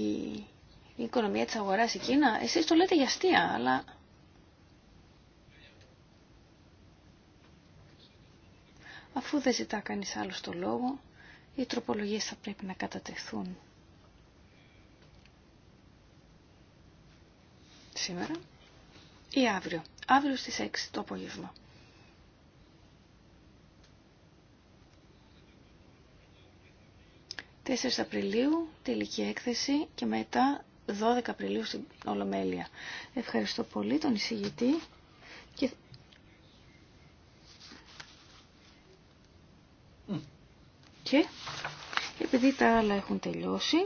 η οικονομία της αγοράς η Κίνα. Εσείς το λέτε για αστεία, αλλά αφού δεν ζητά κανείς άλλο το λόγο, οι τροπολογίες θα πρέπει να κατατεθούν. Σήμερα ή αύριο. Αύριο στις 6 το απόγευμα. 4 Απριλίου, τελική έκθεση και μετά 12 Απριλίου στην Ολομέλεια. Ευχαριστώ πολύ τον εισηγητή. Και... και επειδή τα άλλα έχουν τελειώσει,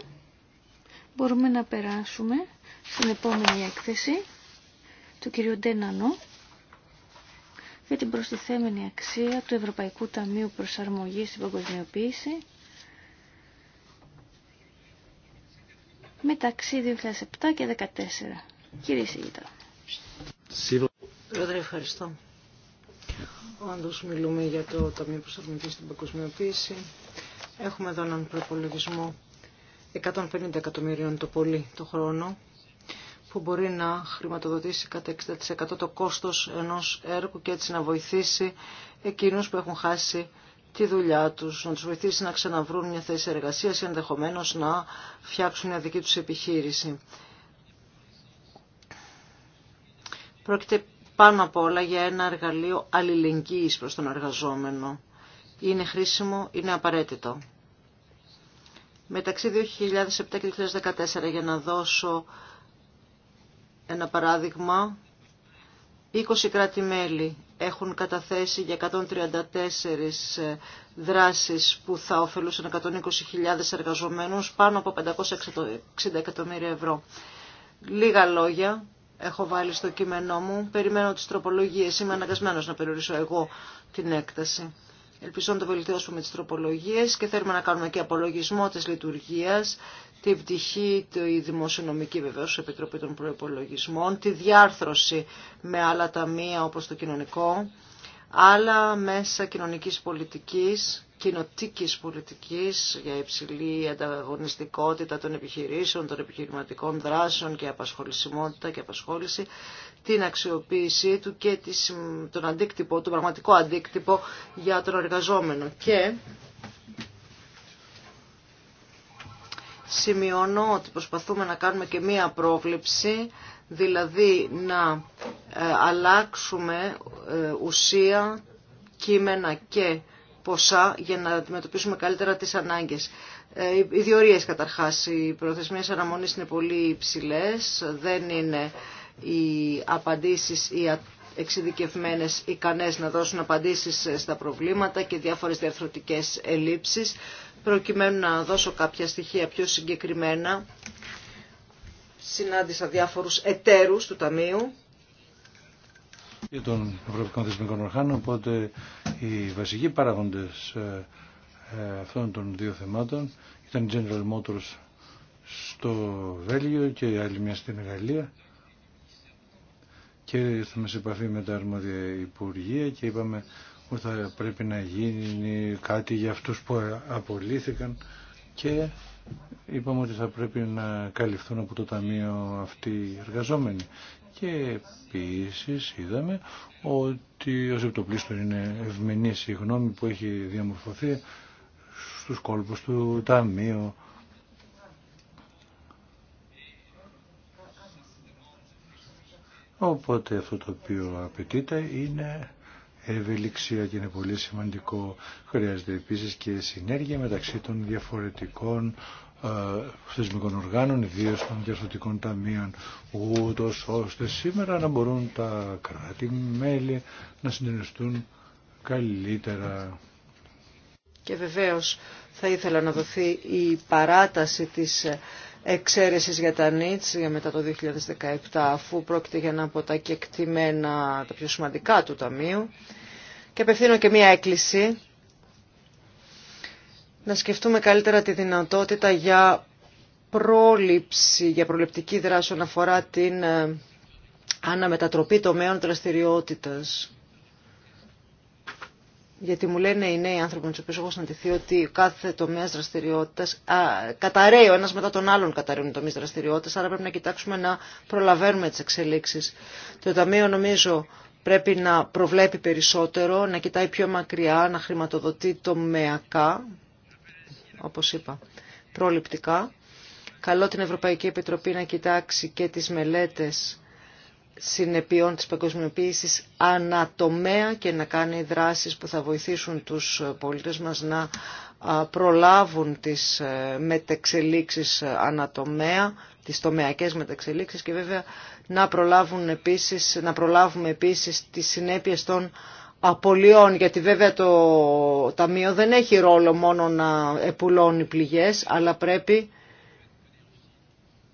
μπορούμε να περάσουμε στην επόμενη έκθεση του κυρίου Ντένανο για την προστιθέμενη αξία του Ευρωπαϊκού Ταμείου Προσαρμογής στην Παγκοσμιοποίηση μεταξύ 2007 και 2014. Κύριε Σίγητα. Πρόεδρε, ευχαριστώ. Όντω μιλούμε για το Ταμείο Προσαρμογής στην Παγκοσμιοποίηση. Έχουμε εδώ έναν προπολογισμό 150 εκατομμυρίων το πολύ το χρόνο που μπορεί να χρηματοδοτήσει κατά 60% το κόστος ενός έργου και έτσι να βοηθήσει εκείνους που έχουν χάσει τη δουλειά τους, να τους βοηθήσει να ξαναβρούν μια θέση εργασίας ή ενδεχομένως να φτιάξουν μια δική τους επιχείρηση. Πρόκειται πάνω απ' όλα για ένα εργαλείο αλληλεγγύης προς τον εργαζόμενο. Είναι χρήσιμο, είναι απαραίτητο. Μεταξύ 2007 και 2014, για να δώσω ένα παράδειγμα, 20 κράτη-μέλη έχουν καταθέσει για 134 ε, δράσεις που θα ωφελούσαν 120.000 εργαζομένους πάνω από 560 εκατομμύρια ευρώ. Λίγα λόγια έχω βάλει στο κείμενό μου. Περιμένω τις τροπολογίες. Είμαι αναγκασμένος να περιορίσω εγώ την έκταση. Ελπίζω να το βελτιώσουμε τις τροπολογίες και θέλουμε να κάνουμε και απολογισμό της λειτουργίας, τη πτυχή, τη δημοσιονομική βεβαίως Επιτροπή των Προϋπολογισμών, τη διάρθρωση με άλλα ταμεία όπως το κοινωνικό, άλλα μέσα κοινωνικής πολιτικής, κοινοτικής πολιτικής για υψηλή ανταγωνιστικότητα των επιχειρήσεων, των επιχειρηματικών δράσεων και απασχολησιμότητα και απασχόληση την αξιοποίησή του και τον αντίκτυπο, τον πραγματικό αντίκτυπο για τον εργαζόμενο. Και σημειώνω ότι προσπαθούμε να κάνουμε και μία πρόβλεψη, δηλαδή να ε, αλλάξουμε ε, ουσία, κείμενα και ποσά για να αντιμετωπίσουμε καλύτερα τις ανάγκες. Ε, οι διορίες καταρχάς, οι προθεσμίες αναμονής είναι πολύ υψηλές, δεν είναι οι απαντήσεις, οι εξειδικευμένες ικανές να δώσουν απαντήσεις στα προβλήματα και διάφορες διαρθρωτικές ελλείψεις. Προκειμένου να δώσω κάποια στοιχεία πιο συγκεκριμένα, συνάντησα διάφορους εταίρους του Ταμείου για τον Ευρωπαϊκών Θεσμικών Οργάνων, οπότε οι βασικοί παράγοντες ε, ε, αυτών των δύο θεμάτων ήταν η General Motors στο Βέλγιο και η άλλη μια στην Γαλλία και ήρθαμε σε επαφή με τα αρμόδια Υπουργεία και είπαμε ότι θα πρέπει να γίνει κάτι για αυτούς που απολύθηκαν και είπαμε ότι θα πρέπει να καλυφθούν από το Ταμείο αυτοί οι εργαζόμενοι. Και επίση είδαμε ότι ο Ζεπτοπλίστων είναι ευμενής η γνώμη που έχει διαμορφωθεί στους κόλπους του Ταμείου Οπότε αυτό το οποίο απαιτείται είναι ευελιξία και είναι πολύ σημαντικό. Χρειάζεται επίσης και συνέργεια μεταξύ των διαφορετικών ε, θεσμικών οργάνων, ιδίω των διαφθορτικών ταμείων, ούτω ώστε σήμερα να μπορούν τα κράτη-μέλη να συντονιστούν καλύτερα. Και βεβαίως θα ήθελα να δοθεί η παράταση της εξαίρεση για τα νίτς για μετά το 2017 αφού πρόκειται για ένα από τα κεκτημένα τα πιο σημαντικά του Ταμείου και απευθύνω και μία έκκληση να σκεφτούμε καλύτερα τη δυνατότητα για πρόληψη, για προληπτική δράση όσον αφορά την ε, αναμετατροπή τομέων δραστηριότητας γιατί μου λένε οι νέοι άνθρωποι με του οποίου έχω συναντηθεί ότι κάθε τομέα δραστηριότητα καταραίει ο ένα μετά τον άλλον καταραίουν οι τομεί δραστηριότητα, άρα πρέπει να κοιτάξουμε να προλαβαίνουμε τι εξελίξει. Το Ταμείο νομίζω πρέπει να προβλέπει περισσότερο, να κοιτάει πιο μακριά, να χρηματοδοτεί τομεακά, όπω είπα, προληπτικά. Καλό την Ευρωπαϊκή Επιτροπή να κοιτάξει και τι μελέτε συνεπειών της παγκοσμιοποίησης ανατομέα και να κάνει δράσεις που θα βοηθήσουν τους πολίτες μας να προλάβουν τις ε, μετεξελίξεις ε, ανατομέα, τις τομεακές μετεξελίξεις και βέβαια να, προλάβουν επίσης, να προλάβουμε επίσης τις συνέπειες των απολειών, γιατί βέβαια το Ταμείο δεν έχει ρόλο μόνο να επουλώνει πληγές, αλλά πρέπει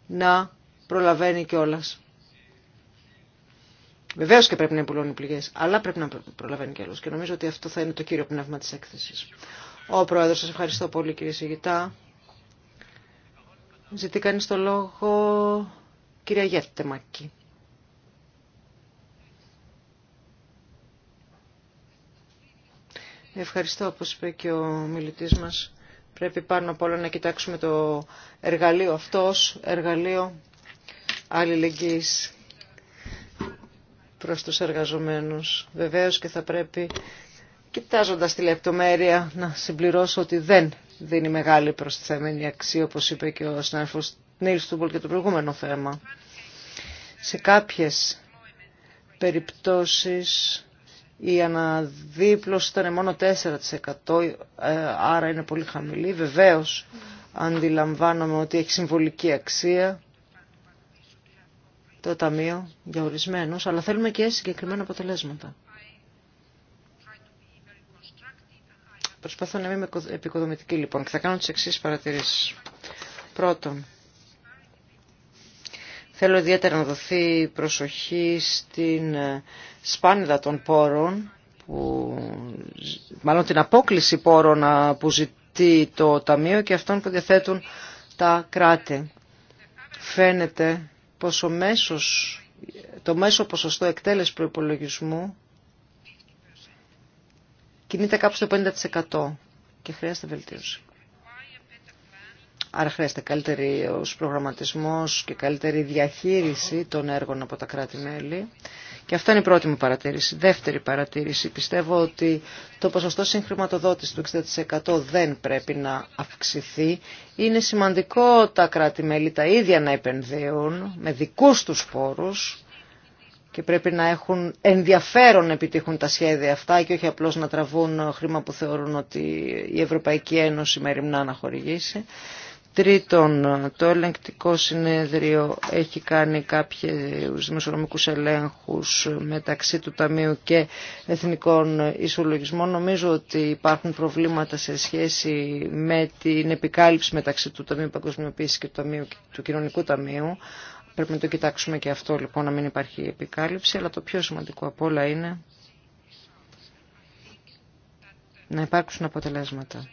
να προλαβαίνει κιόλας. Βεβαίω και πρέπει να υπουλώνει πληγέ, αλλά πρέπει να προλαβαίνει άλλου. Και νομίζω ότι αυτό θα είναι το κύριο πνεύμα τη έκθεση. Ο Πρόεδρο, σα ευχαριστώ πολύ κύριε Σιγητά. Ζητεί κανεί το λόγο. Κυρία Γέτεμακη. Ευχαριστώ, όπω είπε και ο μιλητής μας. Πρέπει πάνω απ' όλα να κοιτάξουμε το εργαλείο αυτό εργαλείο αλληλεγγύη προς τους εργαζομένους. Βεβαίως και θα πρέπει, κοιτάζοντας τη λεπτομέρεια, να συμπληρώσω ότι δεν δίνει μεγάλη προσθεμένη αξία, όπως είπε και ο συνάδελφος Νίλ Τούμπολ και το προηγούμενο θέμα. Σε κάποιες περιπτώσεις η αναδίπλωση ήταν μόνο 4%, ε, άρα είναι πολύ χαμηλή. Βεβαίως αντιλαμβάνομαι ότι έχει συμβολική αξία το Ταμείο για ορισμένου, αλλά θέλουμε και συγκεκριμένα αποτελέσματα. Προσπαθώ να είμαι επικοδομητική λοιπόν και θα κάνω τις εξής παρατηρήσει. Πρώτον, θέλω ιδιαίτερα να δοθεί προσοχή στην ε, σπάνιδα των πόρων, που, μάλλον την απόκληση πόρων που ζητεί το Ταμείο και αυτών που διαθέτουν τα κράτη. Φαίνεται πως ο μέσος, το μέσο ποσοστό εκτέλεση προϋπολογισμού κινείται κάπου στο 50% και χρειάζεται βελτίωση. Άρα χρειάζεται καλύτερη ως προγραμματισμός και καλύτερη διαχείριση των έργων από τα κράτη-μέλη. Και αυτό είναι η πρώτη μου παρατήρηση. Δεύτερη παρατήρηση. Πιστεύω ότι το ποσοστό συγχρηματοδότηση του 60% δεν πρέπει να αυξηθεί. Είναι σημαντικό τα κράτη-μέλη τα ίδια να επενδύουν με δικούς τους πόρους και πρέπει να έχουν ενδιαφέρον να επιτύχουν τα σχέδια αυτά και όχι απλώς να τραβούν χρήμα που θεωρούν ότι η Ευρωπαϊκή Ένωση ρημνά να χορηγήσει. Τρίτον, το ελεγκτικό συνέδριο έχει κάνει κάποιους δημοσιονομικούς ελέγχους μεταξύ του Ταμείου και Εθνικών Ισολογισμών. Νομίζω ότι υπάρχουν προβλήματα σε σχέση με την επικάλυψη μεταξύ του Ταμείου Παγκοσμιοποίησης και του, ταμείου, του Κοινωνικού Ταμείου. Πρέπει να το κοιτάξουμε και αυτό λοιπόν να μην υπάρχει επικάλυψη, αλλά το πιο σημαντικό από όλα είναι να υπάρξουν αποτελέσματα.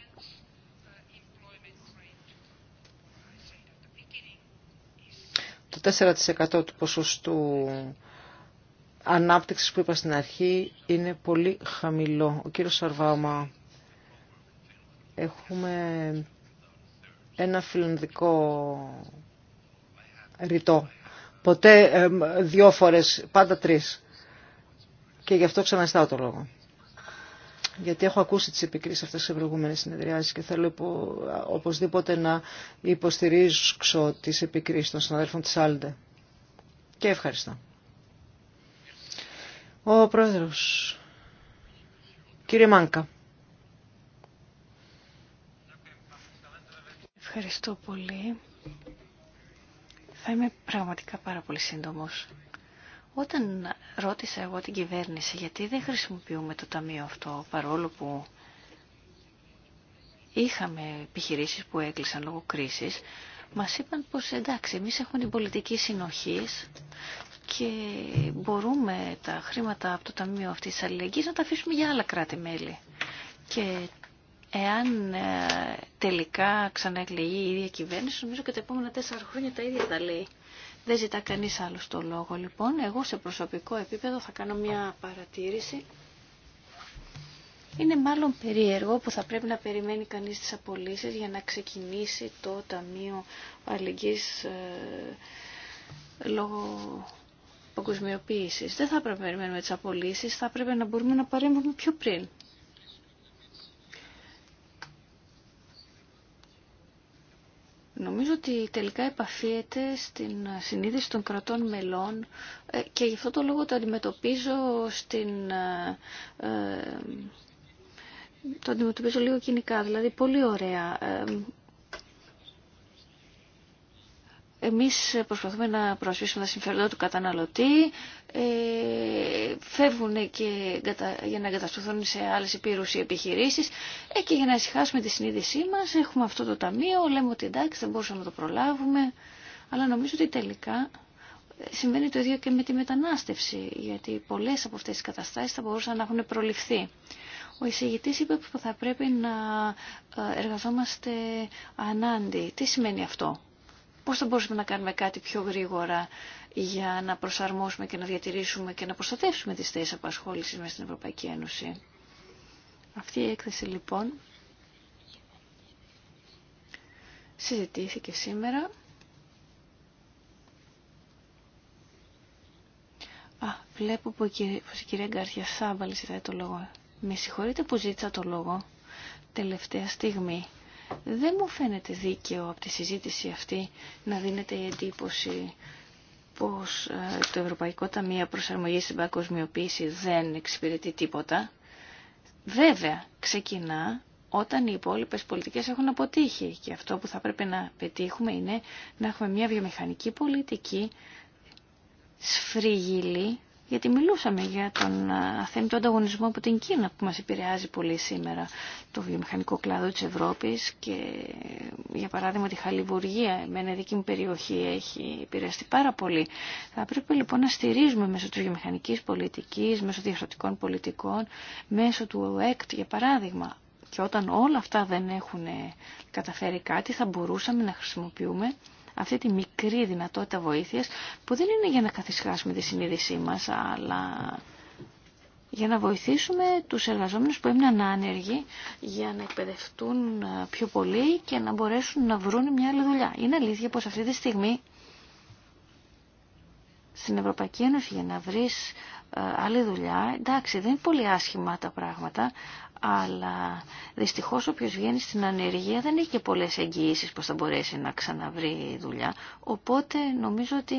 το 4% του ποσοστού ανάπτυξης που είπα στην αρχή είναι πολύ χαμηλό. Ο κύριος Σαρβάμα, έχουμε ένα φιλανδικό ρητό. Ποτέ δύο φορές, πάντα τρεις. Και γι' αυτό ξαναστάω το λόγο γιατί έχω ακούσει τις επικρίσεις αυτές σε προηγούμενες συνεδριάσεις και θέλω υπο, οπωσδήποτε να υποστηρίζω τις επικρίσεις των συναδέλφων της Άλντε. Και ευχαριστώ. Ο Πρόεδρος, κύριε Μάνκα. Ευχαριστώ πολύ. Θα είμαι πραγματικά πάρα πολύ σύντομος. Όταν ρώτησα εγώ την κυβέρνηση γιατί δεν χρησιμοποιούμε το ταμείο αυτό παρόλο που είχαμε επιχειρήσεις που έκλεισαν λόγω κρίσης, μας είπαν πως εντάξει, εμείς έχουμε την πολιτική συνοχής και μπορούμε τα χρήματα από το Ταμείο αυτής της Αλληλεγγύης να τα αφήσουμε για άλλα κράτη-μέλη. Και εάν ε, τελικά ξαναεκλεγεί η ίδια κυβέρνηση, νομίζω και τα επόμενα τέσσερα χρόνια τα ίδια τα λέει. Δεν ζητά κανείς άλλος το λόγο λοιπόν. Εγώ σε προσωπικό επίπεδο θα κάνω μια παρατήρηση. Είναι μάλλον περίεργο που θα πρέπει να περιμένει κανείς τις απολύσεις για να ξεκινήσει το Ταμείο Αλληλεγγύης ε, λόγω παγκοσμιοποίησης. Δεν θα πρέπει να περιμένουμε τις απολύσεις, θα πρέπει να μπορούμε να παρέμβουμε πιο πριν. Νομίζω ότι τελικά επαφίεται στην συνείδηση των κρατών μελών ε, και γι' αυτό το λόγο το αντιμετωπίζω στην... Ε, ε, το αντιμετωπίζω λίγο κοινικά, δηλαδή πολύ ωραία. Εμείς προσπαθούμε να προσπίσουμε τα συμφέροντα του καταναλωτή, ε, φεύγουν και για να εγκατασταθούν σε άλλες επίρους οι επιχειρήσεις και για να ησυχάσουμε τη συνείδησή μας έχουμε αυτό το ταμείο, λέμε ότι εντάξει δεν μπορούσαμε να το προλάβουμε, αλλά νομίζω ότι τελικά ε, συμβαίνει το ίδιο και με τη μετανάστευση, γιατί πολλές από αυτές τις καταστάσεις θα μπορούσαν να έχουν προληφθεί. Ο εισηγητής είπε ότι θα πρέπει να ε, εργαζόμαστε ανάντι. Τι σημαίνει αυτό πώς θα μπορούσαμε να κάνουμε κάτι πιο γρήγορα για να προσαρμόσουμε και να διατηρήσουμε και να προστατεύσουμε τις θέσεις απασχόλησης μέσα στην Ευρωπαϊκή Ένωση. Αυτή η έκθεση λοιπόν συζητήθηκε σήμερα. Α, βλέπω που η κυρία, πως κυρία Γκάρθια Σάμπαλη ζητάει το λόγο. Με συγχωρείτε που ζήτησα το λόγο τελευταία στιγμή. Δεν μου φαίνεται δίκαιο από τη συζήτηση αυτή να δίνεται η εντύπωση πως ε, το Ευρωπαϊκό Ταμείο Προσαρμογής στην Παγκοσμιοποίηση δεν εξυπηρετεί τίποτα. Βέβαια, ξεκινά όταν οι υπόλοιπε πολιτικές έχουν αποτύχει και αυτό που θα πρέπει να πετύχουμε είναι να έχουμε μια βιομηχανική πολιτική σφρίγιλη γιατί μιλούσαμε για τον αθέμητο ε, ανταγωνισμό από την Κίνα που μας επηρεάζει πολύ σήμερα το βιομηχανικό κλάδο της Ευρώπης και για παράδειγμα τη Χαλιβουργία, με ένα δική μου περιοχή έχει επηρεαστεί πάρα πολύ. Θα πρέπει λοιπόν να στηρίζουμε μέσω της βιομηχανικής πολιτικής, μέσω διαφορετικών πολιτικών, μέσω του ΕΚΤ για παράδειγμα. Και όταν όλα αυτά δεν έχουν ε, καταφέρει κάτι θα μπορούσαμε να χρησιμοποιούμε αυτή τη μικρή δυνατότητα βοήθειας που δεν είναι για να καθισχάσουμε τη συνείδησή μας αλλά για να βοηθήσουμε τους εργαζόμενους που έμειναν άνεργοι για να εκπαιδευτούν ε, πιο πολύ και να μπορέσουν να βρουν μια άλλη δουλειά. Είναι αλήθεια πως αυτή τη στιγμή στην Ευρωπαϊκή Ένωση για να βρεις ε, άλλη δουλειά, εντάξει δεν είναι πολύ άσχημα τα πράγματα, αλλά δυστυχώς όποιος βγαίνει στην ανεργία δεν έχει και πολλές εγγυήσεις πως θα μπορέσει να ξαναβρει δουλειά. Οπότε νομίζω ότι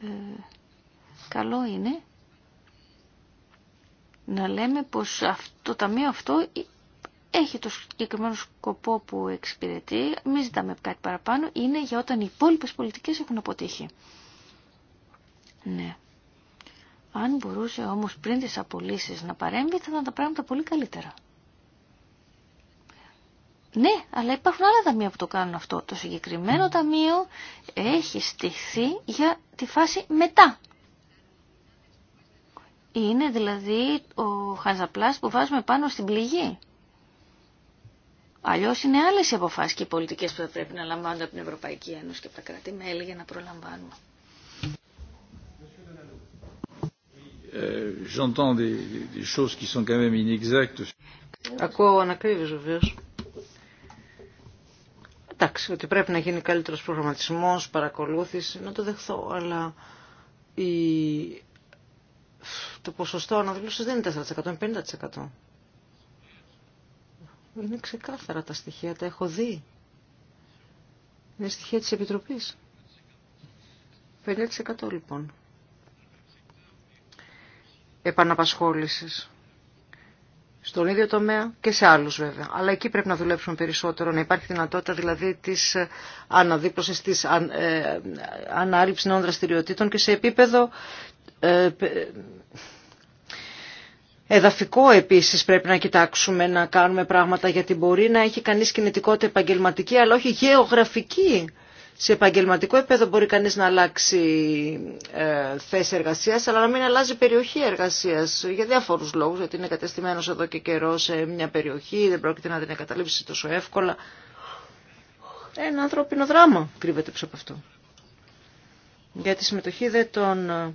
ε, καλό είναι να λέμε πως το ταμείο αυτό έχει το συγκεκριμένο σκοπό που εξυπηρετεί, μην ζητάμε κάτι παραπάνω, είναι για όταν οι υπόλοιπε πολιτικές έχουν αποτύχει. Ναι. Αν μπορούσε όμως πριν τις απολύσεις να παρέμβει, θα ήταν τα πράγματα πολύ καλύτερα. Ναι, αλλά υπάρχουν άλλα ταμεία που το κάνουν αυτό. Το συγκεκριμένο ταμείο έχει στηθεί για τη φάση μετά. Είναι δηλαδή ο χαζαπλάς που βάζουμε πάνω στην πληγή. Αλλιώς είναι άλλες οι αποφάσεις και οι πολιτικές που θα πρέπει να λαμβάνονται από την Ευρωπαϊκή Ένωση και από τα κράτη-μέλη για να προλαμβάνουμε. Ακούω ανακρίβεις βεβαίω. Εντάξει, ότι πρέπει να γίνει καλύτερο προγραμματισμό, παρακολούθηση, να το δεχθώ, αλλά η... το ποσοστό αναδηλωση δεν είναι 4%, είναι 50%. Είναι ξεκάθαρα τα στοιχεία, τα έχω δει. Είναι στοιχεία τη επιτροπή. 50% λοιπόν επαναπασχόλησης. Στον ίδιο τομέα και σε άλλους βέβαια. Αλλά εκεί πρέπει να δουλέψουμε περισσότερο, να υπάρχει δυνατότητα δηλαδή της αναδίπλωσης, της αν, ε, ανάληψης νέων δραστηριοτήτων και σε επίπεδο ε, Εδαφικό επίσης πρέπει να κοιτάξουμε να κάνουμε πράγματα γιατί μπορεί να έχει κανείς κινητικότητα επαγγελματική αλλά όχι γεωγραφική σε επαγγελματικό επίπεδο μπορεί κανείς να αλλάξει ε, θέση εργασίας, αλλά να μην αλλάζει περιοχή εργασίας για διάφορους λόγους, γιατί είναι κατεστημένος εδώ και καιρό σε μια περιοχή, δεν πρόκειται να την εγκαταλείψει τόσο εύκολα. Ένα ανθρώπινο δράμα κρύβεται πίσω από αυτό. Για τη συμμετοχή δε των ε,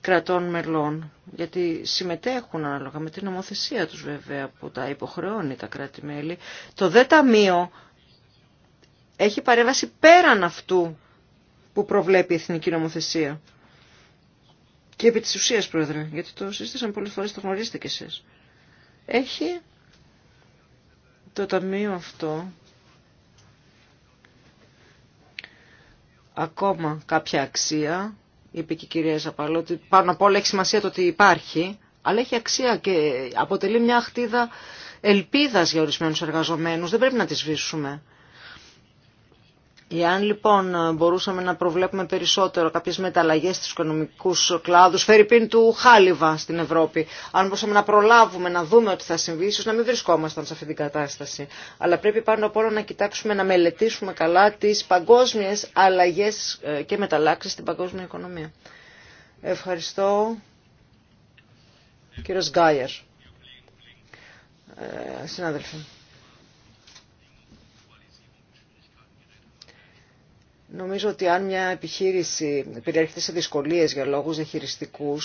κρατών μελών, γιατί συμμετέχουν ανάλογα με την νομοθεσία τους βέβαια που τα υποχρεώνει τα κράτη-μέλη, το δε ταμείο έχει παρέβαση πέραν αυτού που προβλέπει η εθνική νομοθεσία. Και επί της ουσίας, Πρόεδρε, γιατί το συζήτησαν πολλές φορές, το γνωρίζετε κι εσείς. Έχει το ταμείο αυτό ακόμα κάποια αξία, είπε και η κυρία Ζαπαλό, ότι πάνω απ' όλα έχει σημασία το ότι υπάρχει, αλλά έχει αξία και αποτελεί μια χτίδα ελπίδας για ορισμένους εργαζομένους, δεν πρέπει να τη σβήσουμε. Εάν λοιπόν μπορούσαμε να προβλέπουμε περισσότερο κάποιε μεταλλαγέ στου οικονομικού κλάδου, πίν του χάλιβα στην Ευρώπη, αν μπορούσαμε να προλάβουμε να δούμε ότι θα συμβεί, ίσω να μην βρισκόμασταν σε αυτή την κατάσταση. Αλλά πρέπει πάνω απ' όλα να κοιτάξουμε, να μελετήσουμε καλά τι παγκόσμιε αλλαγέ ε, και μεταλλάξει στην παγκόσμια οικονομία. Ευχαριστώ. Κύριος Γκάιερ. Ε, συνάδελφοι. Νομίζω ότι αν μια επιχείρηση περιέρχεται σε δυσκολίες για λόγους διαχειριστικού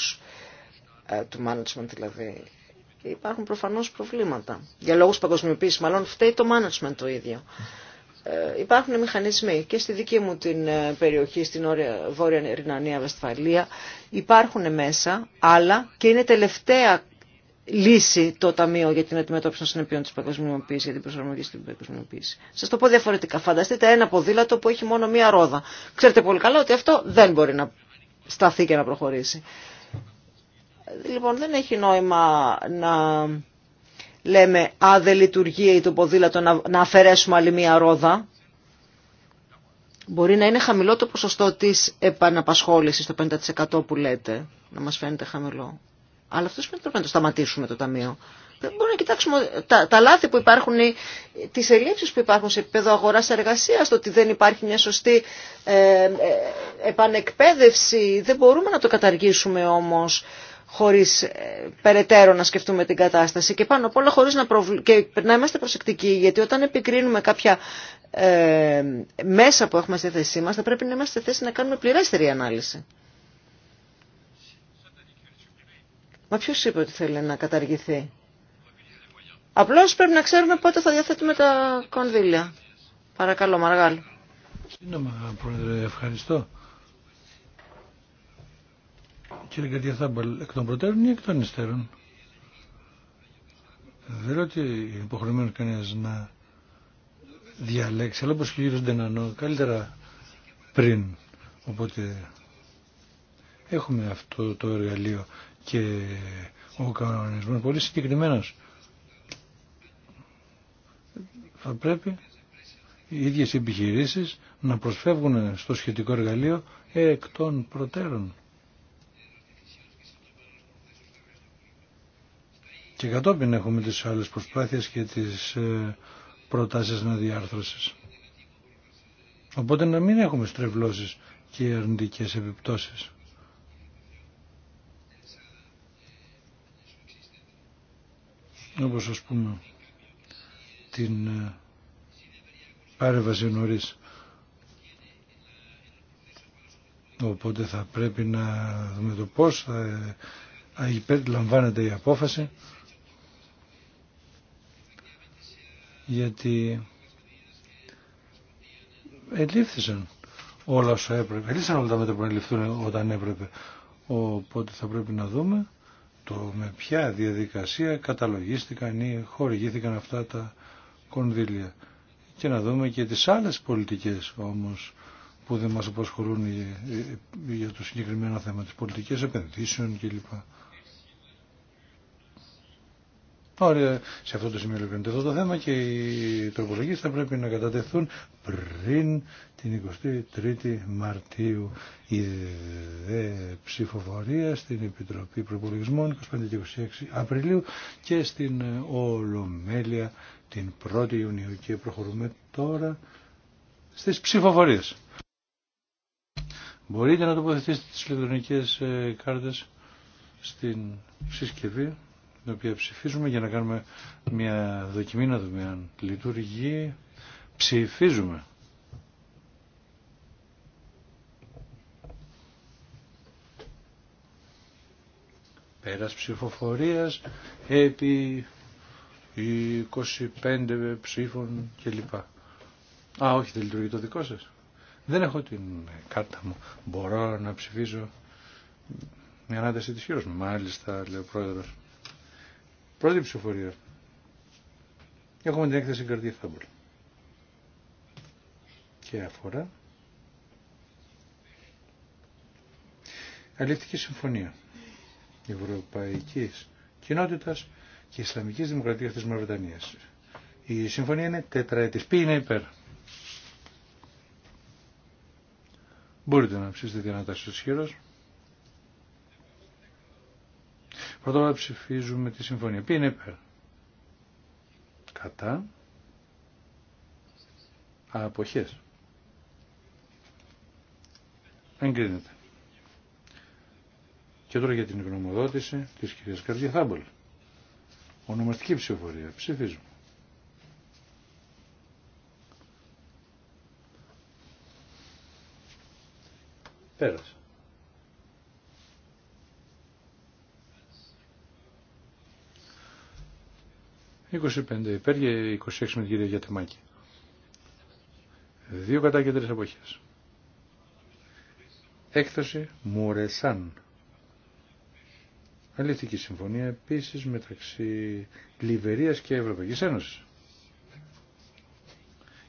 ε, του management δηλαδή, υπάρχουν προφανώς προβλήματα. Για λόγους παγκοσμιοποίησης μάλλον φταίει το management το ίδιο. Ε, υπάρχουν μηχανισμοί και στη δική μου την ε, περιοχή, στην Βόρεια Ρινανία, Βεσφαλία, υπάρχουν μέσα, αλλά και είναι τελευταία λύσει το Ταμείο για την αντιμετώπιση των συνεπειών τη παγκοσμιοποίηση, για την προσαρμογή στην παγκοσμιοποίηση. Σα το πω διαφορετικά. Φανταστείτε ένα ποδήλατο που έχει μόνο μία ρόδα. Ξέρετε πολύ καλά ότι αυτό δεν μπορεί να σταθεί και να προχωρήσει. Λοιπόν, δεν έχει νόημα να λέμε «Α, δεν λειτουργεί το ποδήλατο, να αφαιρέσουμε άλλη μία ρόδα». Μπορεί να είναι χαμηλό το ποσοστό της επαναπασχόλησης, το 50% που λέτε, να μας φαίνεται χαμηλό. Αλλά αυτό σημαίνει ότι πρέπει να το σταματήσουμε το Ταμείο. Δεν Μπορούμε να κοιτάξουμε τα, τα λάθη που υπάρχουν, τι ελλείψει που υπάρχουν σε επίπεδο αγορά-εργασία, το ότι δεν υπάρχει μια σωστή ε, ε επανεκπαίδευση. Δεν μπορούμε να το καταργήσουμε όμω χωρίς ε, περαιτέρω να σκεφτούμε την κατάσταση και πάνω απ' όλα χωρίς να, προβλ... και να είμαστε προσεκτικοί γιατί όταν επικρίνουμε κάποια ε, μέσα που έχουμε στη θέση μα θα πρέπει να είμαστε θέση να κάνουμε πληρέστερη ανάλυση. Μα ποιος είπε ότι θέλει να καταργηθεί. Απλώς πρέπει να ξέρουμε πότε θα διαθέτουμε τα κονδύλια. Παρακαλώ, Μαργάλ. Σύντομα, Πρόεδρε, ευχαριστώ. Κύριε Κατιαθάμπαλ, εκ των προτέρων ή εκ των υστέρων. Δεν λέω ότι είναι υποχρεωμένο κανένα να διαλέξει, αλλά όπω και ο κύριο Ντενανό, καλύτερα πριν. Οπότε έχουμε αυτό το εργαλείο και ο κανονισμός πολύ συγκεκριμένο. Θα πρέπει οι ίδιες οι επιχειρήσεις να προσφεύγουν στο σχετικό εργαλείο εκ των προτέρων. Και κατόπιν έχουμε τις άλλες προσπάθειες και τις ε, προτάσεις διάρθρωσες Οπότε να μην έχουμε στρεβλώσεις και αρνητικές επιπτώσεις. όπως ας πούμε την ε, παρέβαση νωρίς. Οπότε θα πρέπει να δούμε το πώς θα ε, υπερλαμβάνεται η απόφαση γιατί ελήφθησαν όλα όσα έπρεπε. Ελήφθησαν όλα τα μέτρα που να όταν έπρεπε. Οπότε θα πρέπει να δούμε το με ποια διαδικασία καταλογίστηκαν ή χορηγήθηκαν αυτά τα κονδύλια. Και να δούμε και τις άλλες πολιτικές όμως που δεν μας απασχολούν για το συγκεκριμένο θέμα, τις πολιτικές επενδύσεων κλπ. Ωραία, ε, σε αυτό το σημείο ολοκληρώνεται αυτό το θέμα και οι τροπολογίες θα πρέπει να κατατεθούν πριν την 23η Μαρτίου. Η ψηφοφορία στην Επιτροπή Προπολογισμών 25 και 26 Απριλίου και στην ε, Ολομέλεια την 1η Ιουνίου. Και προχωρούμε τώρα στις ψηφοφορίες. Μπορείτε να τοποθετήσετε τις ηλεκτρονικές ε, κάρτες στην συσκευή την οποία ψηφίζουμε για να κάνουμε μια δοκιμή να δούμε αν λειτουργεί. Ψηφίζουμε. Πέρας ψηφοφορίας επί 25 ψήφων κλπ. Α, όχι, δεν λειτουργεί το δικό σας. Δεν έχω την κάρτα μου. Μπορώ να ψηφίζω μια ανάταση της χείρος μου. Μάλιστα, λέει ο πρόεδρος. Πρώτη ψηφοφορία. Έχουμε την έκθεση Καρδία Θάμπουλ. Και αφορά. Αλληλευτική Συμφωνία Ευρωπαϊκής Κοινότητας και Ισλαμικής Δημοκρατίας της Μαυροτανίας. Η συμφωνία είναι τετραετής. Ποιοι είναι υπέρ. Μπορείτε να ψήσετε δυνατά στους χείρος. Πρώτα ψηφίζουμε τη συμφωνία. Ποιοι είναι υπέρ. Κατά. Αποχές. Εγκρίνεται. Και τώρα για την γνωμοδότηση της κυρίας Καρδιαθάμπολη. Ονομαστική ψηφοφορία. Ψηφίζουμε. Πέρασε. 25 υπέρ και 26 με την κυρία Γιατεμάκη. Δύο κατά και τρεις αποχές. Έκθεση Μουρεσάν. Αλήθικη συμφωνία επίσης μεταξύ Λιβερίας και Ευρωπαϊκής Ένωσης.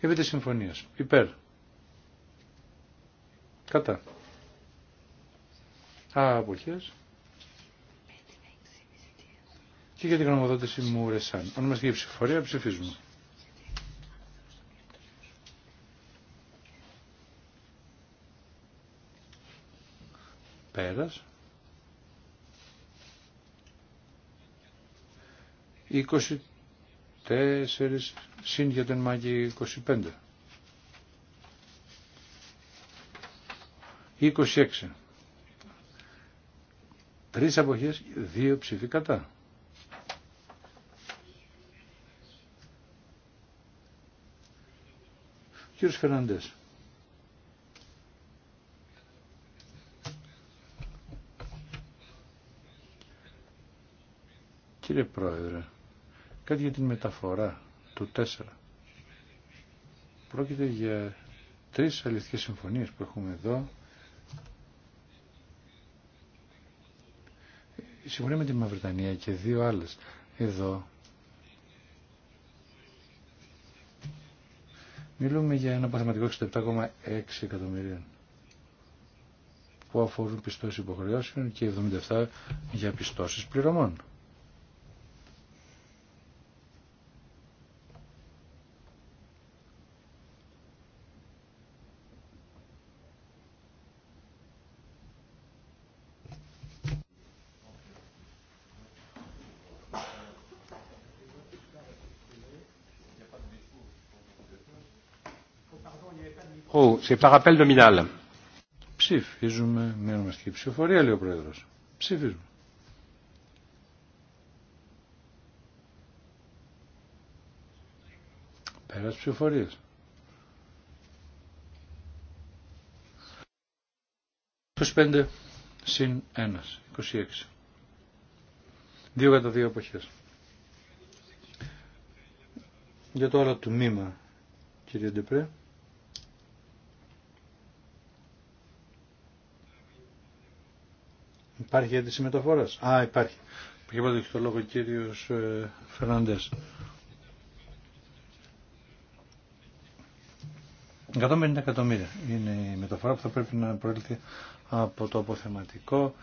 Επί της συμφωνίας. Υπέρ. Κατά. Α, αποχές και για την γνωμοδότηση μου ρεσάν. Αν μας ψηφορία ψηφίζουμε. Πέρας. 24 συν για τον Μάγκη 25. 26. Τρεις αποχές, δύο ψηφίκατα. Κύριος Φερναντές. Κύριε Πρόεδρε, κάτι για την μεταφορά του 4. Πρόκειται για τρεις αληθικές συμφωνίες που έχουμε εδώ. Η με τη Μαυρτανία και δύο άλλες. Εδώ Μιλούμε για ένα παθηματικό 67,6 εκατομμύρια που αφορούν πιστώσεις υποχρεώσεων και 77 για πιστώσεις πληρωμών. C'est par appel nominal. Ψηφίζουμε με ονομαστική ψηφοφορία, λέει ο πρόεδρο. Ψηφίζουμε. ψηφοφορία. ψηφοφορίας. πέντε συν 1, 26. Δύο κατά δύο εποχέ. Για το άλλο μήμα, κύριε Ντεπρέ. Υπάρχει αίτηση μεταφορά. Α, υπάρχει. Πήγε πρώτα το λόγο ο κύριο ε, Φερνάντε. 150 εκατομμύρια είναι η μεταφορά που θα πρέπει να προέλθει από το αποθεματικό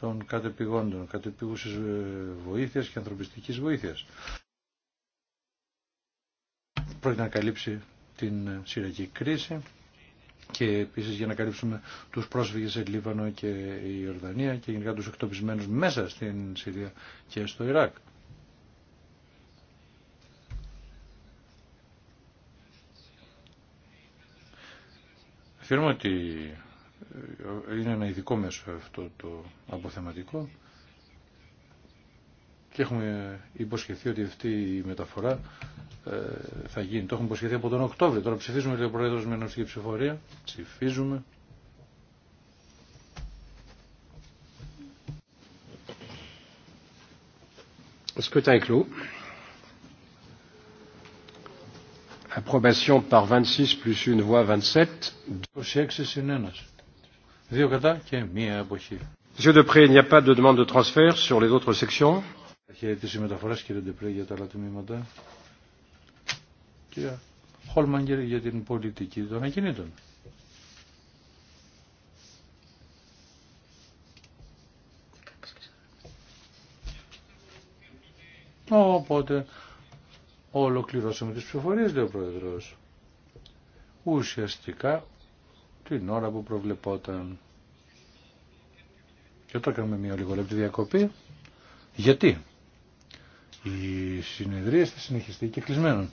των κατεπηγόντων, κατεπηγούσης ε, βοήθειας και ανθρωπιστικής βοήθειας. Πρόκειται να καλύψει την ε, σειρακή κρίση και επίσης για να καλύψουμε τους πρόσφυγες σε Λίβανο και η Ιορδανία και γενικά τους εκτοπισμένους μέσα στην Συρία και στο Ιράκ. Θεωρούμε ότι είναι ένα ειδικό μέσο αυτό το αποθεματικό και έχουμε υποσχεθεί ότι αυτή η μεταφορά ε, θα γίνει. Το έχουμε υποσχεθεί από τον Οκτώβριο. Τώρα ψηφίζουμε, λέει ο Πρόεδρος, με ενωστική ψηφορία. Ψηφίζουμε. par 26 plus une 27. 26 συν Δύο κατά και μία αποχή. Monsieur Depré, il n'y a pas de demande de transfert sur les autres sections και τη συμμεταφορά κύριε Ντεπρέ για τα άλλα τμήματα. Κυρία Χόλμαγκερ για την πολιτική των ακινήτων. Οπότε ολοκληρώσαμε τις ψηφοφορίες, λέει ο Πρόεδρος. Ουσιαστικά την ώρα που προβλεπόταν. Και τώρα κάνουμε μια λίγο λεπτή διακοπή, γιατί οι συνεδρία θα συνεχιστεί και κλεισμένων.